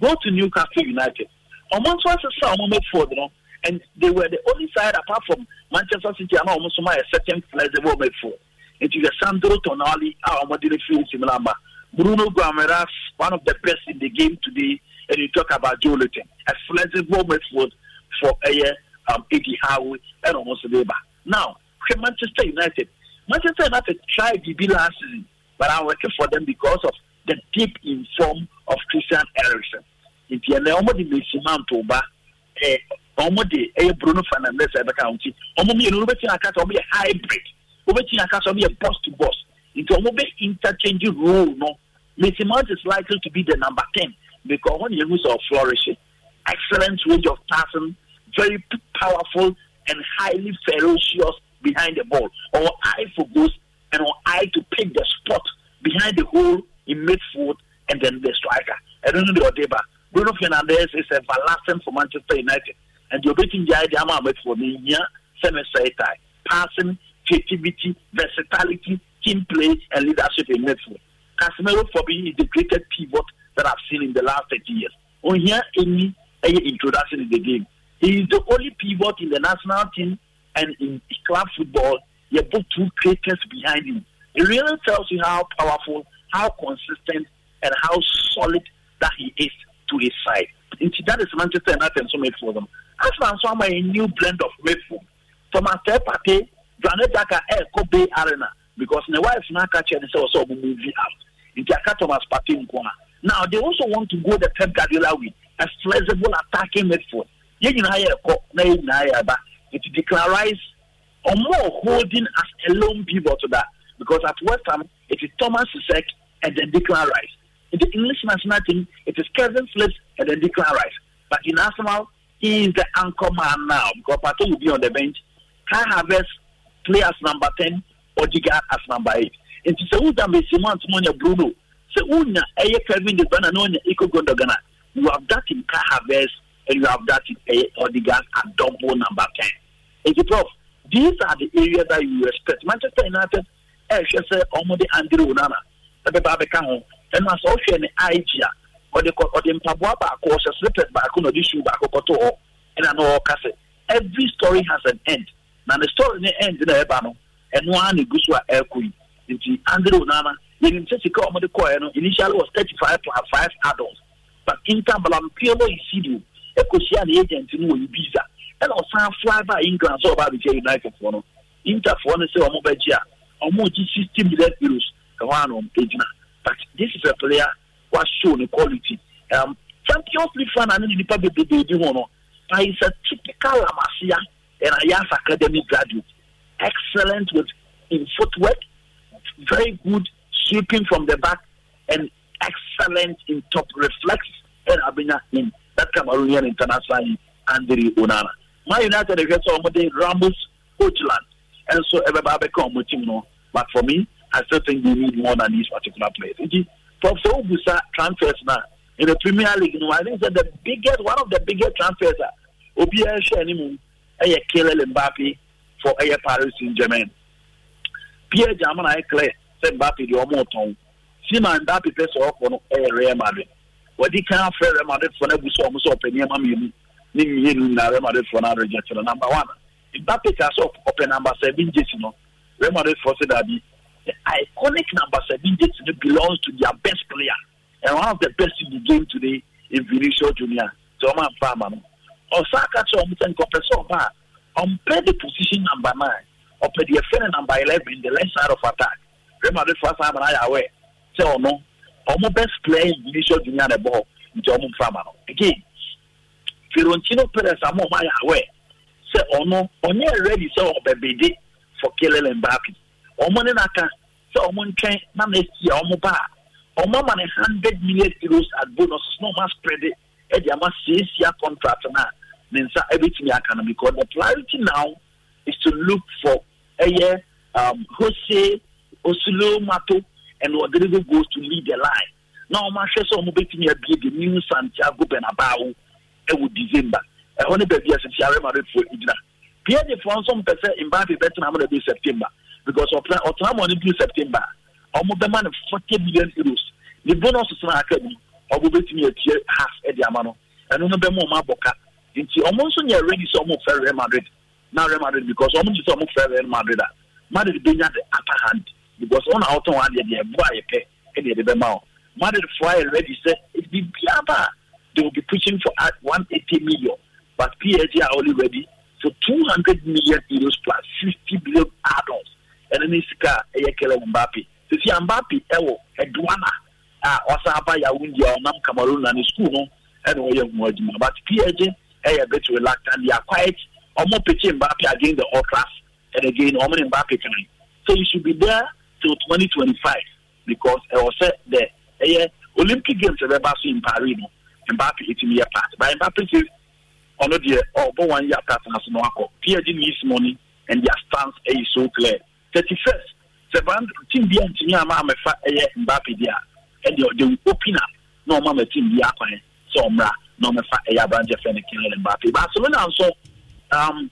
go to newcastle united ɔmo nso asesa ɔmo midfield no. and they were the only side apart from Manchester City and almost my second place they were for. It is Sandro Tonali, our model field Simulamba. Bruno Guamaras, one of the best in the game today, and you talk about Joe Luton. A flexible moment for for a year, um, Eddie Howe and almost Labour. Now, Manchester United. Manchester United tried DB last season, but I'm working for them because of the deep in form of Christian Eriksen. Nti ɛnna wɔn de Messi Mantoba ɔmo de ɛyɛ Bruno Fernandes ɛbɛka ɔmo ti ɔmo mmienu no bɛtumi aka sɛ ɔmo yɛ hybrid wobɛtumi aka sɛ ɔmo yɛ boss to boss nti ɔmo bɛ interchange role no Mason Mount is likely to be the number ten because ɔmo yɛn nso flourishing excellent range of passing very powerful and highly ferocious behind the ball or eye for goals and or eye to pick the spot behind the goal in midfield and then the striker. I don't know the Odeba. Bruno Fernandez is a everlasting for Manchester United. And the nti obetumi gya de ama amatufo no ehia sɛmɛsɛɛtae passing creativity versatility team play and leadership in midfield casemiro for me is the greatest pivot that i've seen in the last thirty years here, eni any introduction in the game he is the only pivot in the national team and in club football has both two creators behind him it really tells you how powerful how consistent and how solid that he is to his side. Nti that is Manchester United nso mefuo no. Arsenal nso ama a new blend of mefuo. Thomas Partey, Granit Xhaka ɛɛkɔ eh, Bay Arena because ne wife now aka the ne sɛ ɔsɛ ɔmo move out. Nti aka Thomas party in corner. Now they also want to go the Pep Guardiola way, a flexible attacking midfield. Yɛn nyinaa yɛɛkɔ na yɛn nyinaa yɛaba. Nti declarize more holding as a lone pivot that because at West Ham it is Thomas Sisek and then Declan Rice the English national team, it is Kevin Phillips and then Declan Rice. But in Arsenal, he is the anchor man now because Pato will be on the bench. Kai Havertz play as number 10, Odiga as number 8. And to say, who's that Simon Timonia Bruno? So, Unya, Eye Kevin De Bruyne, Nonya, Iko Gondogana. You have that in Kai Havertz and you have that in Odiga at double number 10. And you prof, these are the areas that you respect. Manchester United, I should Eye Shese, Omode, Andrew Unana. Ebe ba abeka ho ɛna sɛ ɔhwɛ ne aegye a ɔde mpaboa baako ɔhyɛ slippers baako na ɔde shoe baako kɔtɔ hɔ ɛna na ɔka sɛ every story has an end na ne story ne end na ɛba no ɛno ara na egu so a ɛrekɔ yi nti andre onana yɛnim sɛ sika ɔmo de kɔɛ no initially was thirty five plus five adults but interbalam piolo isidio ɛkɔhyia ne agent no wɔ ibiza ɛna ɔsan fly by england sɛ ɔba abɛkyɛ united foɔ no interfoɔ no sɛ ɔmo bɛgye a ɔmo gye sixty million euros ɛhɔ a na ɔmo egyina this is a player was shown quality. Um, Champions League fan final ni nipa bebrebe bi wọn one. but he's a typical Lamasia and Ayas Academy graduate excellent with in footwork very good sweeping from the back and excellent in top reflex and Abina in that Cameroonian international Andre Onana. My United ẹ̀fẹ̀ sọ ọmọdé Ramos Ojland ẹ̀ nso ẹ̀ bẹ̀ bá bẹ̀ kọ́ ọmọ but for me I still think we need more than these particular players. For so Busa transfers now in the Premier League, you know, I think that the biggest, one of the biggest transfers, Obia Shanimu, a Kylian Mbappe for a Paris Saint Germain. Pierre German, I clear, said Mbappe, the Omoton. Sima Mbappe, pese ọkọ no ɛyɛ Real Madrid wɔde kan afɛ Real Madrid fɔ no abusua ɔmo sɛ ɔpɛ nneɛma mmienu ne mmienu Real Madrid fɔ no aregyɛ number one Mbappe ka sɛ number seven gyesi no Real Madrid fɔ sɛ daabi the iconic number 70 belongs to their best player and one of the best in the game today is Vinicius Junior. So I'm a farmer. Osaka to Omutan Kopeso man, On play the position number nine, or play the offender number 11, in the left side of attack. Remember the first time I aware. So no, Omo best player is Vinicius Junior the ball into Omo farmer. Again, Fiorentino Perez Amo Maya aware. Say, oh no, on ready, so, baby, for killing Mbappé ɔmo ne n'aka sɛ ɔmo ntwɛn na na esi a ɔmo ba a ɔmo ama ne hundred million euros at bonus na ɔmo aspread ɛde ama siesia contract na ne nsa ebetumi aka no because the priority now is to look for ɛyɛ e um, Jose Osulomato and Rodrigo goes to lead the line na ɔmo ahwɛ sɛ ɔmo betumi abie the new Santiago Bernabeu ɛwɔ e December ɛhɔ e ne baabi a sisi arema bɛ fo egyina pie de fo nso mpɛ sɛ mbaa bi bɛ tena amu na ebi September because ọ̀pẹ̀lá ọ̀tún àmọ́ ní bíi september ọmọ bẹ́ẹ̀ máa ní forty million euros ní bonus sinna aka bi ọmọ bẹ́ẹ̀ ti ní ẹ̀tìẹ́ half ẹ̀dì àmà no ẹnu ní bẹ́ẹ̀ mú ọmọ abọ́ká nti ọmọ nso yẹ ready sọ ọmọ fẹ́ real madrid na real madrid because ọmọ nso ọmọ fẹ́ real madrid a madrid bẹ́ẹ̀ nya the upper hand because ọ̀nà àwọn tán wà á deẹ deẹ bọ́ àyẹ pẹ́ ẹ̀dì ẹ̀dì bẹ́ẹ̀ ma ọ madrid fọ́ ayẹ ready sẹ́ ibi biaba they will be pushing for at one eighty million but psg are only ready for two hundred million euros plus fifty billion add-ons ɛne ne sika a ɛyɛ kɛlɛ wɔ mbapi sisi mbapi ɛwɔ ɛduana a ɔsan aba yawundi a ɔnam cameroon na ne school no ɛna ɔyɛ nwa adwuma but pg ɛyɛ bit reluctant they are quiet ɔmo pikin mbapi against the all class and again ɔmo ne mbapi kan so you should be there till twenty twenty five because ɛwɔ sɛ the ɛyɛ olympic games ɛbɛba so in paris no mbapi etimi yɛ part but mbapi says ɔno deɛ ɔbɔ one year part na so na wakɔ pg needs money and their stance is so clear thirty first sɛ ban team bi a ntumi ama amɛfa ɛyɛ mbappe bi a ɛdeɛ ɔde wo opina na ɔma ama team bi akwan sɛ ɔmmra na ɔmɛfa ɛyɛ aberanteɛ fɛ no Kylian Mbappe Barcelona nso um,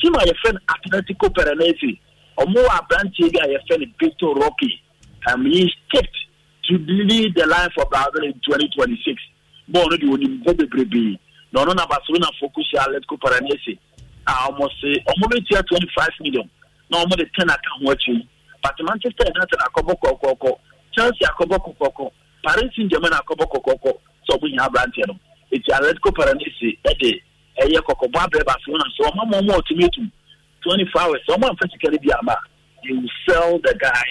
team a yɛfrɛ no Atletico Paranaense ɔmo wɔ aberanteɛ bi a yɛfrɛ no Victor Roque um, he stepped to lead the line for Brazil in 2026 bɔɔl no de onim bɔ bebrebe na ɔno na Barcelona fo kusi Atletico Paranaense a ɔmo se ɔmo bɛtua 25 million na wɔn de ten aka ho akyi but manchester united akɔbɔ kɔkɔɔkɔ chelsea akɔbɔ kɔkɔɔkɔ paris saint germain akɔbɔ kɔkɔɔkɔ sɛ ɔmo nyinaa aberanteɛ no eti atletico paranese ɛde ɛyɛ kɔkɔbɔ abɛɛ baasi wɔn so ɔmo ama ɔmo ultimatum twenty four hours ɔmo anfa sika no bi ama they will sell the guy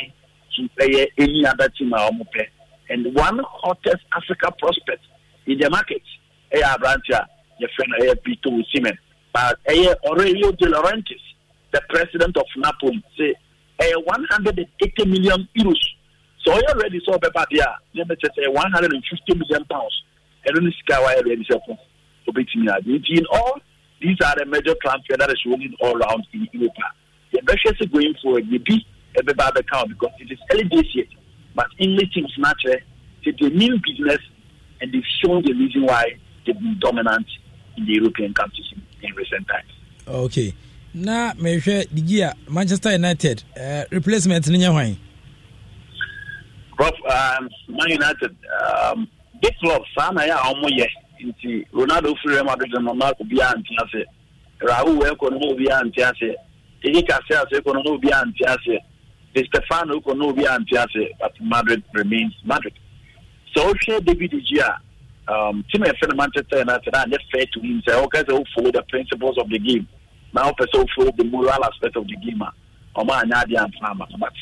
to ɛyɛ any other team a ɔmo pɛ and one hottest africa prospect in the market ɛyɛ aberanteɛ a yɛfrɛ no ɛyɛ bito osimhen but ɛyɛ ɔrɛ yɛ de laurentiis. the president of Napoli, say, eh, 180 million euros. So I already saw Beba there, let me say 150 million pounds. And only Sky already said, in all, these are the major transfer that is rolling all around in Europe. The best is going forward, maybe a Beba account because it is early days yet. But English teams matter, eh? they mean business, and they've shown the reason why they've been dominant in the European countries in recent times. Okay. na mehwɛ digi a manchester united uh, replacement no nyɛ hwan um, man united um, big club saa na yɛ a ɔmo yɛ nti ronaldo firi real madrid no na obiara nte aseɛ rahul ɛkɔ no na obiara nte aseɛ eyi kase ase ɛkɔ no na obiara nte aseɛ de stefano ɛkɔ no na obiara nte aseɛ but madrid remains madrid sɛ ɔhwɛ david digi a um, team a yɛfɛ no manchester united a nyɛ fair to him sɛ ɔka sɛ ɔfollow the principles of the game now person for the moral aspect of the game. Oma anyadi and farmer, but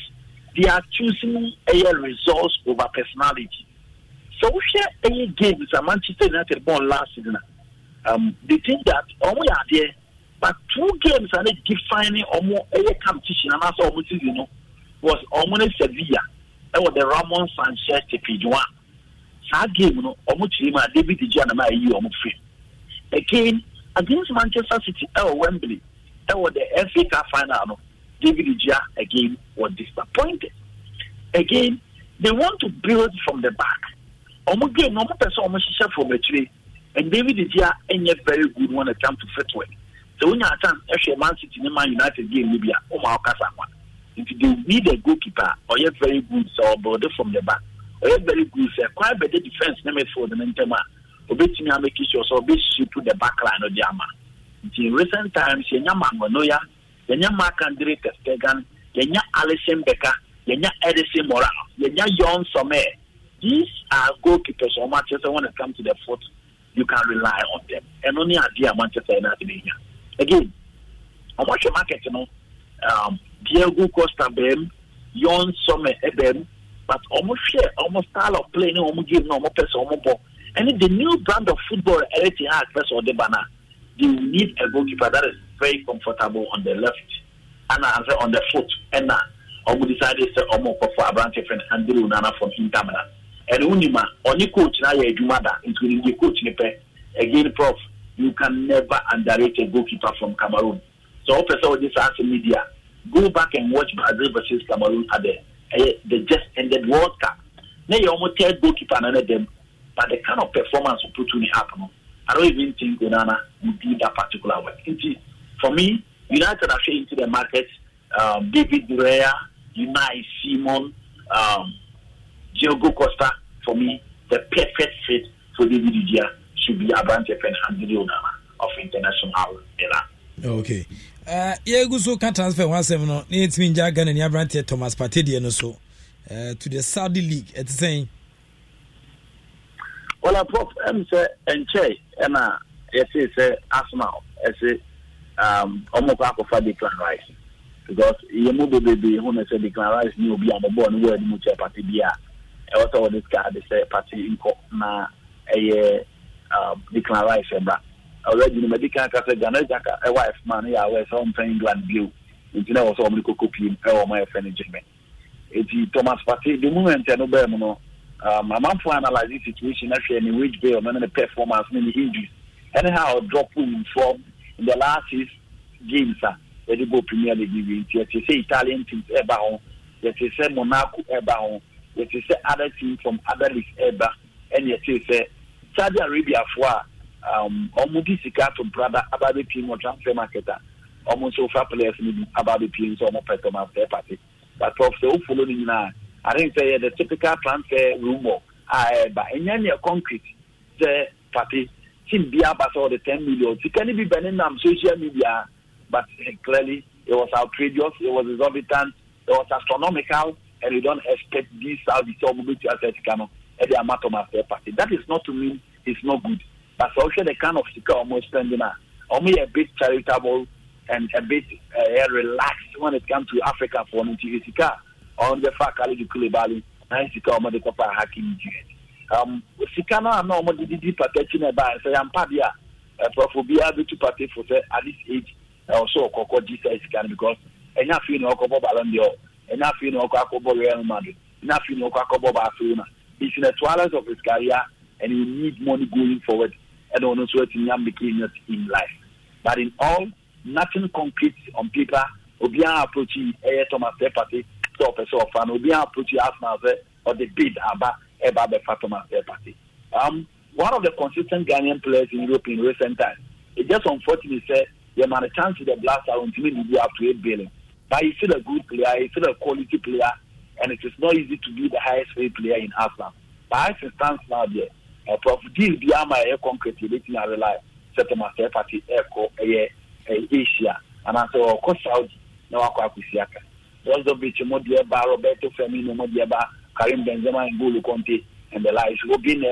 they are choosing a resource over personality. So we share any games that Manchester United won last season. Um, they think that Omo are there, but two games are defining Omo a competition and also Omo you know was almost Sevilla. That was the Ramon Sanchez page one. That game, you know, almost Chima, David Dijana, my EU, Omo Again, against Manchester City ɛwɔ eh, Wembley ɛwɔ eh, the FA final David Gea again was disappointed again they want to build from the back ɔmo normal person, ɔmo pɛ sɛ ɔmo hyehyɛ and David Gea ɛnyɛ very good when it comes to footwork sɛ wonya atam ɛhwɛ Man City ne Man United game no ah, bi a if they need a goalkeeper or ɔyɛ very good sɛ ɔbɔde from the back ɔyɛ very good sɛ kwan better defence ne mɛfo ne ntɛm a obetumi ameki sure sɛ ɔbɛsi to the back line no de ama nti in recent times yɛnya mangonoya yɛnya markandre testegan yɛnya alison beka yɛnya edison moral yɛnya yon somer these are goalkeepers ɔmo akyerɛ sɛ when it comes to the foot you can rely on them ɛno ne adeɛ a manchester united nya again ɔmo hwɛ market no um, diego costa bɛm yon somer ɛbɛm but ɔmo hwɛ ɔmo style of play ne ɔmo game na ɔmo pɛ sɛ ɔmo bɔ. And the new brand of football, Eriti has first or Debana, they will need a goalkeeper that is very comfortable on the left and on the foot. And now, I'm to say ọmọ decide sɛ for a brand different andrew nana from intamina ɛne wonima ɔne coach now you're a da nti ne de coach ne pɛ again prof you can never underrate a goalkeeper from cameroon so ɔpɛ this ɔde media. go back and watch brazil versus cameroon at the ɛyɛ eh, the just ended world cup Now, you're ɔmo third goalkeeper na ne dɛm But the kind of performance we put on the I don't even think Onana would do that particular work. For me, United are into the market. Um, David Durea, United Simon, um, Diogo Costa, for me, the perfect fit for David Durea should be Abrante Pen and Didi Onana of International Milan. Okay. Uh, yɛgu so ka transfer ho asɛm no na yɛtumi ngya ghana ni aberanteɛ thomas patedeɛ no so uh, to the saudi league ɛte sɛn wala prof m sɛ ɛnkyɛe ɛna yɛsee sɛ asmal ɛse ɔmokɔ um, akɔfa declan rice because yɛ mu bebebee ho e e um, e ne sɛ declan rice ne obi a bɔbɔɔ ne wɔadi mu kyɛ pate bi a ɛwɔ sɛ wɔde sika de sɛ pate nkɔ na ɛyɛ declan rice ɛbra ɔlɔdi nom adi kan ka sɛ ghana jaka ɛwɔ ayɛ fuma no yɛ awɔ sɛ ɔmpɛ england bio nti na ɛwɔ sɛ ɔmo de kɔkɔ piem ɛwɔ ɔmo ayɛ fɛ no gyemɛ eti thomas pate the moment ɛno bɛɛ mu no um, amanfoɔ analyse situation ahwɛ ne wage bill no the performance ne ne injuries Anyhow, ha ɔdrop in form in the last six Sir, let yɛde go premier league bi nti yɛte sɛ italian teams ɛba Yes, you say monaco ɛba Yes, you say other teams from other leagues ɛba ɛne yɛte sɛ saudi arabiafoɔ a um, ɔmo de sika to brada aba bɛpie mu transfer market a ɔmo nso fa players no bi aba bɛpie nso ɔmo pɛ sɛ ɔmo after party but of ɔfɛ ofolo following now. I think say the typical transfer rumor. I but any concrete the party team be about all the ten million. It can be burning on social media, but uh, clearly it was outrageous, it was exorbitant, it was astronomical, and we don't expect this out uh, of the to Atletico at the amount of my party. That is not to mean it's not good. But also the kind of sika almost spending are only a bit charitable and a bit uh, relaxed when it comes to Africa for an sika. ɔde fa Khalid Koulibaly na sika ɔmɔde kɔfa Hakim Ziyech um, sika no a na ɔmɔde didi pakɛkyi na ɛbaa sɛ yampa bi a ɛpɔfo biara bɛtu pate fo sɛ at this age ɔsɛ ɔkɔkɔ di sɛ sika no because ɛnya afei na ɔkɔbɔ Ballon d'Or ɛnya afei na ɔkɔ akɔbɔ Real Madrid ɛnya afei na ɔkɔ akɔbɔ Barcelona it's in the twilight of his career and he need money going forward and ɔno nso atumi amaking it in life but in all nothing concrete on paper obiara approaching ɛyɛ Thomas Partey sɛ ɔpɛ sɛ ɔfa no obi approach Arsenal sɛ ɔde bid aba ɛba abɛfa Thomas Partey um, one of the consistent Ghanaian players in Europe in recent times it just unfortunate sɛ yɛma no chance the blaster ɔntumi ne bi up to eight billion but he's still a good player he's still a quality player and it is not easy to be the highest paid player in Arsenal but as it stands now there ɛprɔf uh, deal bi ama ɛyɛ concrete yɛbɛtumi arely sɛ Thomas Partey ɛkɔ ɛyɛ asia anaasɛ oh, ɔkɔ Saudi na wakɔ akɔsi aka Brozovic mo deɛ ba Roberto Firmino mo deɛ ba Karim Benzema N'Golo Conte and the likes Robin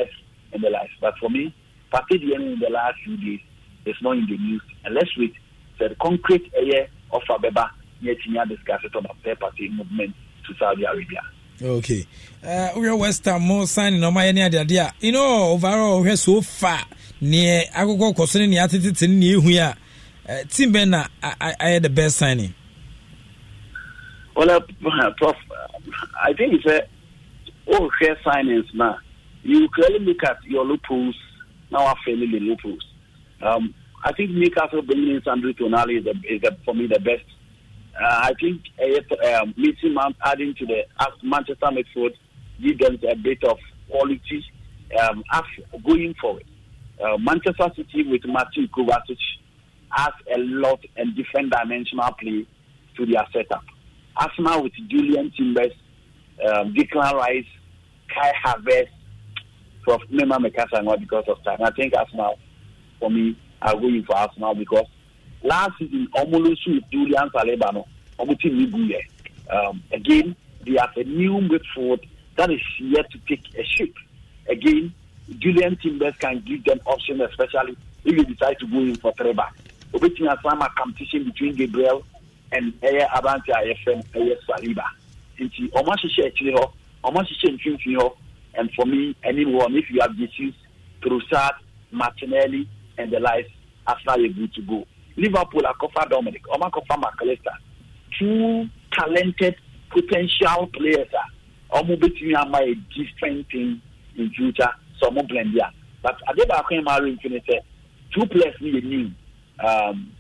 and the likes but for me Partey deɛ no in the last few days is not in the news and let's wait sɛ concrete ɛyɛ offer bɛba ne atinya discuss it on a third party movement to Saudi Arabia. okay uh, west ham mo sign na ɔmayɛ ne adeade a you know overall wohwɛ so far neɛ akokɔ kɔ so ne neɛ atetete ne neɛ ɛhu team bɛn na ayɛ the best signing Well, uh, Prof, I think a all oh, share finance now. You clearly look at your loopholes, now our family loopholes. Um, I think Newcastle bringing in Sandro Tonali is, the, is the, for me the best. Uh, I think uh, um, Missy adding to the uh, Manchester midfield give them a bit of quality um, going forward. Uh, Manchester City with Matthew Kovacic has a lot and different dimensional play to their setup. Asma with Julian Timbers, um, Declan Rice, Kai Harvest, Prof. Nema Mekasangwa because of time. I think Asma, for me, I'll going for Asma because last season, Omolusu with Julian Salebano, Omuti Nibuye. Um, again, they have a new midfield that is yet to take a shape. Again, Julian Timbers can give them options, especially if you decide to go in for Trevor. Obetting Asama competition between Gabriel And ɛyɛ abante a yɛfrɛ no ɛyɛ saliba nti ɔmo ahyehyɛ akyire hɔ ɔmo ahyehyɛ mfimfini hɔ and for me anyone if you have Jesus Trossard Martinelli and the likes Arsenal are good to go Liverpool akɔfa Dominic ɔmo akɔfa Makalista two talented potential players a ɔmo betumi ama a different thing in future so ɔmo blend there. but ade baako yɛn maa renfin sɛ two players ni yɛ new um,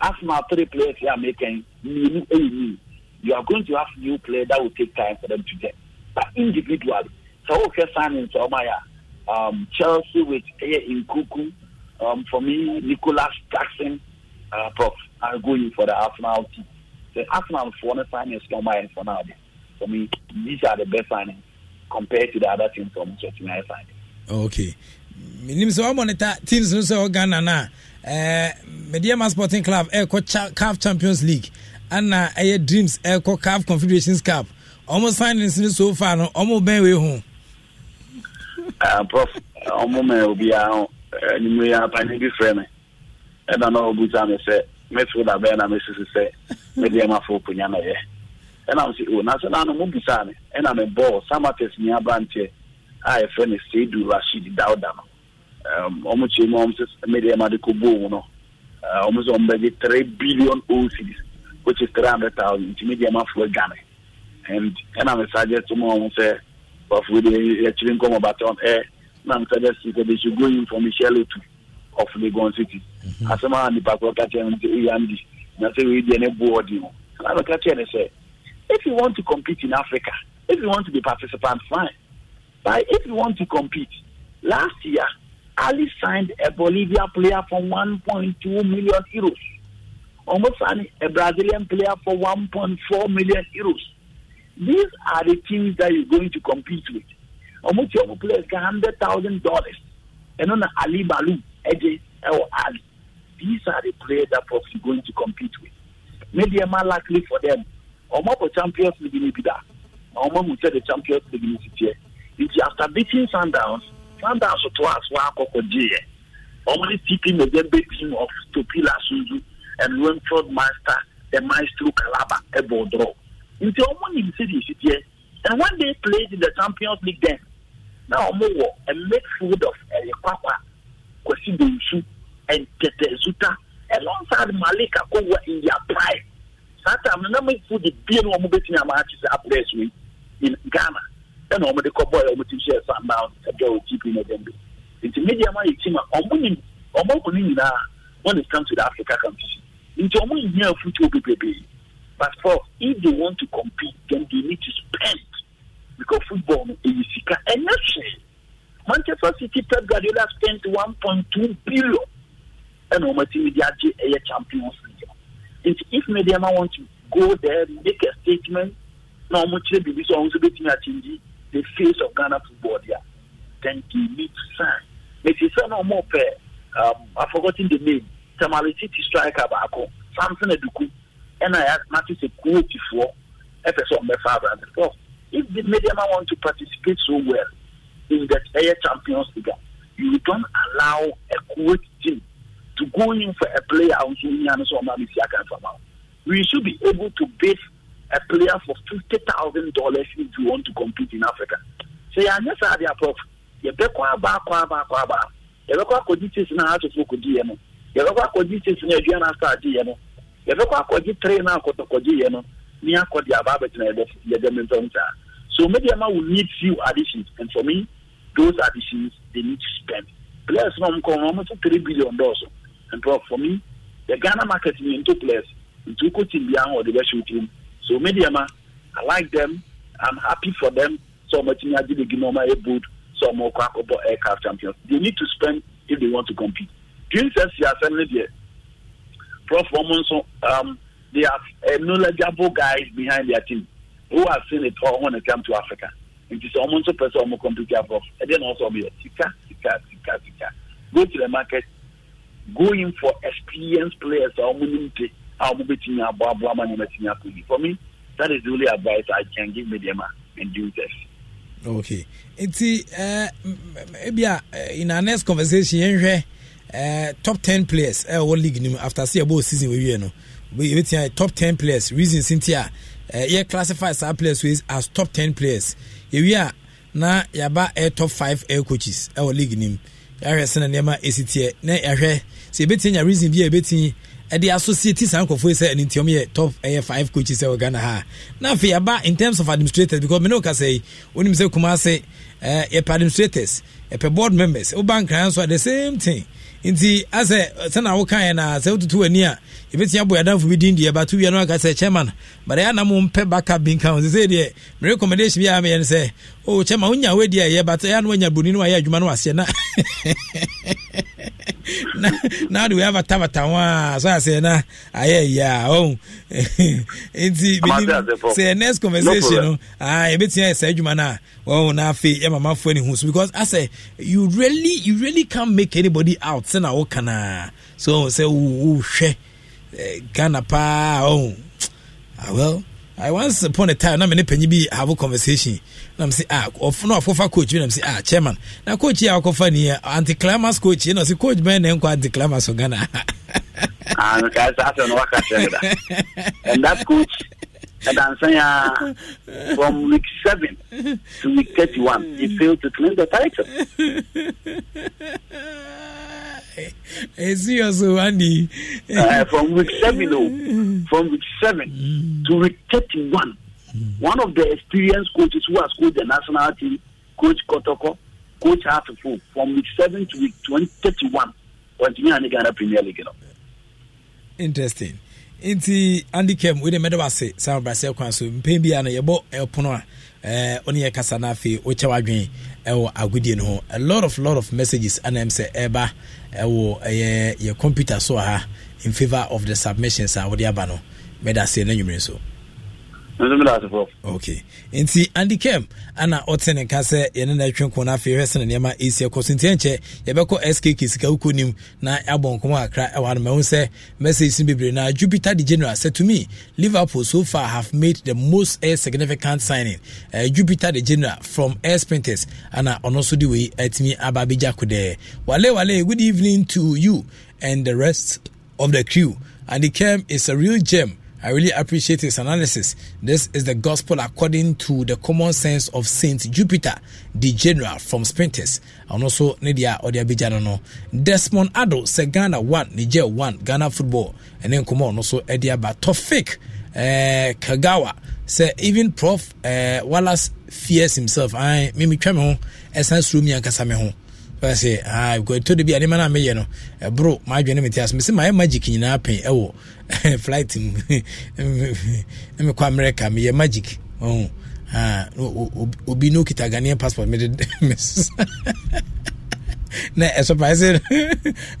Arsenal three players here making new AE. You are going to have new player that will take time for them to get. But individually, so okay, signing to Omaya, uh, um, Chelsea with Eye eh, Nkuku, um, for me, Nicholas Jackson, uh, prof, are going for the Arsenal team. The Arsenal for the signings to Omaya for now. For me, these are the best signings compared to the other teams from Chelsea signed. Okay. Minim sɛ wɔmɔneta uh, teams no sɛ wɔ ghana no Eh, mediama sporting club eh, ca caf champions league ana ɛyɛ eh, dreams ɛrekɔ caf confederations cup ɔmo signings no so far no ɔmo bɛn wei ho. Ah, prof ɔmo mɛ obi ho ɛnimu yi apani bi frɛ mi na ɔbuta mi sɛ na mi sisi sɛ fo na yɛ ɛna mo o na sɛ naanu mo mi ɛna mi ni a e seidu rashid Um, ọmụ chi ime ọmụ mmiri ma dị kogbo owu nọ uh, ọmụ sọ mbe dị 3 billion old which is 300,000 nti media ma fuwa gane and ɛna e me suggest ma ɔmo sɛ bafo de yɛkyerɛ nkɔmmɔ baton ɛ na me suggest sɛ they should go in for michelle otu of lagos city asɛm a nipa korɔ ka kyerɛ no sɛ ɛyɛ ndi na sɛ wei deɛ ne boɔ di no ɛna me ka kyerɛ ne sɛ if you want to compete in africa if you want to be participant fine but if you want to compete last year Ali signed a Bolivia player for 1.2 million euros. Almost signed a Brazilian player for 1.4 million euros. These are the teams that you're going to compete with. Almost your players get hundred thousand dollars. And on Ali Balu, AJ or Ali. These are the players that probably you're going to compete with. Maybe I'm likely for them. Almost for Champions League in Ibida. Almost the Champions League in City. If after beating Sundowns, fanda asoto aso akɔkɔ gyeeɛ ɔmo ne tp mɛdɛbɛ team of topila sunzu and renford master the maestro calabar ɛbɔ draw nti ɔmo nim sɛ deɛ sitiɛ and when they played in the champions league then na ɔmo wɔ a midfield of ɛyɛ kwakwa kwasi donsu and tete zuta alongside malik akowa in their prime saa time na midfield bie na ɔmo bɛtumi ama akyi sɛ abrɛs wei in ghana ɛna wɔn de kɔbɔ yɛ wɔn ti hyɛ sundown ɛdɔ wɔ tp na ɛdɛm bi nti media ma yɛ tim a wɔn nim wɔn akɔ ne nyinaa when it comes to the africa competition nti wɔn nyinaa futuo bebrebe but for if they want to compete then they need to spend because football no eyi sika ɛnyɛ hwee manchester city pep guardiola spent one point two billion ɛna wɔn ti media agye ɛyɛ champions league nti if media ma want to go there make a statement na wɔn kyerɛ biribi so wɔn nso betumi akyɛn yi the face of Ghana football there, then he needs to sign. If you sign on more pair, um, I've forgotten the name, Tamale City striker Bako, Samson Eduku, and I asked Matthew to quote before FSO Mefa and so if the media man want to participate so well in that air champions league, you don't allow a great team to go in for a player who's in so We should be able to base a player for fifty thousand dollars if you want to compete in Africa. So yeah, that's how they approve. You back back back back back. You back back with this now to focus on you. You back back with this now you are start you know. You back back with this train now to focus you know. Ni akɔ di aba abɛtena yɛ dɛ yɛ dɛ mɛntɔn ta so maybe ama will need few additions and for me those additions they need to spend players na ɔmo kɔ three billion dollars and for me the Ghana market ni n players n to ko team bi ahɔn ɔde bɛ So media ma, I like them. I'm happy for them. So much in the Ginoma boot. so more Kwakobo aircraft champions. They need to spend if they want to compete. Dreams SC Assembly there. Performance, um, they are uh, knowledgeable guys behind their team who have seen it all when it comes to Africa. It is almost a person who compete abroad. And then also be a tika, tika, tika, tika. Go to the market, go in for experienced players or a mobɛtumi aboaboa ma e nneɛma tumi akɔ yi for me that is the only advice i can give mediama and do this. okay nti uh, eh, maybe eh, in our next conversation yɛnhwɛ uh, eh, top ten players ɛwɔ uh, World league nim after say ɛbɔ season wɔwie no yɛbɛtumi top ten players reasons nti a uh, yɛ classify saa players wey as top ten players yɛwie a na yaba air top five air coaches ɛwɔ league nim yɛahwɛ sɛ na nneɛma ɛsi teɛ na yɛahwɛ sɛ yɛbɛtumi nya reason bi a yɛbɛtumi ɛde associate saa nkurɔfoɔ sɛ ɛne ntiɔm yɛ top ɛyɛ five coaches ɛwɔ ghana ha na afei aba in terms of administrators because mene woka sɛ yi wonim sɛ kuma ase eh, yɛpɛ administrators yɛpɛ board members woba nkran so a the same thing nti asɛ sɛna wokaeɛ na sɛ wototo w'ani a yɛbɛtumi abɔ yɛadamfo bi din deɛ bato wia no aka sɛ chairman but ɛyɛ anam mpɛ baka binka ho sɛ deɛ me recommendation bi a meyɛ no sɛ o chairman wonya wadi a ɛyɛ but ɛyɛ ano wanya buroni no wayɛ adwuma no waseɛ na na na de wei abatabata ho a so asɛ na ayɛ yɛ a nti menim sɛ next conversation no yɛbɛtumi ayɛ saa adwuma no a ɔhu na afei yɛmamafoɔ ani hu so because asɛ you really you really can't make anybody out sɛ na woka naa so sɛ wohwɛ ghana paa ɔhu oh. ah well i once upon a time na me ne panyin bi have a conversation na me say ah ɔfuna ɔfofa coach bi na me say ah chairman na coach yi a ɔkɔfa ni yɛ eh, anti climax coach yi na ɔsi coach bɛn na nkɔ anti climax for ghana. ah nka ɛsɛ a na waka kyerɛ da and that coach ɛdansan ya from week seven to week thirty-one he failed to claim the title. it's eh, eh, serious, oh, Andy. Uh, from week seven, oh, from week seven mm. to week thirty-one, mm. one of the experienced coaches who has coached the national team, Coach Kotoko, Coach Hartford, from week seven to week 20, thirty-one, continue in the Ghana Premier League. You know. Interesting. nti andy kem wei de mɛde wase saa brasel kwan so mpɛn bi eh, a no yɛbɔ ɛpono a ɔne yɛ kasa no afei wokyɛ w'adwene ɛwɔ agodie no ho a lot of lot of messages ana m sɛ ɛba ɛwɔ ɛyɛ yɛ computer so ha in favour of the submissions a wɔde aba no mɛda se na nwumire so ok nti andy kem ana ɔte ne nka sɛ yɛne na atwe nko no afei hwɛ sene nneɛma ɛsi ɛkɔ so nti ɛnkyɛ yɛbɛkɔ skk sika wokɔ nim na abɔ nkɔm akra ɛwɔ e ano mahu sɛ message no bebree na jupiter de general sɛ to me liverpool so far have made the most air significant signing uh, jupiter de general from air sprinters ana ɔno nso eh, de wei atumi aba abɛgya kodɛɛ wale wale good evening to you and the rest of the crew andy kem is a real gem I really appreciate his analysis. This is the gospel according to the common sense of Saint Jupiter, the general from Spintis. And also, Nidia Odia Bijano. Desmond Ado, Segana 1, Niger 1, Ghana football. And then come on, also Edia Batofik, eh, Kagawa. Say, even Prof eh, Wallace fears himself. I, Mimi Tremon, essence Srumi and Kasame sɛ ah, to da bi a nema no meyɛ no ɛboro maadwene mete ase mesɛ mayɛ magic nyinaa pɛn ɛwɔ flight mu mekɔ america meyɛ magic obi no okita ghanaian passport mede na ɛsɔpae sɛ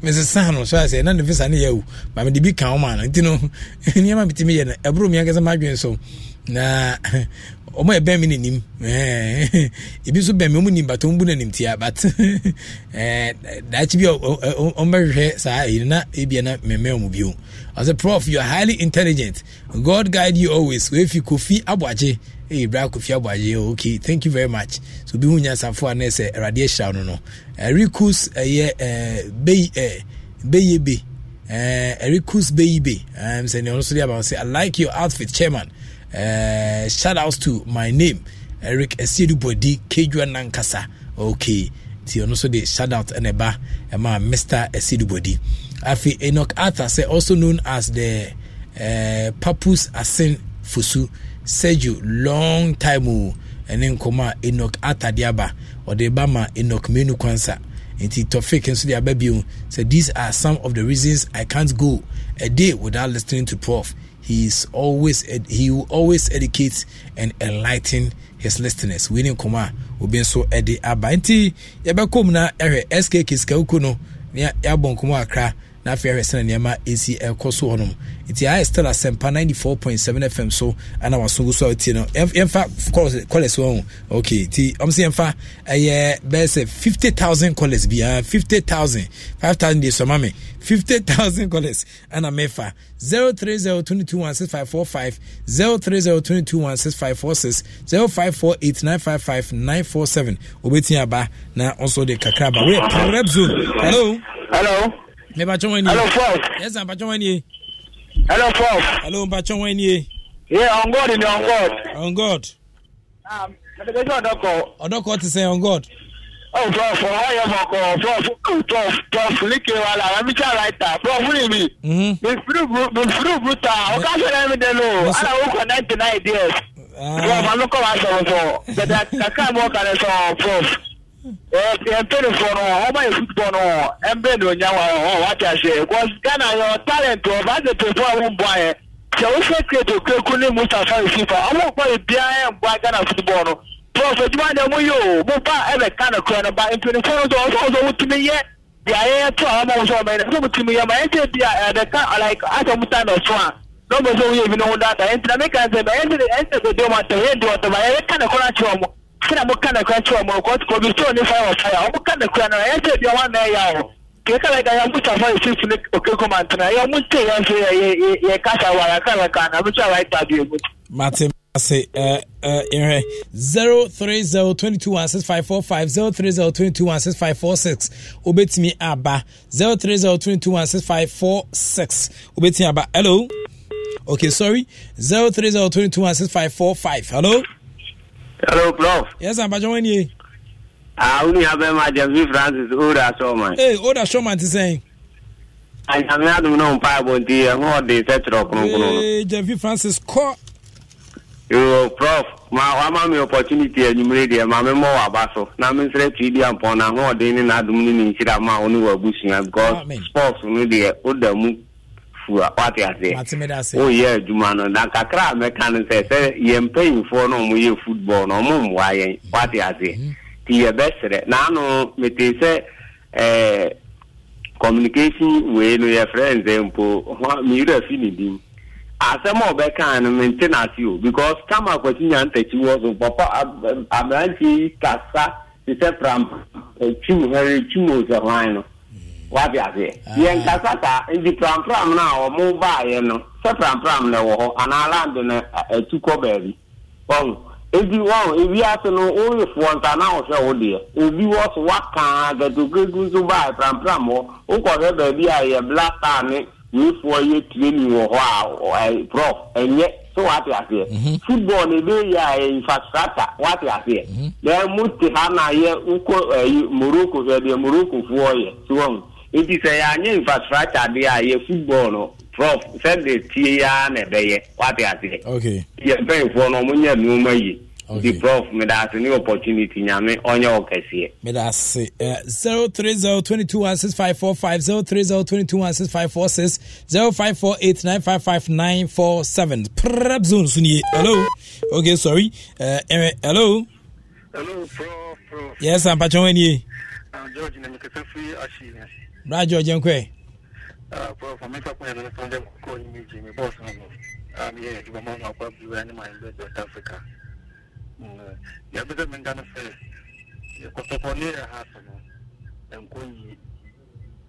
mesesa no so asɛ na ne visa no yɛwo eh, ba mede bi ka wo ma no nti no nneɛma metumi eh, yɛ no ɛboro miankasɛ maadwene so na ɔmo yɛ bɛn mi n'anim ebi nso bɛn mi ɔmo nim bata ɔmo bu n'anim tia but daakye bi ɔmo bɛhwehwɛ saa eyi na ebien na mmɛmɛ ɔmo bi o ɔsɛ prof you are highly intelligent god guide you always wefi kofi aboagye eyi eh, bra kofi aboagye okay thank you very much so bi hu nyansafo a nɛsɛ ɛwurade ahyira no no Ericus ɛyɛ ɛɛ eh, beyi ɛɛ eh, beyebe ɛɛ erikus sɛ nea ɔno so de aba ɔsɛ i like your outfit chairman uh, shout outs to my name eric esiedubodi kejua nankasa okay nti ɔno nso de shout out ɛna ɛba ɛma e mr esiedubodi afei enoch arthur sɛ also known as the uh, papus asin fosu sergio long time o ɛne nkɔmɔ a enoch arthur de aba ɔde ba ma enoch menu kwansa nti tofik nso de aba bio sɛ these are some of the reasons i can't go a day without listening to prof he's always he will always educate and enlighten his listeners wei ne nkɔmɔ a obi nso de aba nti yɛbɛkɔ mu na ɛhwɛ skk sikawoku no yɛabɔ nkɔmɔ akra na afei ahwɛ sɛne nneɛma ɛsi ɛkɔ so hɔnom nti ayɛ still asɛmpa 94.7 fm so ana waso gu so a wotie no yɛmfa collars wɔ ho ok nti ɔm sɛ yɛmfa ɛyɛ bɛyɛ sɛ 50000 collars biara 50000 5000 deɛ sɔma me 50000 collars ana mefa 0302216545 0302216546 0548955947 wobɛtumi aba na ɔnso de kakra aba woyɛ pawerɛp zone hello hello ẹ bá tún wọn ni. hello fof. yes sir bá tún wọn ni. hello fof. hello bá tún wọn ni. ye on god ni on god. on god. ẹ̀ẹ́dẹ́gbẹ́sẹ̀ ọ̀dọ́kọ̀. ọ̀dọ́kọ̀ ti sẹ́yìn on god. ó prof ọ̀hún ayọ̀ mọ̀kọ̀ prof prof prof líkè wa la àwọn mísà ráìtà prof ní mi. mi fúrú bruta ọ̀ká sọ̀rọ̀ mi dẹnu aláwọ̀ kọ̀ ninety nine years. prof àlùkò wa sọ̀rọ̀ sọ̀rọ̀ gbẹdẹ kàkà mọ̀ kàrẹ̀ sọ̀rọ̀ prof mpanyinfoɔ no ɔma yɛ football no mbɛ na onya wa ɔ wate ahyɛ because ghana yɛ talent wɔ baasi pepo a wɔn bɔ ayɛ sɛ wofɛ kireto kureku ne mustapha yusufa ɔmo kɔ ebiara yɛ mbɔ ghana football no prof edwuma deɛ mo yɛ o mo ba ɛbɛ ka ne kura ne ba mpanyinfoɔ no sɛ ɔsɔ ɔsɔ wotumi yɛ deɛ ayɛ to a ɔmo sɔ ɔmo yɛ ɛsɛ wotumi yɛ ma ɛn tɛ bi a ɛbɛ ka like asɛ mo ta na ɔso a n'ɔmo sɛ oyɛ ebi ne ho data ɛn tɛ na mi ka n sɛ ɛn tɛ ɛn tɛ sɛ de ɔmo atɛ ɛn tɛ ɔtɛ ma ɛyɛ ka ne kura kyerɛ ɔmo sina mo ka nakura kyerɛ ɔmo ɔkɔ tukɔ bi store ne fire wɔ fire ɔmo ka nakura no ɛyɛ sɛ ebi ɔmo anan yɛ awɔ keka bɛ gaya mo tafa esi funu oke kɔma ntena yɛ ɔmo nse yɛ nso yɛ yɛ yɛ kasa wɔ ayaka ayaka na mo tɛ awa ɛta bi emu. mate ase ɛɛ ɛɛ nhwɛ zero three zero twenty two one six five four five zero three zero twenty two one six five four six obetumi aba zero three zero twenty two one six five four six obetumi aba hello okay sorry zero three zero twenty two one six five four five hello. hello prof. yes abajọ wọn ni e. ni ìyá bẹ́ẹ̀ jẹ francis older showman. ee older showman ti sẹ́yìn. àyàmí àdùn náà ń pa àbọ̀ ntí ẹ̀hún ọ̀dẹ ee jẹ̀bi francis kọ. yoo prof ma wa ma mi opportunity enyimire deɛ ma mi waba so na mi nsere di na ahoɔden ne n'adum ne ne nsira ma ɔne wɔ abusua because sports afu e, a wate e e ase woyɛ adwuma no na kakra a mɛka no sɛ sɛ yɛ mpanyimfoɔ no ɔmoyɛ football no ɔmo mmoa yɛn wate ase nti yɛbɛserɛ na ano metee sɛ eh, communication wei no yɛfrɛ nsɛ mpo meyerɛ afi ne dim asɛm a ɔbɛkaa no mente no o because tam akwakyi nya ntakyi wɔ so papa aberanteɛ yi kasa te sɛ pram twim hɛre twim o sɛ hwan no waa ase ah. yɛnkasa saa nti prampram prampram na ɛwɔ hɔ anaa land na ɔhwɛ deɛ obi wɔ so prampram baabi a yɛ blasta ne yɛ tireni wɔ hɔ na ebe yɛ infrastructure wate aseɛ mhm. te ha na yɛ ɛyi eh, morocco deɛ morocco foɔ yɛ nti sɛ yɛanyɛ infrastructure deɛ a yɛ football no prof sɛde tie aa na ɛbɛyɛ wate aseɛ yɛ mpanyinfoɔ no ɔmonyɛ nneɛma yie nti prof medase ne opportunity nyame ɔnyɛ ɔkɛseɛ medase uh, 0302216545 0302216546 prep zone so nie hello okay sorry uh, hello hello prof, prof. yes ampatwɛn wɔ nie uh, george na mekasa firi ahyeɛ Brajo Jenkwe. Uh, ah, bro, for me, I'm going to call ah, you Jimmy Boss. I'm here to come on up with you and my West Africa. Mm, uh, yeah, but I'm going to say, you're going to call me a house. I'm going to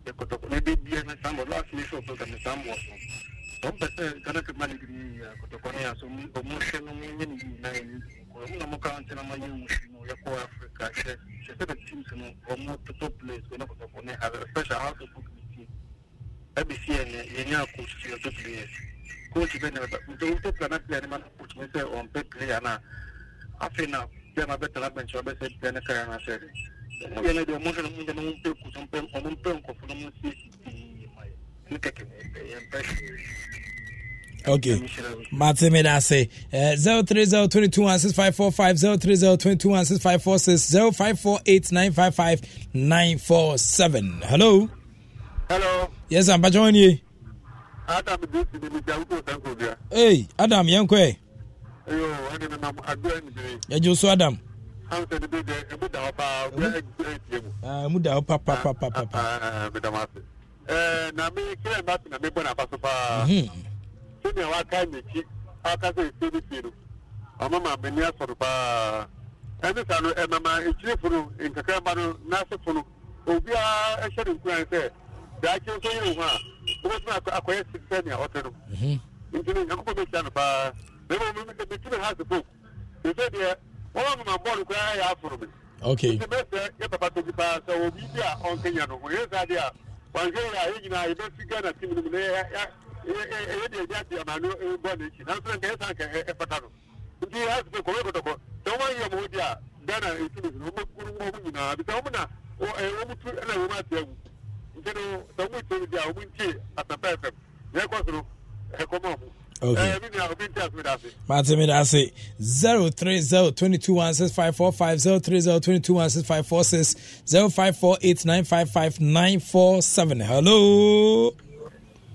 you're going to call me a baby and some of last me so that I'm some was. Don't bet the uh, Ghana could manage the uh, Kotokone ɔno na moka nkyɛ na manyɛ muhwi no yɛkɔ africa hwɛ hwɛ sɛ the teams no ɔmo toto place wɔ ne kɔtɔkɔ ne have special house of book meeting ɛbɛsi yɛ ne yɛnyɛ a coach ti ɔtɔ players coach bɛ ne nti wotɔ player na player ne ma na coach ne sɛ ɔmpɛ player na afei na player na bɛtena bɛnkye ɔbɛsɛ player ne kaya na sɛ yɛ ne deɛ ɔmo hwɛ no mo nyɛ no mo mpɛ kutu ɔmo mpɛ nkɔfo no mo nsiesie pii ma yɛ ne kɛkɛ yɛmpɛ hwee Okay. Matime Dase. Uh, 030221655, 030221656, Hello. Hello. Yes, I'm Bajon you. Adam, this is the Mr. Hey, Adam, young kwe. Yo, I'm Adam. Yeah, you saw Adam. I'm saying, I'm going to go to the house. I'm going to go to the house. na going to go to the house sɛnea wakae m'akyi akasa esie no fie e e no ɔma e ma m'ani asɔre paa ɛne saa no ɛmama ekyirifo no nkakraba no n'asefo no obiara ɛhyɛ ne nkuran sɛ daakye nso yiri ho a wobɛtumi akɔyɛ sɛnea ɔte no mhm. nti no nyankopɔn bɛhyia no paa na mmom metumi ha se folk te sɛ deɛ wɔma mama bɔɔl koraa yɛ aforo me okay nti bɛsɛ yɛ papa tɔgyi paa sɛ obi bi a ɔnkɛnya no ho yɛ saa deɛ a wanhwɛ yɛ a yɛ nyinaa yɛbɛfi ghana tim no mu na ɛyɛ deɛ ɛdi adi ama no bɔ n'ekyi nanso nka ɛsan ka ɛfata no nti asopɛ kɔmɛ kɔtɔkɔ sɛ wɔn ayɛ wɔn di a ghana etu ne wɔn kuru wɔn nyinaa bi sɛ wɔn na ɛɛ wɔn tu ɛna wɔn ati awu nti no sɛ wɔn tu di a wɔn ntie asapa fm yɛ kɔ soro ɛkɔmɔ mu. Okay. Matemi Dase 03022165450302216546054895594 Hello.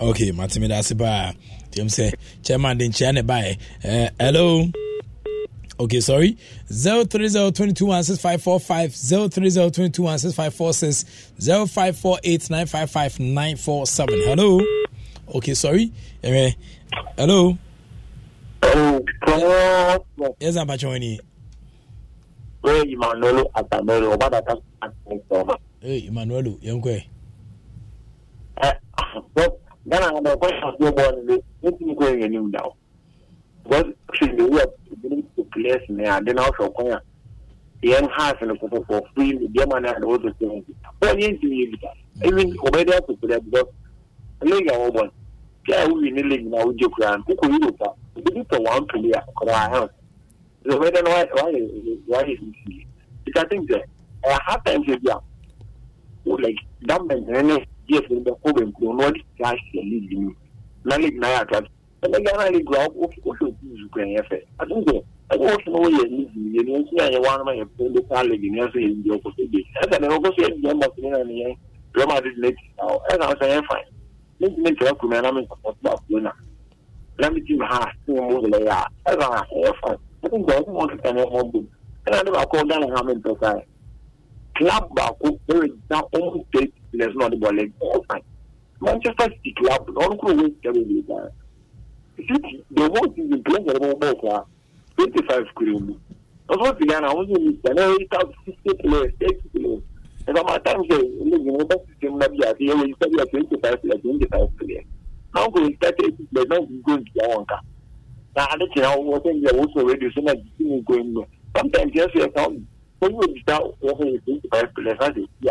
okay matemi da ase paa tiam sɛ chairman de nkyia ne baɛ eh, hello okay sorry nine four seven. hello okay sorry ɛmɛ eh, hello yes na bàtchɛ wani. Emmanuel Atamero, ọba dàtà. Emmanuel, yẹn kọ́ ẹ̀. But Ghana, the question was no more than anything going on now. Because actually, the work to place me and then also come yẹn house ni koko for free diẹ maa náà lọ́wọ́ tó ṣe wọn bi bọ́ọ̀ yẹn ti yẹ bìtà even ọ̀bẹ́dẹ́ àtòkùrẹ́ bìtọ́ lẹ́yìn àwọn bọ́ọ̀ tí a wúwi ní lẹ́yìn náà ó jẹ́ kura kókò yìí lò ta ìdílé tọ̀ wọ́n tó lé àkọ́rọ́ àhẹ́n ọ̀bẹ́dẹ́ náà wáyé wáyé ìsìn yìí because i think that ẹ̀ ha time ṣe bí a ó like that yes no bɛ ko bɛ nkuro na ɔde sika ahyɛ league mu na league na yɛ atwa ɛna ghana league a wohwɛ obi zukran yɛ fɛ ati sɛ ɛna wɔsi na wɔyɛ league mu yɛn nso yɛ wɔn anam yɛ pɛn local league na yɛsɛ yɛn di ɔkɔsɛ de ɛsɛ na ɔkɔsɛ yɛ di ɛmɔ sini na ne yɛn real madrid na ti na ɛna ɔsɛ yɛn fain ne ti ne tɛrɛ kuruma ɛna mi nkɔkɔ to akuro na na mi ti ha ti mo yɛlɛ yɛ a ɛna yɛ fain ɛna nkɔ ɔkɔ mo kika na ɛmɔ bom ɛna ne baako ghana ha mi ntɔ saa club baako ɛna ɔmo tɛ players náà ọdún bọ̀ọ̀lù ẹgbẹ́ ọ̀sán manchester city club ọdún kúrò wọ́n ti kẹ́rin ìlú ìgbà city the whole season players ọ̀rọ̀ wọn bọ̀ fún wa twenty five kúrò mu ọ̀sán ti gánà àwọn ọmọ mi gbàná eight thousand sixty players thirty players ẹ̀ka máa tàbí sẹ́ ẹlẹ́gbẹ̀ẹ́ wọn bá ti ṣe múná bí àti ẹ̀wọ̀n yìí sábẹ́ twenty five players twenty five players náà kò ní thirty eight players náà kò gbóǹdì àwọn nǹkan na ade kyerɛ awo wɔ sɛn yɛ wosɔ radio so na disi ne nkɔ sometimes yɛ so yɛ kan wɔn yɛ disa wɔ hɔ yɛ twenty players na de si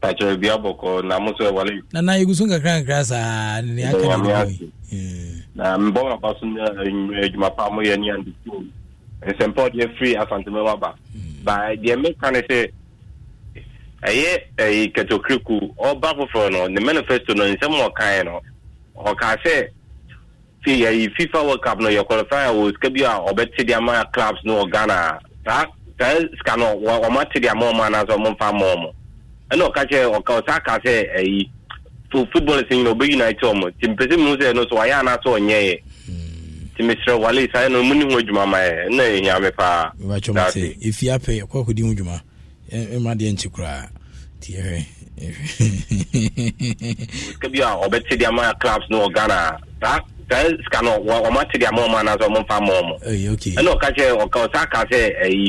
takyerɛ bi abɔkɔ na mo sɛ wale na na yɛgu so nkakra nkra saa ne aka ne bɔ na mbɔ aba so na adwuma pa moyɛ ni ande so nsɛmpa ɔdeɛ firi asantema aba ba deɛ meka ne sɛ ɛyɛ ɛyi katokiriku ba foforɔ no ne manifesto no nsɛm a ɔkaeɛ no ɔka sɛ fi yɛyi fifa world cup no yɛkɔlifai a wɔ sika bi a ɔbɛte de ama clubs no ghana saa saa sika no wɔmatede ama ɔmo anaasɛ ɔmomfa ama ɔmo ɛna ɔka kyɛ ɔka ɔsa ka sɛ ɛyi fo football sin na ɔbɛ unite ɔmo ti mpɛsɛ mu sɛ ɛno so wayɛ ana sɛ ɔnyɛ yɛ hmm. ti mesrɛ wale saa ɛno mu ni ho adwuma ma yɛ ɛna ɛhia me paa. wɔatwa mo se efi apɛ kɔ akɔdi ho dwuma ɛma deɛ nkyi koraa ti ɛhwɛ. E sika e, e bi a ɔbɛte deɛ ama clubs no wɔ ghana saa saa sika no wɔn ate deɛ ama wɔn anaasɛ wɔn mfa ama wɔn ɛna ɔka kyɛ ɔka ɔsa ka sɛ ɛyi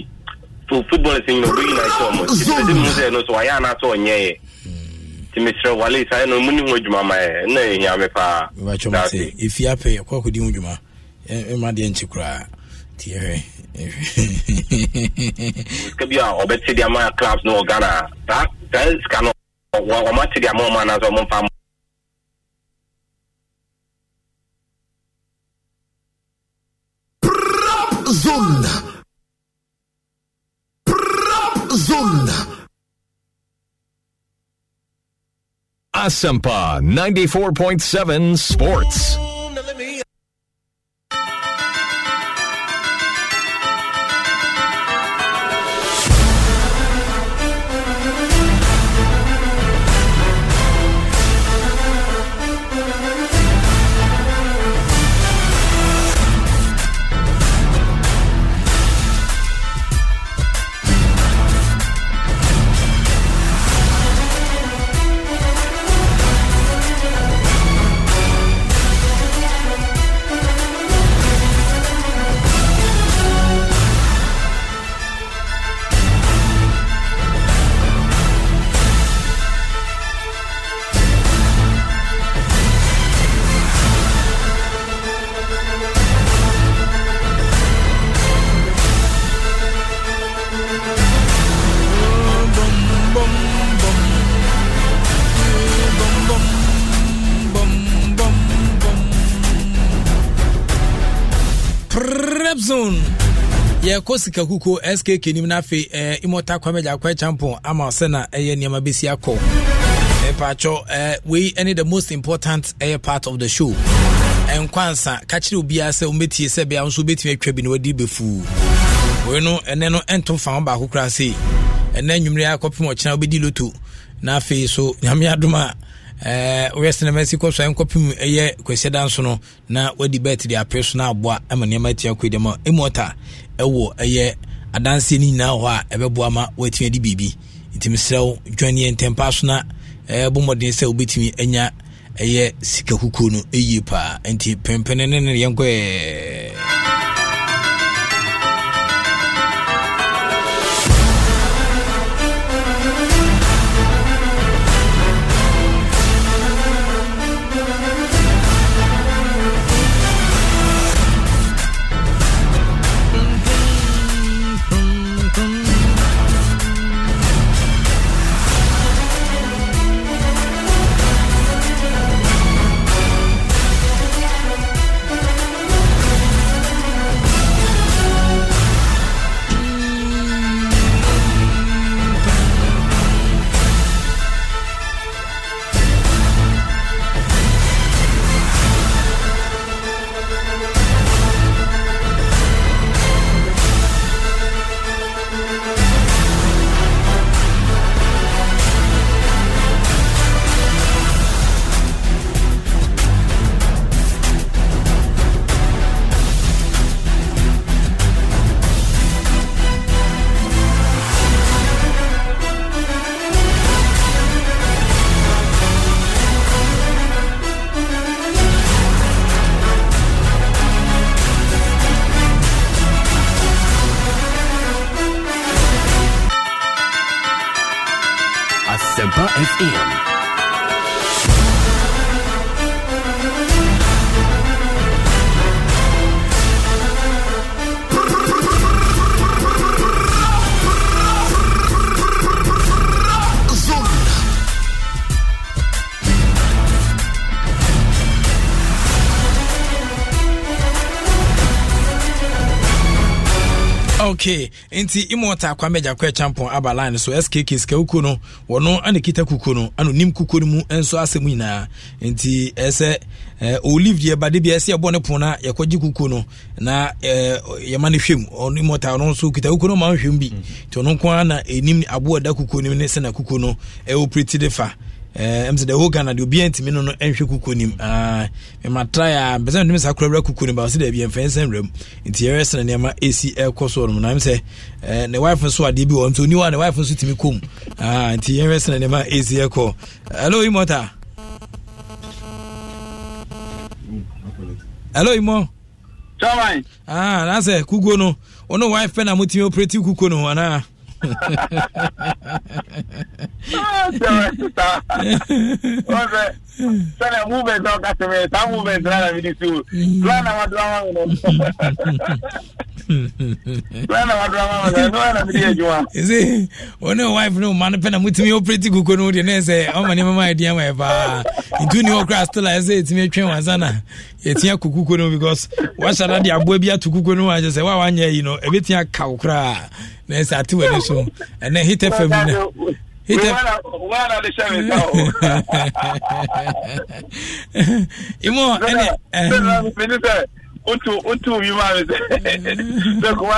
football e sin no bɛyi na ɛkyɛ ɔmɔ ɛsɛ mu sɛ no so wayɛ anaasɛ ɔnyɛɛ nti mesrɛ wale saa no mu ne ho adwuma ma ɛ na ɛhia me paa daase ɛfi apɛ yɛkɔ akɔdi ho dwuma ɛma deɛ nkye koraa nti yɛhwɛ sika bi a ɔbɛte deɛ ama clubs no wɔ ghana saa saa sika no ɔma te deɛ ama ɔma anaasɛ ɔmomfa Zone. zone. Asempa 94.7 Sports. ɛkɔ sika kuko skk nim no afei eh, imota kwamagya akwa champon ama sɛ na ɛyɛ eh, nneɛma bɛsi akɔ mpakyɛ eh, wei ne the most important eh, part of the show nkwansa ka kyerɛ obiara sɛ wombɛtie sɛ bia nso wobɛtumi atwa bi na wadi bɛfuu wei no ɛnɛ no ɛnto fa ho baako koraa sei ɛnɛ nwummerɛ a kɔpem ɔkyena wobɛdi loto na afei so nyame adom a woyɛ sɛ namasi kɔ so ɛnkɔpem ɛyɛ kwasiɛda nso no na wadi bɛt de apɛ so no aboa ama nneɛma atia kɔi dɛm a ɛmu ɛwɔ ɛyɛ adanseɛ no nyinaa hɔ a ɛbɛboa ma woatumi adi biribi nti mesrɛ wo dwaneɛ ntɛmpa so na ɛbɔ mmɔden sɛ wobɛtumi anya ɛyɛ sika no ɛyie paa nti pempene ne ne yɛnkɔɛ nti immortal kwame gyakoa champon aba line so skk sika kukuo no wɔno ana kita kukuo no ana onim kukuo no mu nso asɛm nyinaa nti ɛsɛ eh, olive deɛ bade bia ɛsɛ yɛbɔ ne pon na yɛkɔgye kukuo no na eh, yɛma no hwɛm ɔno immortal no nso kita kukuo no ma nhwɛm bi nti ɔno nko ara na ɛnim aboa da kukuo no ne sɛna kukuo no ɛwɔ piriti de fa ɛm eh, sɛ dɛ ho ghana deɛ obiaa ntimi no no ɛnhwɛ kuko nim ah, mematrae a mpɛ sɛ metumi saa korawura kuko nim bawo sɛ daabi ɛmfa nsa nwura mu nti yɛwɛ sene nneɛma ɛsi ɛkɔ eh, so ɔnom nam sɛ eh, ne wife nso adeɛ bi wɔ nti ɔni hɔ a ne wife nso tumi kɔm ah, nti yɛwɛ sene nneɛma ɛsi ɛkɔ hello imota hello imo ah, na sɛ kuko no ɔno wife pɛ na motumi operati kuko no anaa sɛ sɛnɛ movement a ɔka tɛmɛ saa movement na na mi di si o tura na ma dura ma mi ma na n'o na mi di juma. o ne wife ne o ma ne na mo ti mi operate koko ne o de ne sɛ ɔn ma ne ma ma yɛ diɲɛ ma yɛ paa ntu ni a ɛsɛ etimi etwɛn wansa na yɛtia ko kuko no because wahyɛ na de aboa bi ato kuko no wa sɛ wa wanyɛ yi no ebi tia kaw koraa na ɛsɛ ate ne so ɛnɛ hit fm imo ɛnɛ. wotu wotu bi maa mi sɛ sɛ kuma.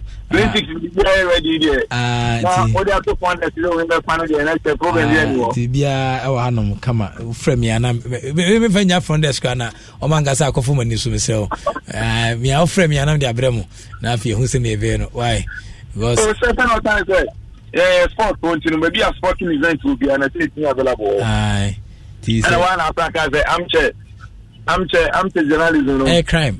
basic ni bi ẹ rẹ di diẹ na o de ato fún ẹsẹ o bẹ fan diẹ ẹnẹ sẹ problem yẹ ni wọ. ti bia ɛwɔ hanom kama fura mi ana mi fɛn nya front desk ana ɔmo ankasa akɔfo ma ni so mi sɛ o ah, mia ɔfura mi ana de abrɛ mu na afei ehun sɛ mi ebe no why. o sɛ sɛ na ɔtan sɛ ɛɛ sport ko ntino baabi a sporting event wo bia na sɛ etin available. ɛna wa na ata ka sɛ amkyɛ amkyɛ amkyɛ journalism no. ɛ eh, crime.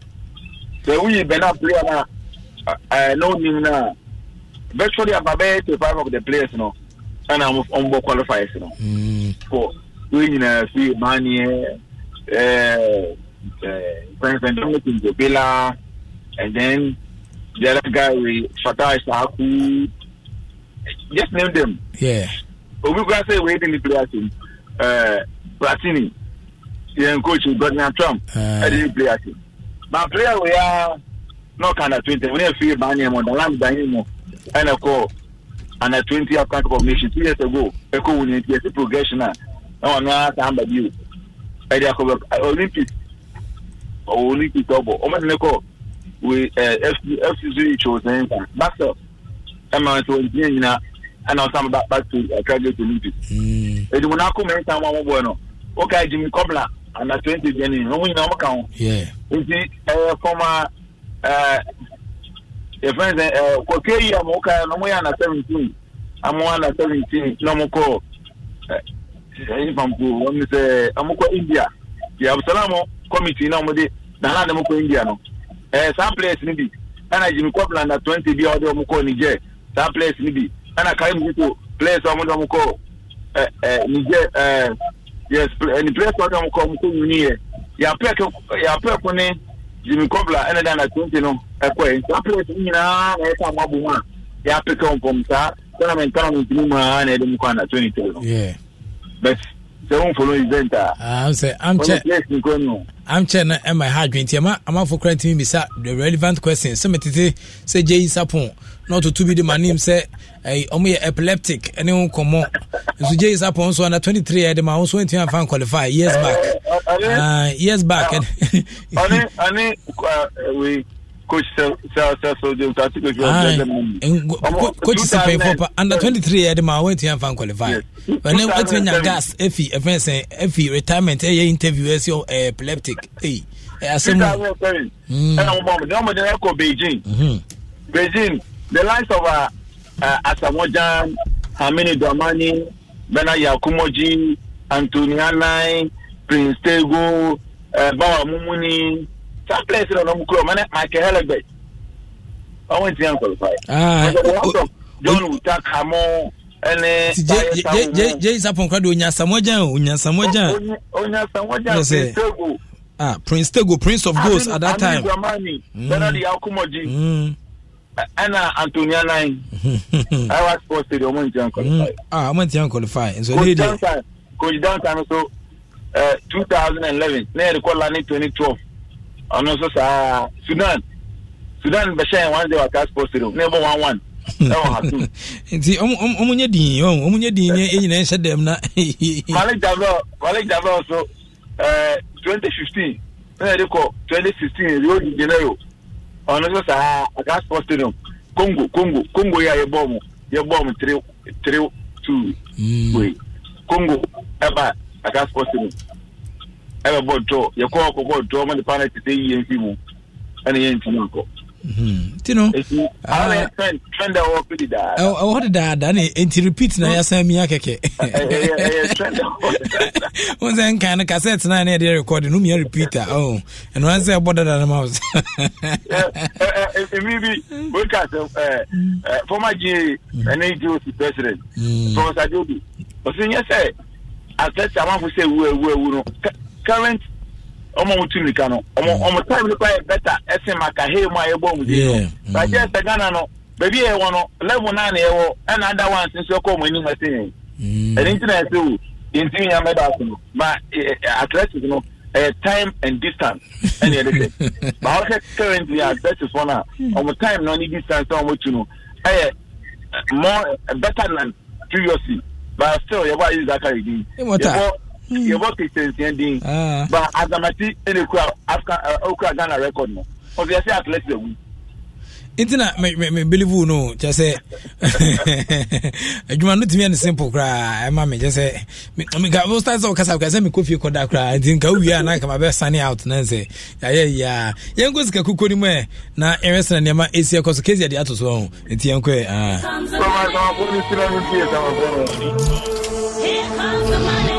sɛ woyɛ bɛna player no a na wonim no a virtually aba bɛyɛ to five of the players no ɛna ɔmbɔ qualifiers no fɔ wei nyinaa fi maneɛ kwenkwendɛmɛtinkobela and then the other guy we fatai saku just name them yeah obi kura sɛ wei de ne players no platini yɛn coach gordon trump ɛde uh. ne players no na prayer wei a na ɔka na twenty wɔn efi ban yɛn mu dalam dan yɛn mu ɛna kɔ ana twenty african cup of nations two years ago ɛkɔ wɔn yɛn ti yɛsi progression a na wɔn nyɛ asa amba bi o ɛdi akɔ bɛ eh, olympics ɔwɔ oh, olympics ɔbɔ ɔmo ti ne kɔ we ɛɛ eh, fc fc zuri tsyɔsɛn kan basel ɛma nso wɔn ti yɛn nyinaa ɛna ɔsan back to ɛka great olympics edumunakɔ mɛ nsa wɔn a wɔbɔ yɛ no ɔka jimmy kɔbla under twenty gani wọn nyinaa wọn ka ho. nti ɛyɛ fɔma ɛɛ yɛfɛn sɛ ɛɛ kɔkɛ yi a no mo yɛ eh, eh, eh, e, under seventeen a mo under seventeen na mo kɔ ɛɛ nfampo mi sɛ a mo india ti abusalamu committee na mo de nana de mo india no ɛɛ place, players ni bi ɛna jimmy kɔpla under twenty bi a ɔde ɔmo kɔ niger saa place, ni bi ɛna kaim kuku players a ɔmo de niger yes ɛni players kɔ ɔdɔm kɔ ɔmo kɔ wuni yɛ yapɛko yapɛko ne jimmy kɔbla ɛna dana twenty no ɛkɔ yɛ nsa players nyinaa na ɛka ɔmo abo mu a yapɛko nkɔm saa tournament tournament mu maa na ɛde mu kɔ ana twenty two no but sɛ wɔn folo event a. ɛn sɛ amkyɛ amkyɛ na ɛma ɛha adwene nti ɛma amanfo kura ntumi bisa the relevant question sɛ mɛ tete sɛ jay sapon na ɔtoto bi de ma nim sɛ ɔmo yɛ epileptic ɛne ho nkɔmmɔ nso gye isa pɔn so ana 23 ɛde ma ahosuo ntumi amfa nkwalify years back years back ɔne ɔne wei coach sɛ pɛyifɔ pa under 23 yɛde ma wɔntumi amfa nkwalify ɛne watumi nya gas ɛfi ɛfɛn sɛn ɛfi retirement ɛyɛ interview ɛsi epileptic ɛyi asɛm mu ɛna mo bɔ mo deɛ ɔmo de ɛkɔ beijing beijing the likes of uh, uh, Asamojan, Hamini Dwamani, Bena Yakumoji, Anthony Anai, Prince Tego, uh, Bawa Mumuni, some places ah, on Omukro, man, Michael Hellebeck. I went to qualify. Ah, John Utak Hamo, James upon Crado, Nyasamojan, Nyasamojan, oh, Nyasamojan, Prince Tego. Ah, Prince Tego, Prince of Ghosts at that time. Dwamani, mm. Bena Yakumoji. Mm ɛna antoni anan iowa sports stadium ɔmo ntian mm-hmm. qualify. ah ɔmo ntian qualify nso ɛdi deɛ. coach downtown nso uh, two thousand and eleven ne yɛrɛ kɔ lani twenty twelve ɔno nso saa sudan sudan bɛhyɛn one zero aka sports stadium ne bɔ one one. nti ɔmo nye din ɔmo ɔmo nye din nye enyina ɛhyɛ dɛm na. malik javel malik javel nso uh, twenty fifteen ne yɛrɛ kɔ twenty sixteen rio de janeiro ɔno nso saa aka sports stadium congo congo congo yi a yɛbɔ mu yɛbɔ mu three three two wei congo ɛba aka sports stadium ɛbɛbɔ draw yɛkɔ ɔkɔkɔ draw ɔmo nipa na ti sɛ yie nfi mu ɛna yɛn ntumi akɔ. Hmm. Ah, ɛwɔ hɔ dedaada ne ɛnti repeat na yɛasan mia kɛkɛ wo sɛ nka no kasɛ tena ne ɛde record no mia repeat a oh. ɛno an sɛ ɛbɔ dada no ma wo hmm. sɛ former ga hmm. ɛne goc president professor jobi ɔsɛ nyɛ sɛ atɛte amanfo sɛ ɛwu ɛwu ɛwu no current ọmọ mu tumi ka no ọmọ ọmọ time nipa yɛ bɛta ɛsɛn ma ka hei mu a yɛbɔ ɔmo di no bàjẹ́ ɛsɛ ghana no baabi yɛ wɔ no level nine yɛ wɔ ɛna ada one nso ɛkɔ ɔmo anim ɛsɛ yɛn ɛni mm. ti na ɛsɛ o yɛn ti yɛn mɛda so no ma ɛ e, e, e, athletics no ɛyɛ time and distance ɛni yɛ de sɛ ba wɔn sɛ currently athletics a hmm. time na ɔne distance na ɔmo tu no ɛyɛ more better than previously but still yɛbɔ ayi zakari di yɛbɔ. yɛbɔ kristiansia din ba agamati ɛna kura african okura ghana record no ɔbɛyɛ sɛ athletic awu. nti na no kyɛ sɛ adwuma no tumi ɛne simple koraa ɛma eh, me kyɛ sɛ wostat sɛ wokasa sɛ mekɔ fie kɔda koraa nti nka wowie a out na sɛ yɛnkɔ sika kuko no mu na nneɛma ɛsi ɛkɔ so ade ato so ho nti Here comes the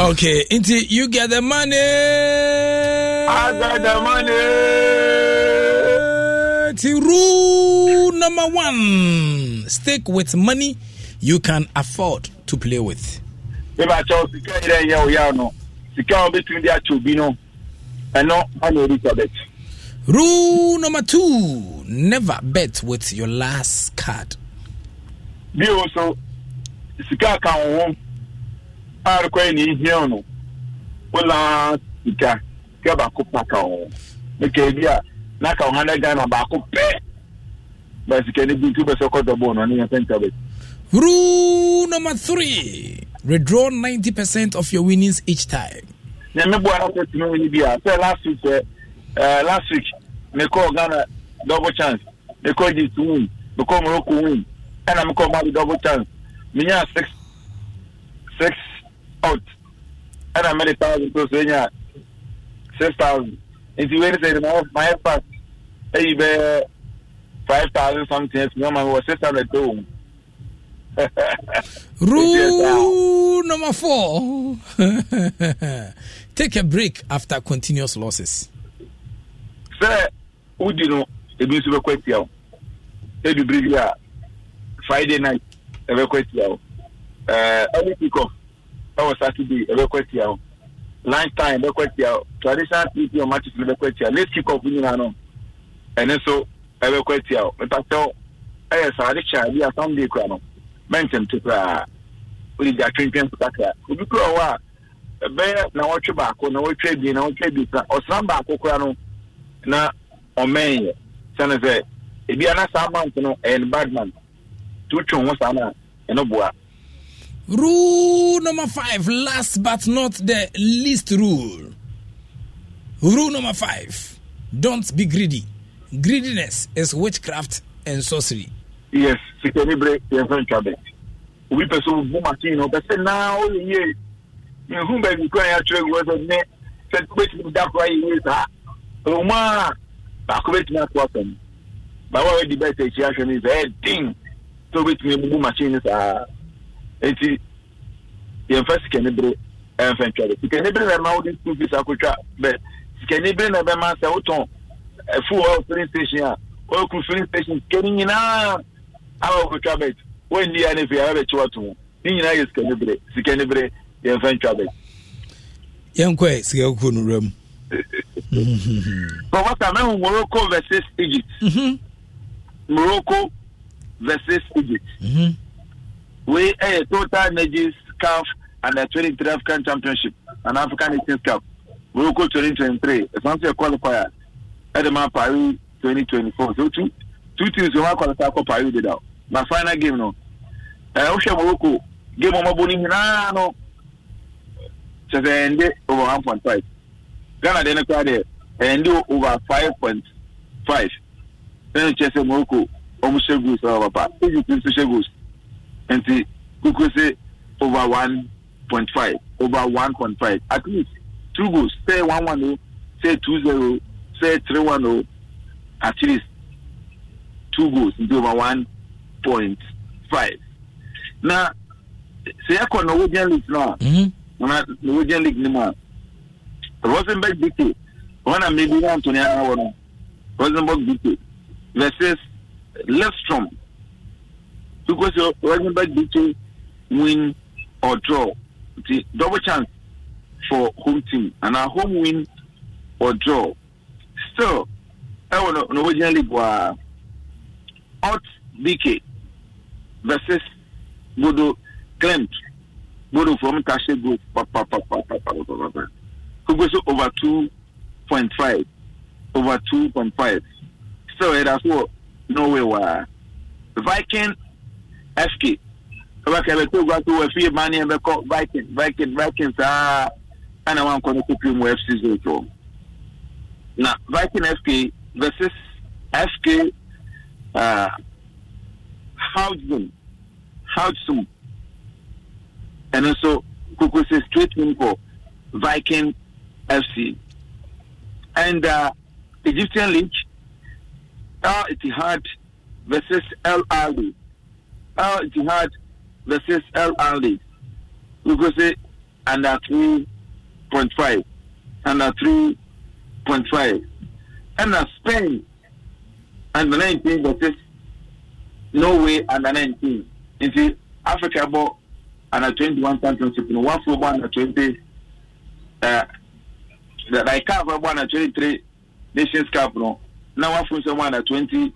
Okay, Inti, you get the money. I got the money. To rule number one, stick with money you can afford to play with. Rule number two, never bet with your last card. bio so sika ka wo ho a rekɔɛ ne ihia no wola baako pa ka wo ho a na ka wo ghana baako pɛ ba sika no bi nti wobɛsɛ kɔdɔbɔɔ no ane yɛpɛ nka bɛ rule number three redraw 90% of your winnings each time nyame boa na sɛ tumi wini bi a sɛ last week sɛ last week mekɔɔ ghana double chance mekɔɔ gye to win because Morocco win and I'm coming back double chance. Me and six six out and I made a thousand to Kenya six thousand. If you wait my my pass hey five thousand something if no man was six hundred two. Rule number four take a break after continuous losses. Sir, who you know? Ebi nso bɛ kɔ etia o edubiri bi a friday night ɛbɛkɔ atia hɔ ɛɛ early kick off ɛwɔ saturday ɛbɛkɔ atia hɔ lunch time ɛbɛkɔ atia hɔ traditional three pm matches ɛbɛkɔ atia late kick off nyinaa no ɛne nso ɛbɛkɔ atia hɔ mpatɛw ɛyɛ saade kyɛ bi a sunday kura no mɛntɛm te koraa odi di atwentwɛn kakra obi kura hɔ a ɛbɛyɛ na wɔtwe baako na wɔtwe ebien na wɔtwe ebien na ɔsan baako kura no na ɔmɛn yɛ sɛnɛ sɛ ebi ana saa amount no ɛyɛ no badman tutun ho saa na ɛno boa. rule number five last but not the least rule rule number five don't be greedy greediness is witchcraft and sorcery. yes sikani bere yɛn fɛn twa bɛ obi pɛ so bu machine o pɛ sɛ naa o yɛ yie ihu baabi kura yɛ atwerɛ wɔ sɛ ne sɛ bɛtumi da kura yɛ yie saa ɔmo a baako bɛtumi ato asɛm báwa wẹ́ẹ́ di bẹ́ẹ̀ sẹ́ ẹ̀kyí ahwẹ́ mi bẹ́ẹ̀ dín tó bí tìmí ebubu machine sáá etí yẹn fẹ́ sikẹ́ni bere ẹ̀ fẹ́ ntwa de sikẹ́ni bere náà ẹ̀ máa wọ́n di school fees akotwa bẹ́ẹ̀ sikẹ́ni bere náà ẹ̀ máa sẹ́ wọ́tọ̀n ẹ̀fú wọ́n filling station a wọ́n kú filling station sikẹ́ni nyinaa àwọn akotwa bẹ́ẹ̀ wọ́n ní yà n'efi yàrá bẹ́ẹ̀ kyi wọ́n tó mu ní nyinaa yẹ sikẹ́ni bere sikẹ́ni bere yẹn fẹ́ ntwa bẹ́ẹ̀. yẹn kọ́ ẹ̀ sikẹ́ kúrò nù rẹ̀ mu. bọ̀wọ́sà mẹ́hùn wọ́n kó versus egypt. Mm-hmm. Morocco versus Egypt. Mm-hmm. We a eh, total energies calf and a 23 African Championship and African Nations Cup. Morocco 2023. It's not a qualifier. Edema Paris 2024. So two two teams who want qualify for Paris did out. My final game no. Uh, eh, Osha Morocco game on Mabuni Hinano. Sɛsɛɛnde eh, over one point five Ghana de ne kura deɛ ɛnde over five point five ɛna kyerɛ sɛ morocco ɔmo hyɛ goals a papa egypt nso hyɛ goals nti koko sɛ over one point five over one point five at least two goals sɛ one one o sɛ two zero sɛ three one o at least two goals nti over one point five na sɛ yɛkɔ norwegian league no a na norwegian league no mu a rosenberg dk wɔn a mebi na antonio anawɔ no rosenberg dk versus Lefstrom, because Rosenberg between win or draw the double chance for home team and our home win or draw still ɛwɔ no norwegian league waa ot bk versus bodo clement bodo from tashe go pa pa pa pa point five over two point five. so ɛda so wɔ norway waa viking fk ɛbɛka ɛbɛtɛ ogua so wɔ afie ma ne ɛbɛkɔ viking viking viking saa ana wankɔ no kɔpie mu fc zotoɔ na viking fk versus fk uh, housing housum ɛno nso koko sɛ Street win for viking fc and uh, egyptian league Al Ittihad versus Al Ali. Al Ittihad versus L Ali. We go say under three point five, under three point five, under Spain under nineteen versus Norway under nineteen. Into Africa bɔ under twenty one championship no one football under twenty. Uh, like Africa bɔ under twenty three Nations Cup no. na wafo nsɛm ana 20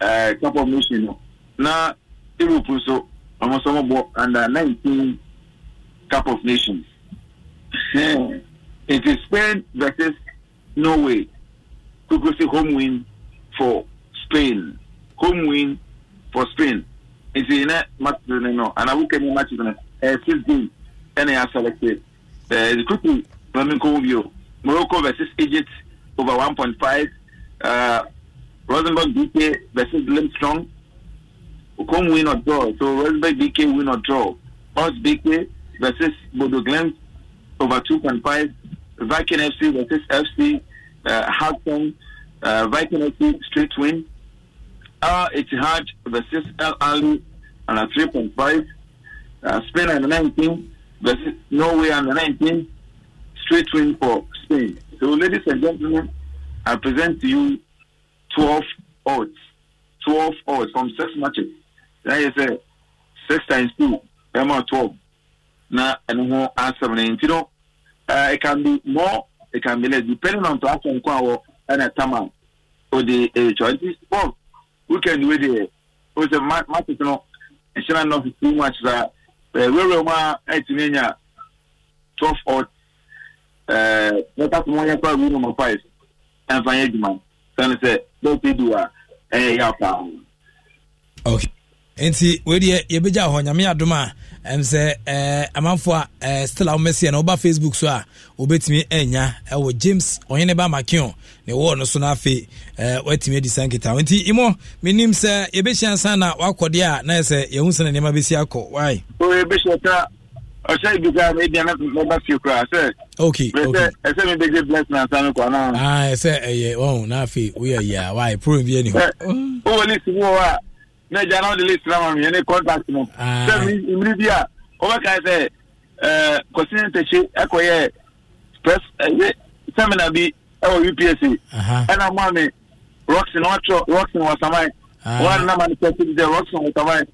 uh, cup of nation no na europe nso ɔmo nso mo bɔ under 19 cup of nations it is spain versus norway kukusi home win for spain home win for spain nti ne match no no anaboka ne match no ɛyɛ six games selected yɛ asɛlɛkte ɛɛ kuku maame nkɔmɔ bio morocco versus egypt over one point five. uh, Rosenborg BK versus Limstrong. Ukom win or draw. So Rosenborg BK win or draw. Us BK versus Bodo Glimt over 2.5. Viking FC versus FC uh, Hudson. Uh, Viking FC straight win. Uh, Etihad versus El Ali on a 3.5. Uh, Spain under 19 versus Norway under 19. Straight win for Spain. So ladies and gentlemen, I present to you 12 odds. 12 odds from six matches. Then you say, six times two, I'm at 12. Now, and who answer me, you know, uh, it can be more, it can be less, depending on the action and the time for the choices. Uh, we can do it. with the a you know, it's not enough. too much that wewe ma ɛtumi nya twelve odds ɛɛ mɛta sɔmɔ yɛ kɔ a wuli number five ɛmfa yɛ adwuma sɛne sɛ dɔpɛ du a ɛyɛ yɛ paa okay nti weideɛ yɛbɛgya hɔ nyame adom a ɛm sɛ eh, amanfoɔ a eh, still a womɛsiɛ no woba facebook so a wobɛtumi anya ɛwɔ james ɔyene ba makeo ne wɔɔ no so no afei woatumi adi sa nketaho nti imɔ menim sɛ yɛbɛhyia nsa na woakɔdeɛ a na yɛ sɛ yɛhu sɛ ne nneɛma bɛsi akɔ wae yɛbɛhyia ọsẹ ibi ká mi di ah, ẹnẹ ah. eh, mo bá fi kura ẹsẹ. ok ok ẹsẹ mi bẹ jẹ blessing asa mi kọ náà. aa ẹsẹ ẹyẹ ọhún náà fi wíyà yà wá ẹ púrò bí ẹni hù. ó wọlé ìsìnkú wa n'ẹjà náà ó di lè sinra wọn mi yẹn ní contact mi. sẹ mi ìmírí bíi a ó bẹ ká ẹsẹ ẹ kọsí ní tẹsí ẹ kọ yẹ press ẹ sẹmínà bíi ẹ wọ UPSC ẹ náà mú àmì rocks ní wọn tọ rocks ní wọn sàmáyé wari na mani pɛsi bi sɛ rɔkson kaba yi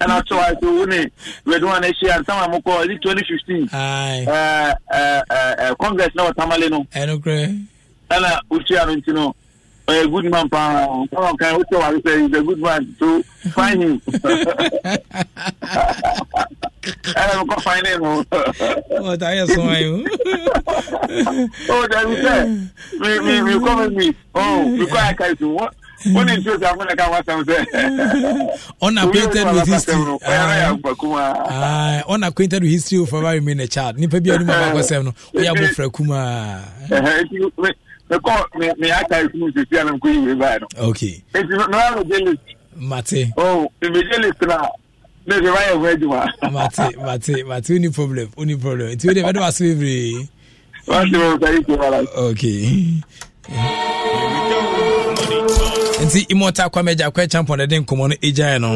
ɛna tɔ ayi sɛ wuni wɛdi wani ɛhyɛ yan sama mu kɔ ɛdi twenty fifteen ɛɛ ɛɛ uh, uh, uh, congress na wɔtamale no ɛna wotua no nti no ɔyɛ good man paa sama kan wotɛ wari sɛ he's a good man so find him ɛna mi kɔ find him o. ɔ ta yɛ sɔn ayi o. o dabi sɛ mi mi mi kɔ mi mi ɔ mi kɔ ayaka yi sun wɔn wọn ní nsuo sàmú ní wá sàmú sẹ. on acquainted with history on ah. ah, acquainted with history of our remain a child nípa bí ẹnum àbá gbọ́sẹ̀m no ó yà bọ̀ fúra kúmà. mekọ mi mi aka ekun sisi anam kò yíwèé báyìí no. okay. eti nora mi jẹ list. mate. oh mi jẹ list na mate mate mate o problem o problem nti o de ẹ bẹ okay nti immortal kwame gyakwa champion ɛde nkɔmmɔ no ɛgyae no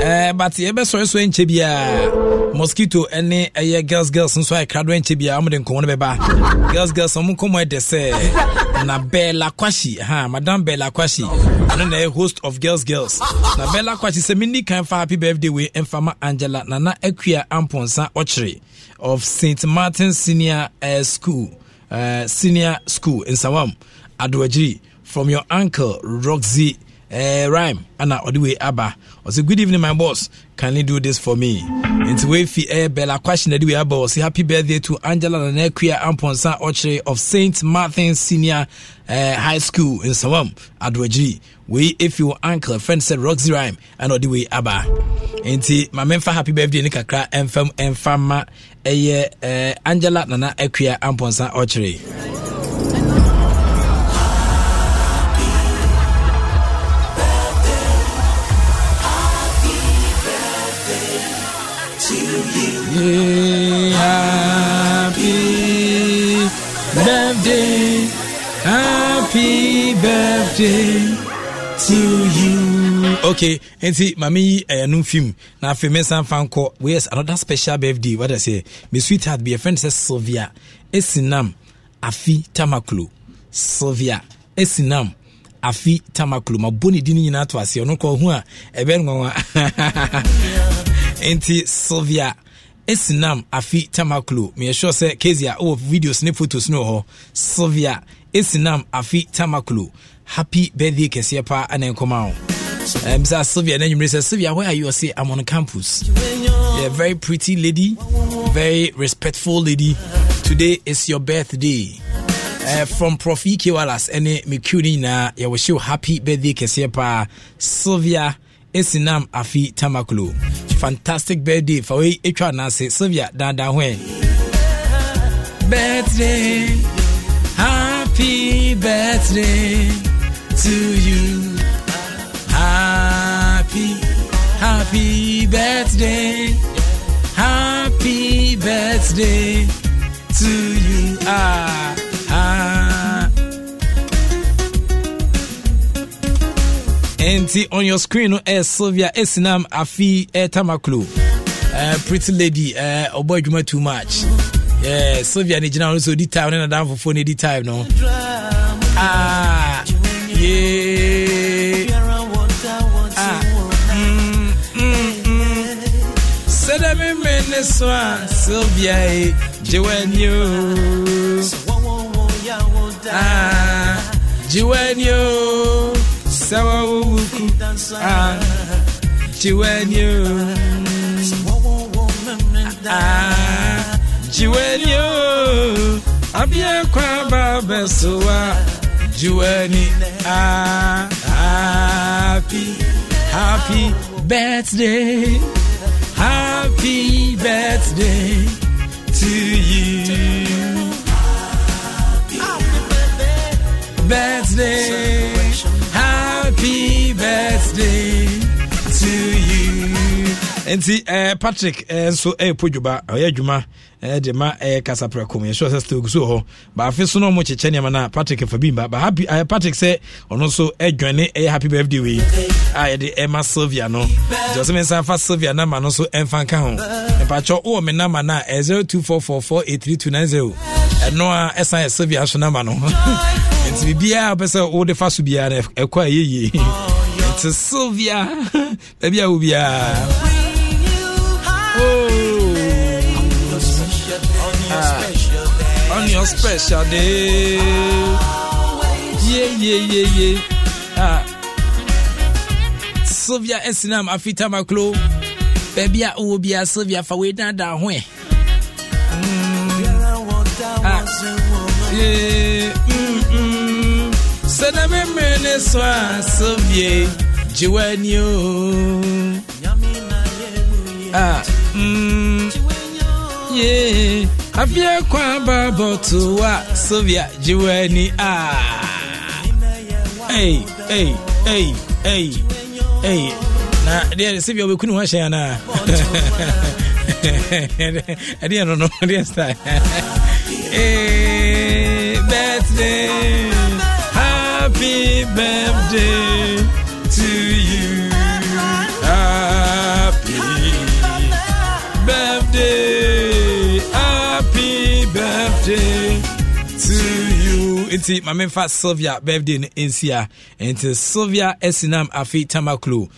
eh, but yɛbɛsɔresɔre nkyɛ biaa mosquito ne ɛyɛ girls girls nso a ɛkrado nkyɛ biaa ɔmde nkɔmmɔ no bɛba girls girls ɔmo nkɔmmɔ ɛdɛ sɛ na bɛɛla kwashi ha madam bɛɛla kwashi ɛno na ɛyɛ host of girls girls na bɛɛla kwashi sɛ menni kan fa happy birthday wei ɛmfama angela nana akua amponsa ɔkyere of st martin senior uh, school uh, senior school nsawam adoagyiri from your uncle Roxy uh, Rhyme and all the Abba. I say good evening, my boss. Can you do this for me? Nti way fi air eh, bella question that we have boss. Happy birthday to Angela Nanekia Amponsa Ochre of Saint Martin Senior uh, High School in Sawam, Adwaji. We if your uncle friend said Roxy Rhyme and all the Abba. Nti my memfa happy birthday Nika kra emfam emfama eye eh, Angela Nana Ekia Amponsa Ochre. happy birthday, happy birthday to you. Okay, and see, mommy, I new film. na for me, some fan call. Where's another special birthday? What I say, my sweetheart, be a friend says Sylvia. Esinam, Afi Tamaklu, Sylvia. Esinam, afi tamaklo mabɔ ne di no nyinaa to aseɛ ɔno kɔ ho a ɛbɛ nwanwa nti sylvia ɛsinam afi tamaklo meyɛsure sɛ kesi a wowɔ oh, videos ne photos ne wɔ hɔ sylvia ɛsinam afi tamaklo happy birthday kɛseɛ Pa. ana nkɔma wo um, Sylvia, and you say, Sylvia, where are you? I say, I'm on campus. a very pretty lady, very respectful lady. Today is your birthday. Uh, from Profi Kiwalas, and me cutie na, yeah, wish you happy birthday, Pa. Sylvia ɛsinam afi tamaklo fantastic birthday fa wei ɛtwa anaase sylvia daadaa ho birthday happy birthday to you happy happy birthday happy birthday to you ah nti on your screen no eh, ɛyɛ sylvia esinam afi ɛtamaklo eh, uh, eh, pretty lady ɔbɔ uh, adwuma too much yeah, sylvia ne gyina no sɛ ɔdi time ne nadamfofoɔ no ɛdi time no ah, yeah. Sada me me ne swa Sylvia e Jiwanyo Ah Jiwanyo sawa wuku ah jiwenyo ah jiwenyo abia kwa baba soa ah happy happy birthday happy birthday to you birthday happy birthday to you. nti uh, patrick eh, nso uh, eh, ɛyɛpɔ dwuma eh, ɔyɛ adwuma de ma ɛyɛ kasa prɛkom yɛsɛ sɛ stil gu so hɔ baafe so no mu kyekyɛ nneɛma no patrick fa bi ba. bahappy uh, patrick sɛ ɔno nso adwane ɛyɛ happy birthday wei a yɛde ɛma sylvia no nti ɔsɛ me nsa fa sylvia nama no nso ɛmfa nka ho mpakyɛ wowɔ me nama no a ɛyɛ 0244483290 ɛno a ɛsan yɛ sylvia so nama no nti biribiaa wopɛ sɛ wode fa so biara no ɛkɔ a yɛyie nti sylvia baabi a wo biara oh. on your special day. Yeah, yeah, yeah, yeah. Ah. Sylvia Esinam Afita Maklo. Baby, I will be a Sylvia for way down that way. Ah. Yeah. Mm sɛ na memere ne so a sylvie gye w'ani o afia mm. kwa ba bɔto wa sylvia gye w'ani a ei na deɛ sylvia wobɛkuni ho ahyɛn anaa ɛdeɛ no no deɛ sta eh, birthday Happy birthday to you. nti maame fa sylvia birthday no nsi a nti sylvia esinam afei tamaklo uh,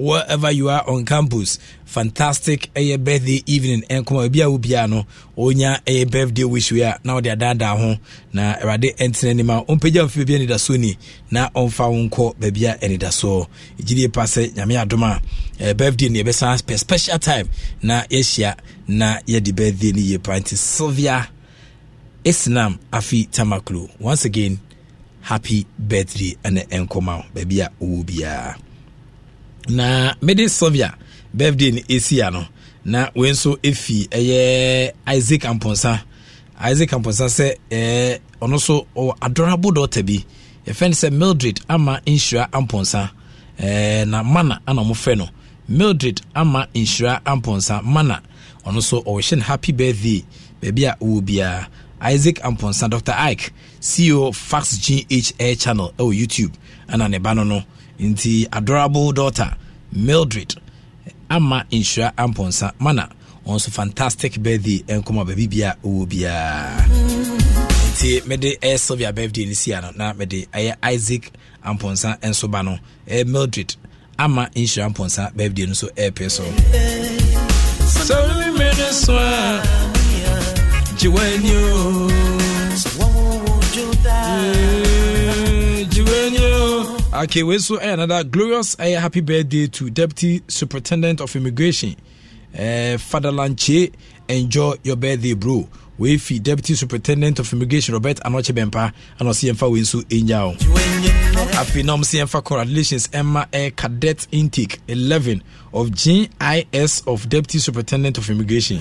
wherever you are on campus fantastic ɛyɛ birthday evening nkɔmɔ ebi a wobia no onya ɛyɛ birthday wish wei a na ɔde adaadaa ho na awurade ntena anim a ɔmpagya mfe baabi anidasoɔ ni na ɔmfa wo nkɔ baabi a anidasoɔ gyidie pa sɛ nyame adom a ɛyɛ birthday no yɛbɛsan pɛ special time na yɛahyia na yɛde birthday no yie pa nti sylvia islam afi tamaklo once again happy birthday and nkɔma baabi a ɔwɔ na mede sylvia birthday no ɛsia no na wei nso ɛfi isaac amponsa isaac amponsa se ɛɛ e, ɔno nso ɔwɔ adorable daughter bi yɛfɛ no sɛ mildred ama nhyira amponsa ɛɛ e, na mana ana mofrɛ no mildred ama nhyira amponsa mana ɔno nso ɔwɔ hyɛ happy birthday baabi a ɔwɔ isaac amponsa dr ike ceo fax gha channel ɛwɔ oh, youtube ɛna ne ba no no nti adorable daughter mildred ama nhyira amponsa mana ɔnso fantastic birthday nkɔmɔ baabi bia ɔwɔ biara nti mede ɛyɛ sylvia birthday no sia no na mede ɛyɛ isaac amponsa nso ba no ɛyɛ mildred ama nhyira amponsa birthday no nso ɛɛpɛ so sɛ so, Chiwenyo. Eh, okay, we so eh, another glorious uh, happy birthday to Deputy Superintendent of Immigration, uh, Father Lanche. Enjoy your birthday, bro. We fi Deputy Superintendent of Immigration Robert Anoche Bempa and also Yemfa Winsu Enyao. Happy nom CMFA congratulations Emma Air Cadet Intake 11 of GIS of Deputy Superintendent of Immigration.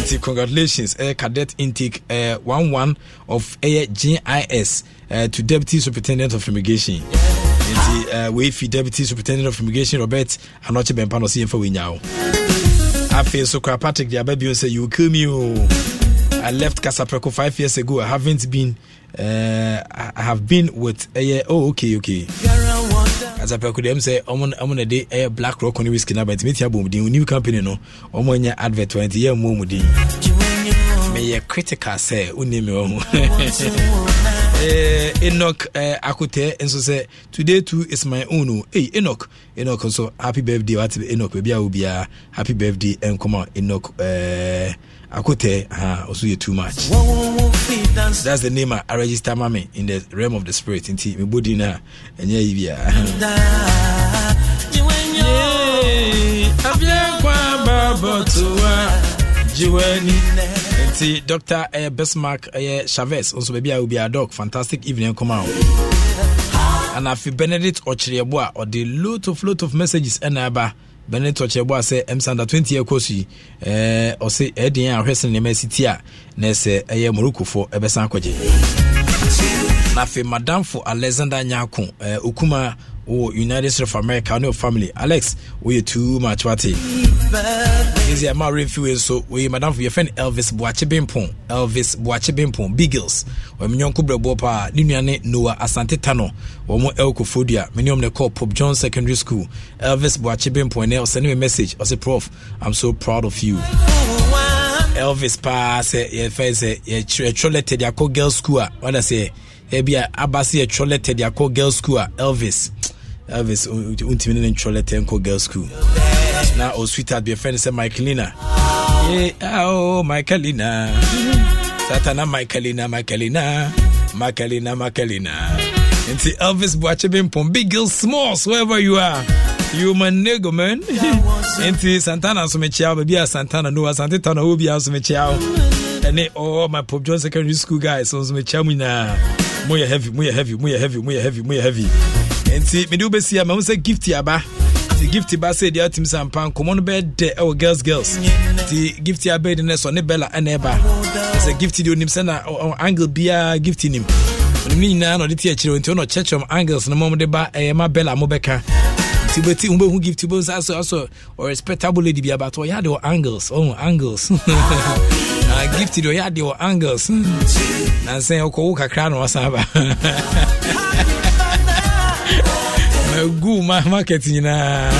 nti congratulations uh, cadet intake eh, One One of uh, gis to deputy superintendent of Immigration. nti uh, weifi deputy superintendent of Immigration, robert anɔkye bɛmpa no sɛ yɛmfa wɔnya wo afei so kora patrick de aba bio sɛ you kill me o oh. i left casapreco five years ago i haven't been uh, i have been with uh, yeah, oh okay okay Girl, asapɛko deɛ m sɛ ɔmo na de ɛyɛ eh, black rock ne whisky no aba ntimi tia bɔ mudin new company no ɔmo nyɛ advert wɔ nti yɛ mmɔ mudin meyɛ critical sɛ wonni me wɔ ho eh, Enoch uh, nso sɛ today too is my own. Oh. Hey Enoch, Enoch nso happy birthday. What Enoch baby I will uh, happy birthday and come on Enoch. Uh, Akote, uh, also you too much. That's the name I, register mommy in the realm of the spirit. In tea, me body na, ah. and yeah, yeah. nti dr eh, besmark eh, chavez nso baabi a be a doc fantastic evening nkɔma o ana afei benedict ɔkyerɛbo a ɔde lot of lot of messages ɛna ɛba bɛne tɔkyerɛ bɔ a sɛ msanda 20 ɛkɔ so yi ɔse ɛden a ahwɛ sene nneɛma asi a na ɛsɛ ɛyɛ morokofoɔ ɛbɛsan akɔgye na afei madamfo alexander nyako okuma eh, oh united states of america ne family alex we too much wate is ama refi wei nso madam, madamfo your friend elvis boakye Bimpong. elvis boakye bempon bigils ɔme nyɔnko brɛboɔ paa ne nua ne noa asante tano wɔn elkofodua me ne ɔm ne kɔ pope john secondary school elvis boakye bempon ne send you a message say, prof i'm so proud of you elvis paa sɛ yɛfɛ sɛ yɛtwerɛ letter de akɔ girl school What I say ebi abasi ɛtwerɛ letter de akɔ girls school a elvis elvis ntumi ne ne ntwerɛ letter girls school na o sweetheart bi friend sɛ michaelina yeah oh michaelina satana michaelina michaelina michaelina michaelina nti elvis buakye bi mpɔn big girl smalls wherever you are. You man nego man. Enti Santana so bi a Santana no Asante Tana obi aso chiao Ene all oh, my pop John Secondary School guys so mechiao nyinaa. moyɛ heavy moyɛ heavy moyɛ heavy moyɛ heavy moyɛ heavy nti mede wobɛsi a ma wo sɛ gift aba nti gift ba sɛ deɛ atumi sɛ mpa nkɔmmɔ no bɛɛdɛ ɛwɔ girls girls nti gift aba de no sɔne bɛla ɛna ɛba sɛ gift deɛ onim sɛ na angle biaa gift nim ɔnim ne nyinaa na ɔde te akyirɛ nti ɔna ɔkyɛkyerɛm angles no mam de ba ɛyɛ ma bɛla mobɛka nti wobɛti wobɛhu gift wobɛhu sɛ asɛ ɔrespectable lady bi abatɔ ɔyɛ ade wɔ angles ɔhu angles gift deɛ ɔyɛ adeɛ wɔ angles nansɛ ɔkɔwo kakra na wasan ba magu ma market nyinaa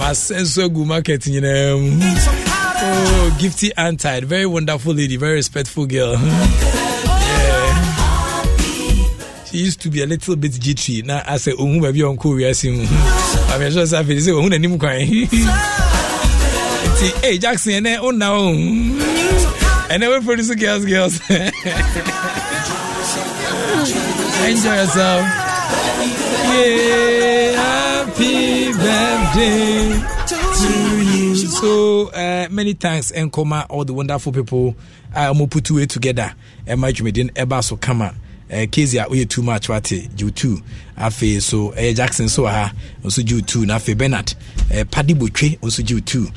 masɛ nso agu market nyinaa mu oh, gifty antide very wonderful lady very respectful girl yeah. she used to be a little bit jittery na asɛ ɔhu baabi a ɔnkɔ wiase mu bamɛsɛ sɛ afei sɛ ɔhu n'anim kwan nti hey jackson ɛnɛ wonna wo And then we produce girls, girls. Enjoy yourself. Yeah, happy birthday to you. So uh, many thanks, Enkoma, all the wonderful people. I'm uh, gonna put two together. And my not ever so come out. Uh, Kezia woyɛ too much wate jew 2 afei so uh, jackson so wɔ uh, ha nso jew 2 na afei bernard uh, pade botwe nso jew 2